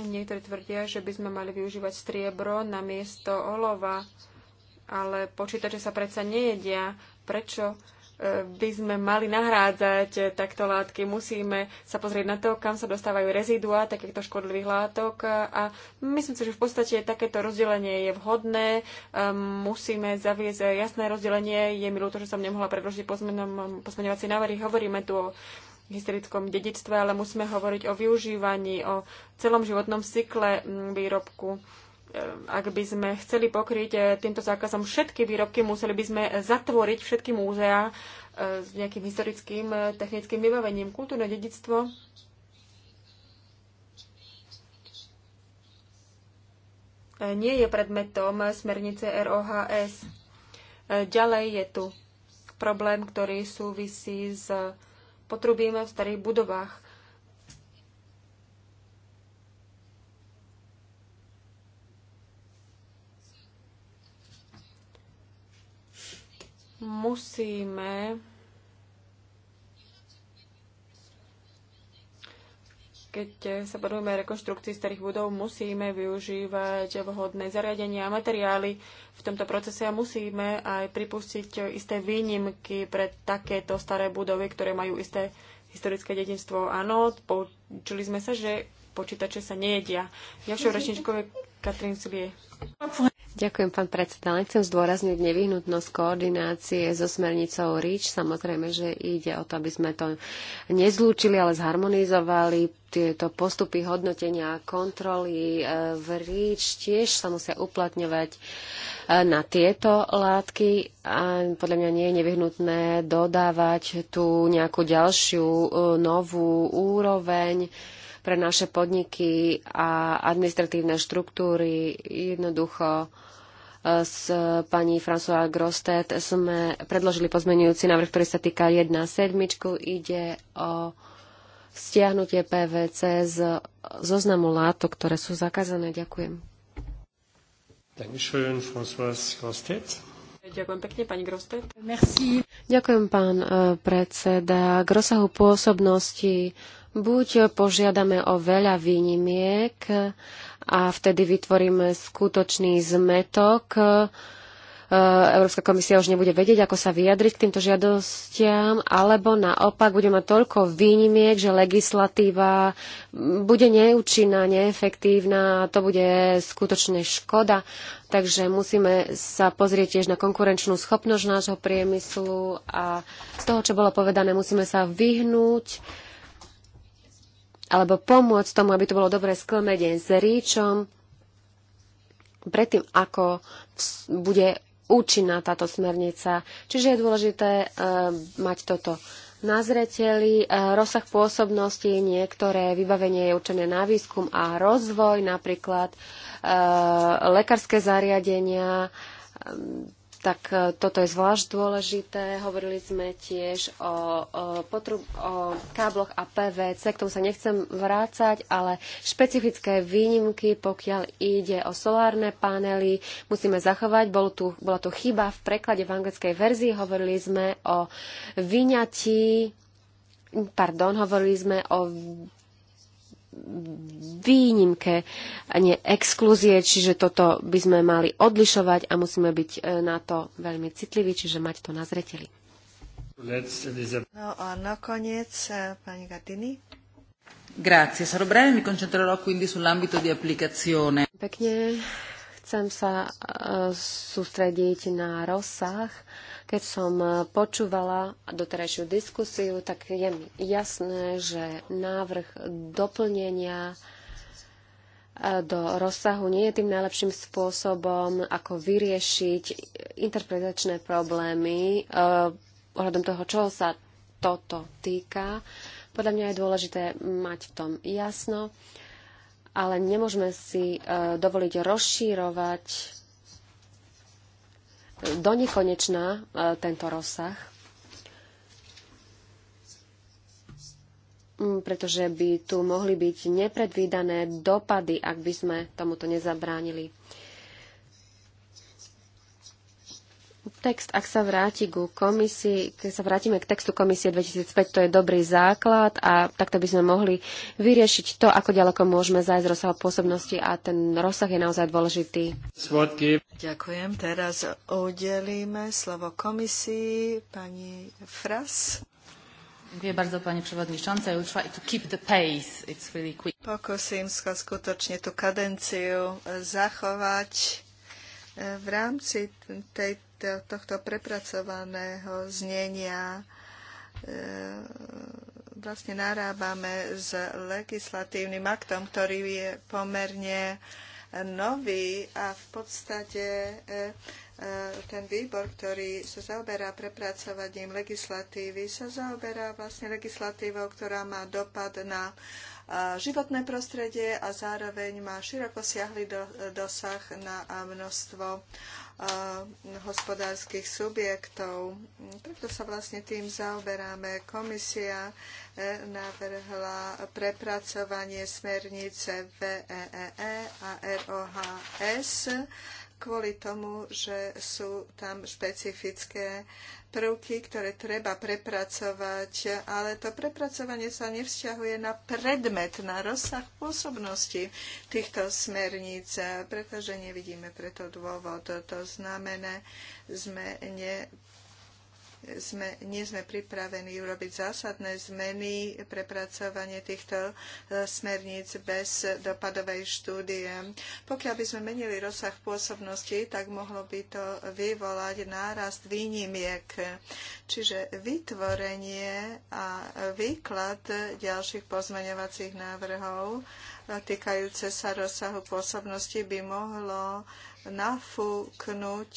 Niektorí tvrdia, že by sme mali využívať striebro na miesto olova, ale počítače sa predsa nejedia. Prečo by sme mali nahrádzať takto látky. Musíme sa pozrieť na to, kam sa dostávajú rezidua takýchto škodlivých látok a myslím si, že v podstate takéto rozdelenie je vhodné. Ehm, musíme zaviesť jasné rozdelenie. Je mi ľúto, že som nemohla predložiť pozmeňovací návrhy. Hovoríme tu o historickom dedičstve, ale musíme hovoriť o využívaní, o celom životnom cykle mm, výrobku ak by sme chceli pokryť eh, týmto zákazom všetky výrobky, museli by sme zatvoriť všetky múzea eh, s nejakým historickým eh, technickým vybavením. Kultúrne dedictvo nie je predmetom smernice ROHS. Ďalej je tu problém, ktorý súvisí s potrubím v starých budovách. musíme keď sa podujeme rekonštrukcii starých budov, musíme využívať vhodné zariadenia a materiály v tomto procese a musíme aj pripustiť isté výnimky pre takéto staré budovy, ktoré majú isté historické dedinstvo. Áno, počuli sme sa, že počítače sa nejedia. Ďalšou rečničkou je Katrin Subie. Ďakujem, pán predseda. Len chcem zdôrazniť nevyhnutnosť koordinácie so smernicou REACH. Samozrejme, že ide o to, aby sme to nezlúčili, ale zharmonizovali tieto postupy hodnotenia a kontroly e, v REACH tiež sa musia uplatňovať e, na tieto látky a podľa mňa nie je nevyhnutné dodávať tu nejakú ďalšiu e, novú úroveň pre naše podniky a administratívne štruktúry jednoducho s pani François Grostet sme predložili pozmenujúci návrh, ktorý sa týka 1.7. Ide o stiahnutie PVC z zoznamu látok, ktoré sú zakázané. Ďakujem. Dankeschön, François Grostet. Ďakujem pekne, pani Grostet. Merci. Ďakujem, pán eh, predseda. K rozsahu pôsobnosti Buď požiadame o veľa výnimiek a vtedy vytvoríme skutočný zmetok. E, Európska komisia už nebude vedieť, ako sa vyjadriť k týmto žiadostiam, alebo naopak bude mať toľko výnimiek, že legislatíva bude neúčinná, neefektívna a to bude skutočne škoda. Takže musíme sa pozrieť tiež na konkurenčnú schopnosť nášho priemyslu a z toho, čo bolo povedané, musíme sa vyhnúť alebo pomôcť tomu, aby to bolo sklme deň s ríčom, predtým, ako bude účinná táto smernica. Čiže je dôležité e, mať toto na zreteli. E, rozsah pôsobnosti, niektoré vybavenie je určené na výskum a rozvoj, napríklad e, eh, lekárske zariadenia, e, tak e, toto je zvlášť dôležité. Hovorili sme tiež o, o, potrub, o kábloch a PVC, k tomu sa nechcem vrácať, ale špecifické výnimky, pokiaľ ide o solárne panely, musíme zachovať. Bol tu, bola tu chyba v preklade v anglickej verzii. Hovorili sme o vyňatí Pardon, hovorili sme o výnimke a nie exkluzie, čiže toto by sme mali odlišovať a musíme byť e, na to veľmi citliví, čiže mať to na zreteli. No a nakoniec e, pani Gatini. Grazie, sarò breve, mi concentrerò quindi sull'ambito di applicazione. Pekne. Chcem sa e, sústrediť na rozsah. Keď som e, počúvala doterajšiu diskusiu, tak je mi jasné, že návrh doplnenia e, do rozsahu nie je tým najlepším spôsobom, ako vyriešiť interpretačné problémy ohľadom toho, čo sa toto týka. Podľa mňa je dôležité mať v tom jasno ale nemôžeme si e, dovoliť rozšírovať e, do nekonečná e, tento rozsah, mm, pretože by tu mohli byť nepredvídané dopady, ak by sme tomuto nezabránili. text, ak sa vráti ku komisii, keď sa vrátime k textu komisie 2005, to je dobrý základ a takto by sme mohli vyriešiť to, ako ďaleko môžeme zájsť rozsahu pôsobnosti a ten rozsah je naozaj dôležitý. Svodky. Ďakujem. Teraz udelíme slovo komisii pani Fras. Dziękuję bardzo Pani Przewodnicząca. I try to keep the pace. It's really quick. Pokúsim sa skutočne tú kadenciu zachovať e, v rámci tej, tohto prepracovaného znenia e, vlastne narábame s legislatívnym aktom, ktorý je pomerne nový a v podstate e, e, ten výbor, ktorý sa zaoberá prepracovaním legislatívy, sa zaoberá vlastne legislatívou, ktorá má dopad na životné prostredie a zároveň má široko siahly dosah na množstvo hospodárskych subjektov. Preto sa vlastne tým zaoberáme. Komisia e, navrhla prepracovanie smernice VEEE e e a ROHS kvôli tomu, že sú tam špecifické prvky, ktoré treba prepracovať, ale to prepracovanie sa nevzťahuje na predmet, na rozsah pôsobnosti týchto smerníc, pretože nevidíme preto dôvod. To znamená, sme ne sme, nie sme pripravení urobiť zásadné zmeny, prepracovanie týchto e, smerníc bez dopadovej štúdie. Pokiaľ by sme menili rozsah pôsobnosti, tak mohlo by to vyvolať nárast výnimiek. Čiže vytvorenie a výklad ďalších pozmeňovacích návrhov e, týkajúce sa rozsahu pôsobnosti by mohlo nafúknuť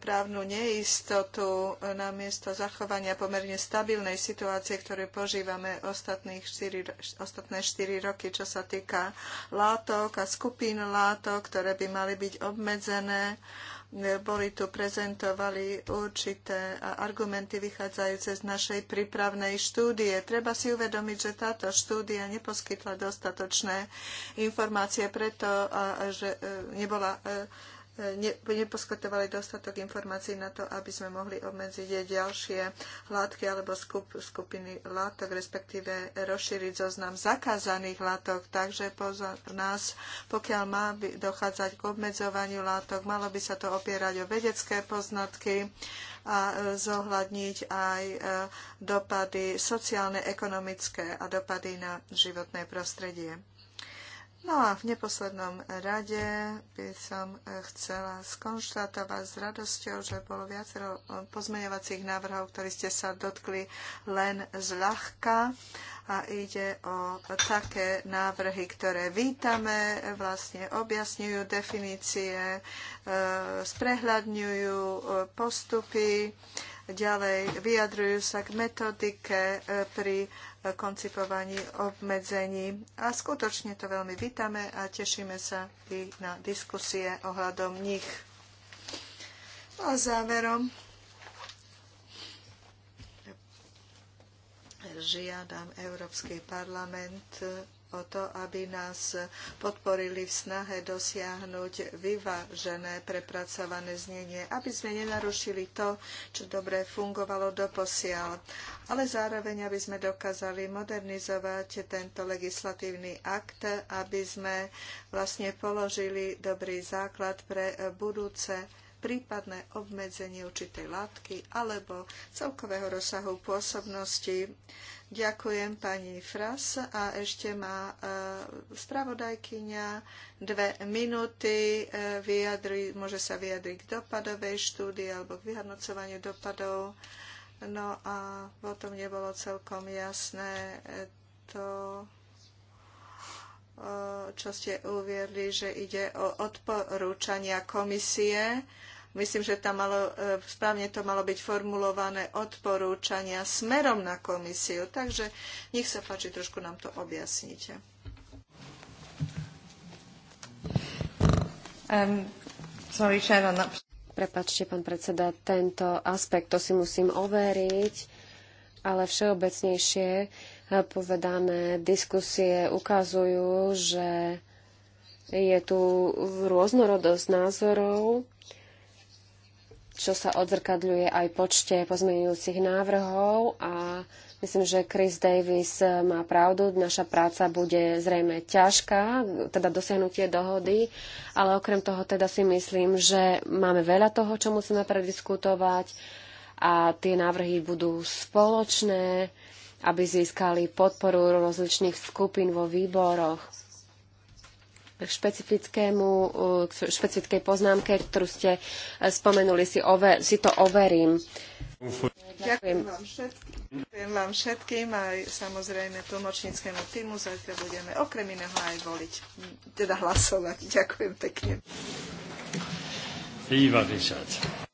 právnu neistotu namiesto zachovania pomerne stabilnej situácie, ktorú požívame ostatných 4, ostatné 4 roky, čo sa týka látok a skupín látok, ktoré by mali byť obmedzené. Boli tu prezentovali určité argumenty vychádzajúce z našej prípravnej štúdie. Treba si uvedomiť, že táto štúdia neposkytla dostatočné informácie preto, že e, nebola e, neposkytovali dostatok informácií na to, aby sme mohli obmedziť ďalšie látky alebo skup, skupiny látok, respektíve rozšíriť zoznam zakázaných látok. Takže pozor nás, pokiaľ má dochádzať k obmedzovaniu látok, malo by sa to opierať o vedecké poznatky a zohľadniť aj e, dopady sociálne, ekonomické a dopady na životné prostredie. No a v neposlednom rade by som eh, chcela skonštatovať s radosťou, že bolo viacero eh, pozmeňovacích návrhov, ktorí ste sa dotkli len zľahka a ide o také návrhy, ktoré vítame, vlastne objasňujú definície, eh, sprehľadňujú postupy, ďalej vyjadrujú sa k metodike pri koncipovaní obmedzení. A skutočne to veľmi vítame a tešíme sa i na diskusie ohľadom nich. A záverom žiadam Európsky parlament o to, aby nás podporili v snahe dosiahnuť vyvážené prepracované znenie, aby sme nenarušili to, čo dobre fungovalo posiaľ. ale zároveň, aby sme dokázali modernizovať tento legislatívny akt, aby sme vlastne položili dobrý základ pre budúce prípadné obmedzenie určitej látky alebo celkového rozsahu pôsobnosti Ďakujem pani Fras a ešte má e, spravodajkyňa dve minúty. E, vyjadri, môže sa vyjadriť k dopadovej štúdii alebo k vyhodnocovaniu dopadov. No a potom nebolo celkom jasné e, to, čo ste uviedli, že ide o odporúčania komisie Myslím, že tam malo, e, správne to malo byť formulované odporúčania smerom na komisiu. Takže nech sa páči, trošku nám to objasnite. Um, sorry, Sharon. Prepačte, pán predseda, tento aspekt, to si musím overiť, ale všeobecnejšie e, povedané diskusie ukazujú, že je tu rôznorodosť názorov čo sa odzrkadľuje aj počte pozmeňujúcich návrhov a myslím, že Chris Davis má pravdu. Naša práca bude zrejme ťažká, teda dosiahnutie dohody, ale okrem toho teda si myslím, že máme veľa toho, čo musíme prediskutovať a tie návrhy budú spoločné, aby získali podporu rozličných skupín vo výboroch k špecifickému, k špecifickej poznámke, ktorú ste e, spomenuli, si, over, si to overím. Ďakujem vám všetkým, Ďakujem vám všetkým aj samozrejme tlmočníckému týmu. Zajtra budeme okrem iného aj voliť, teda hlasovať. Ďakujem pekne. Viva Richard.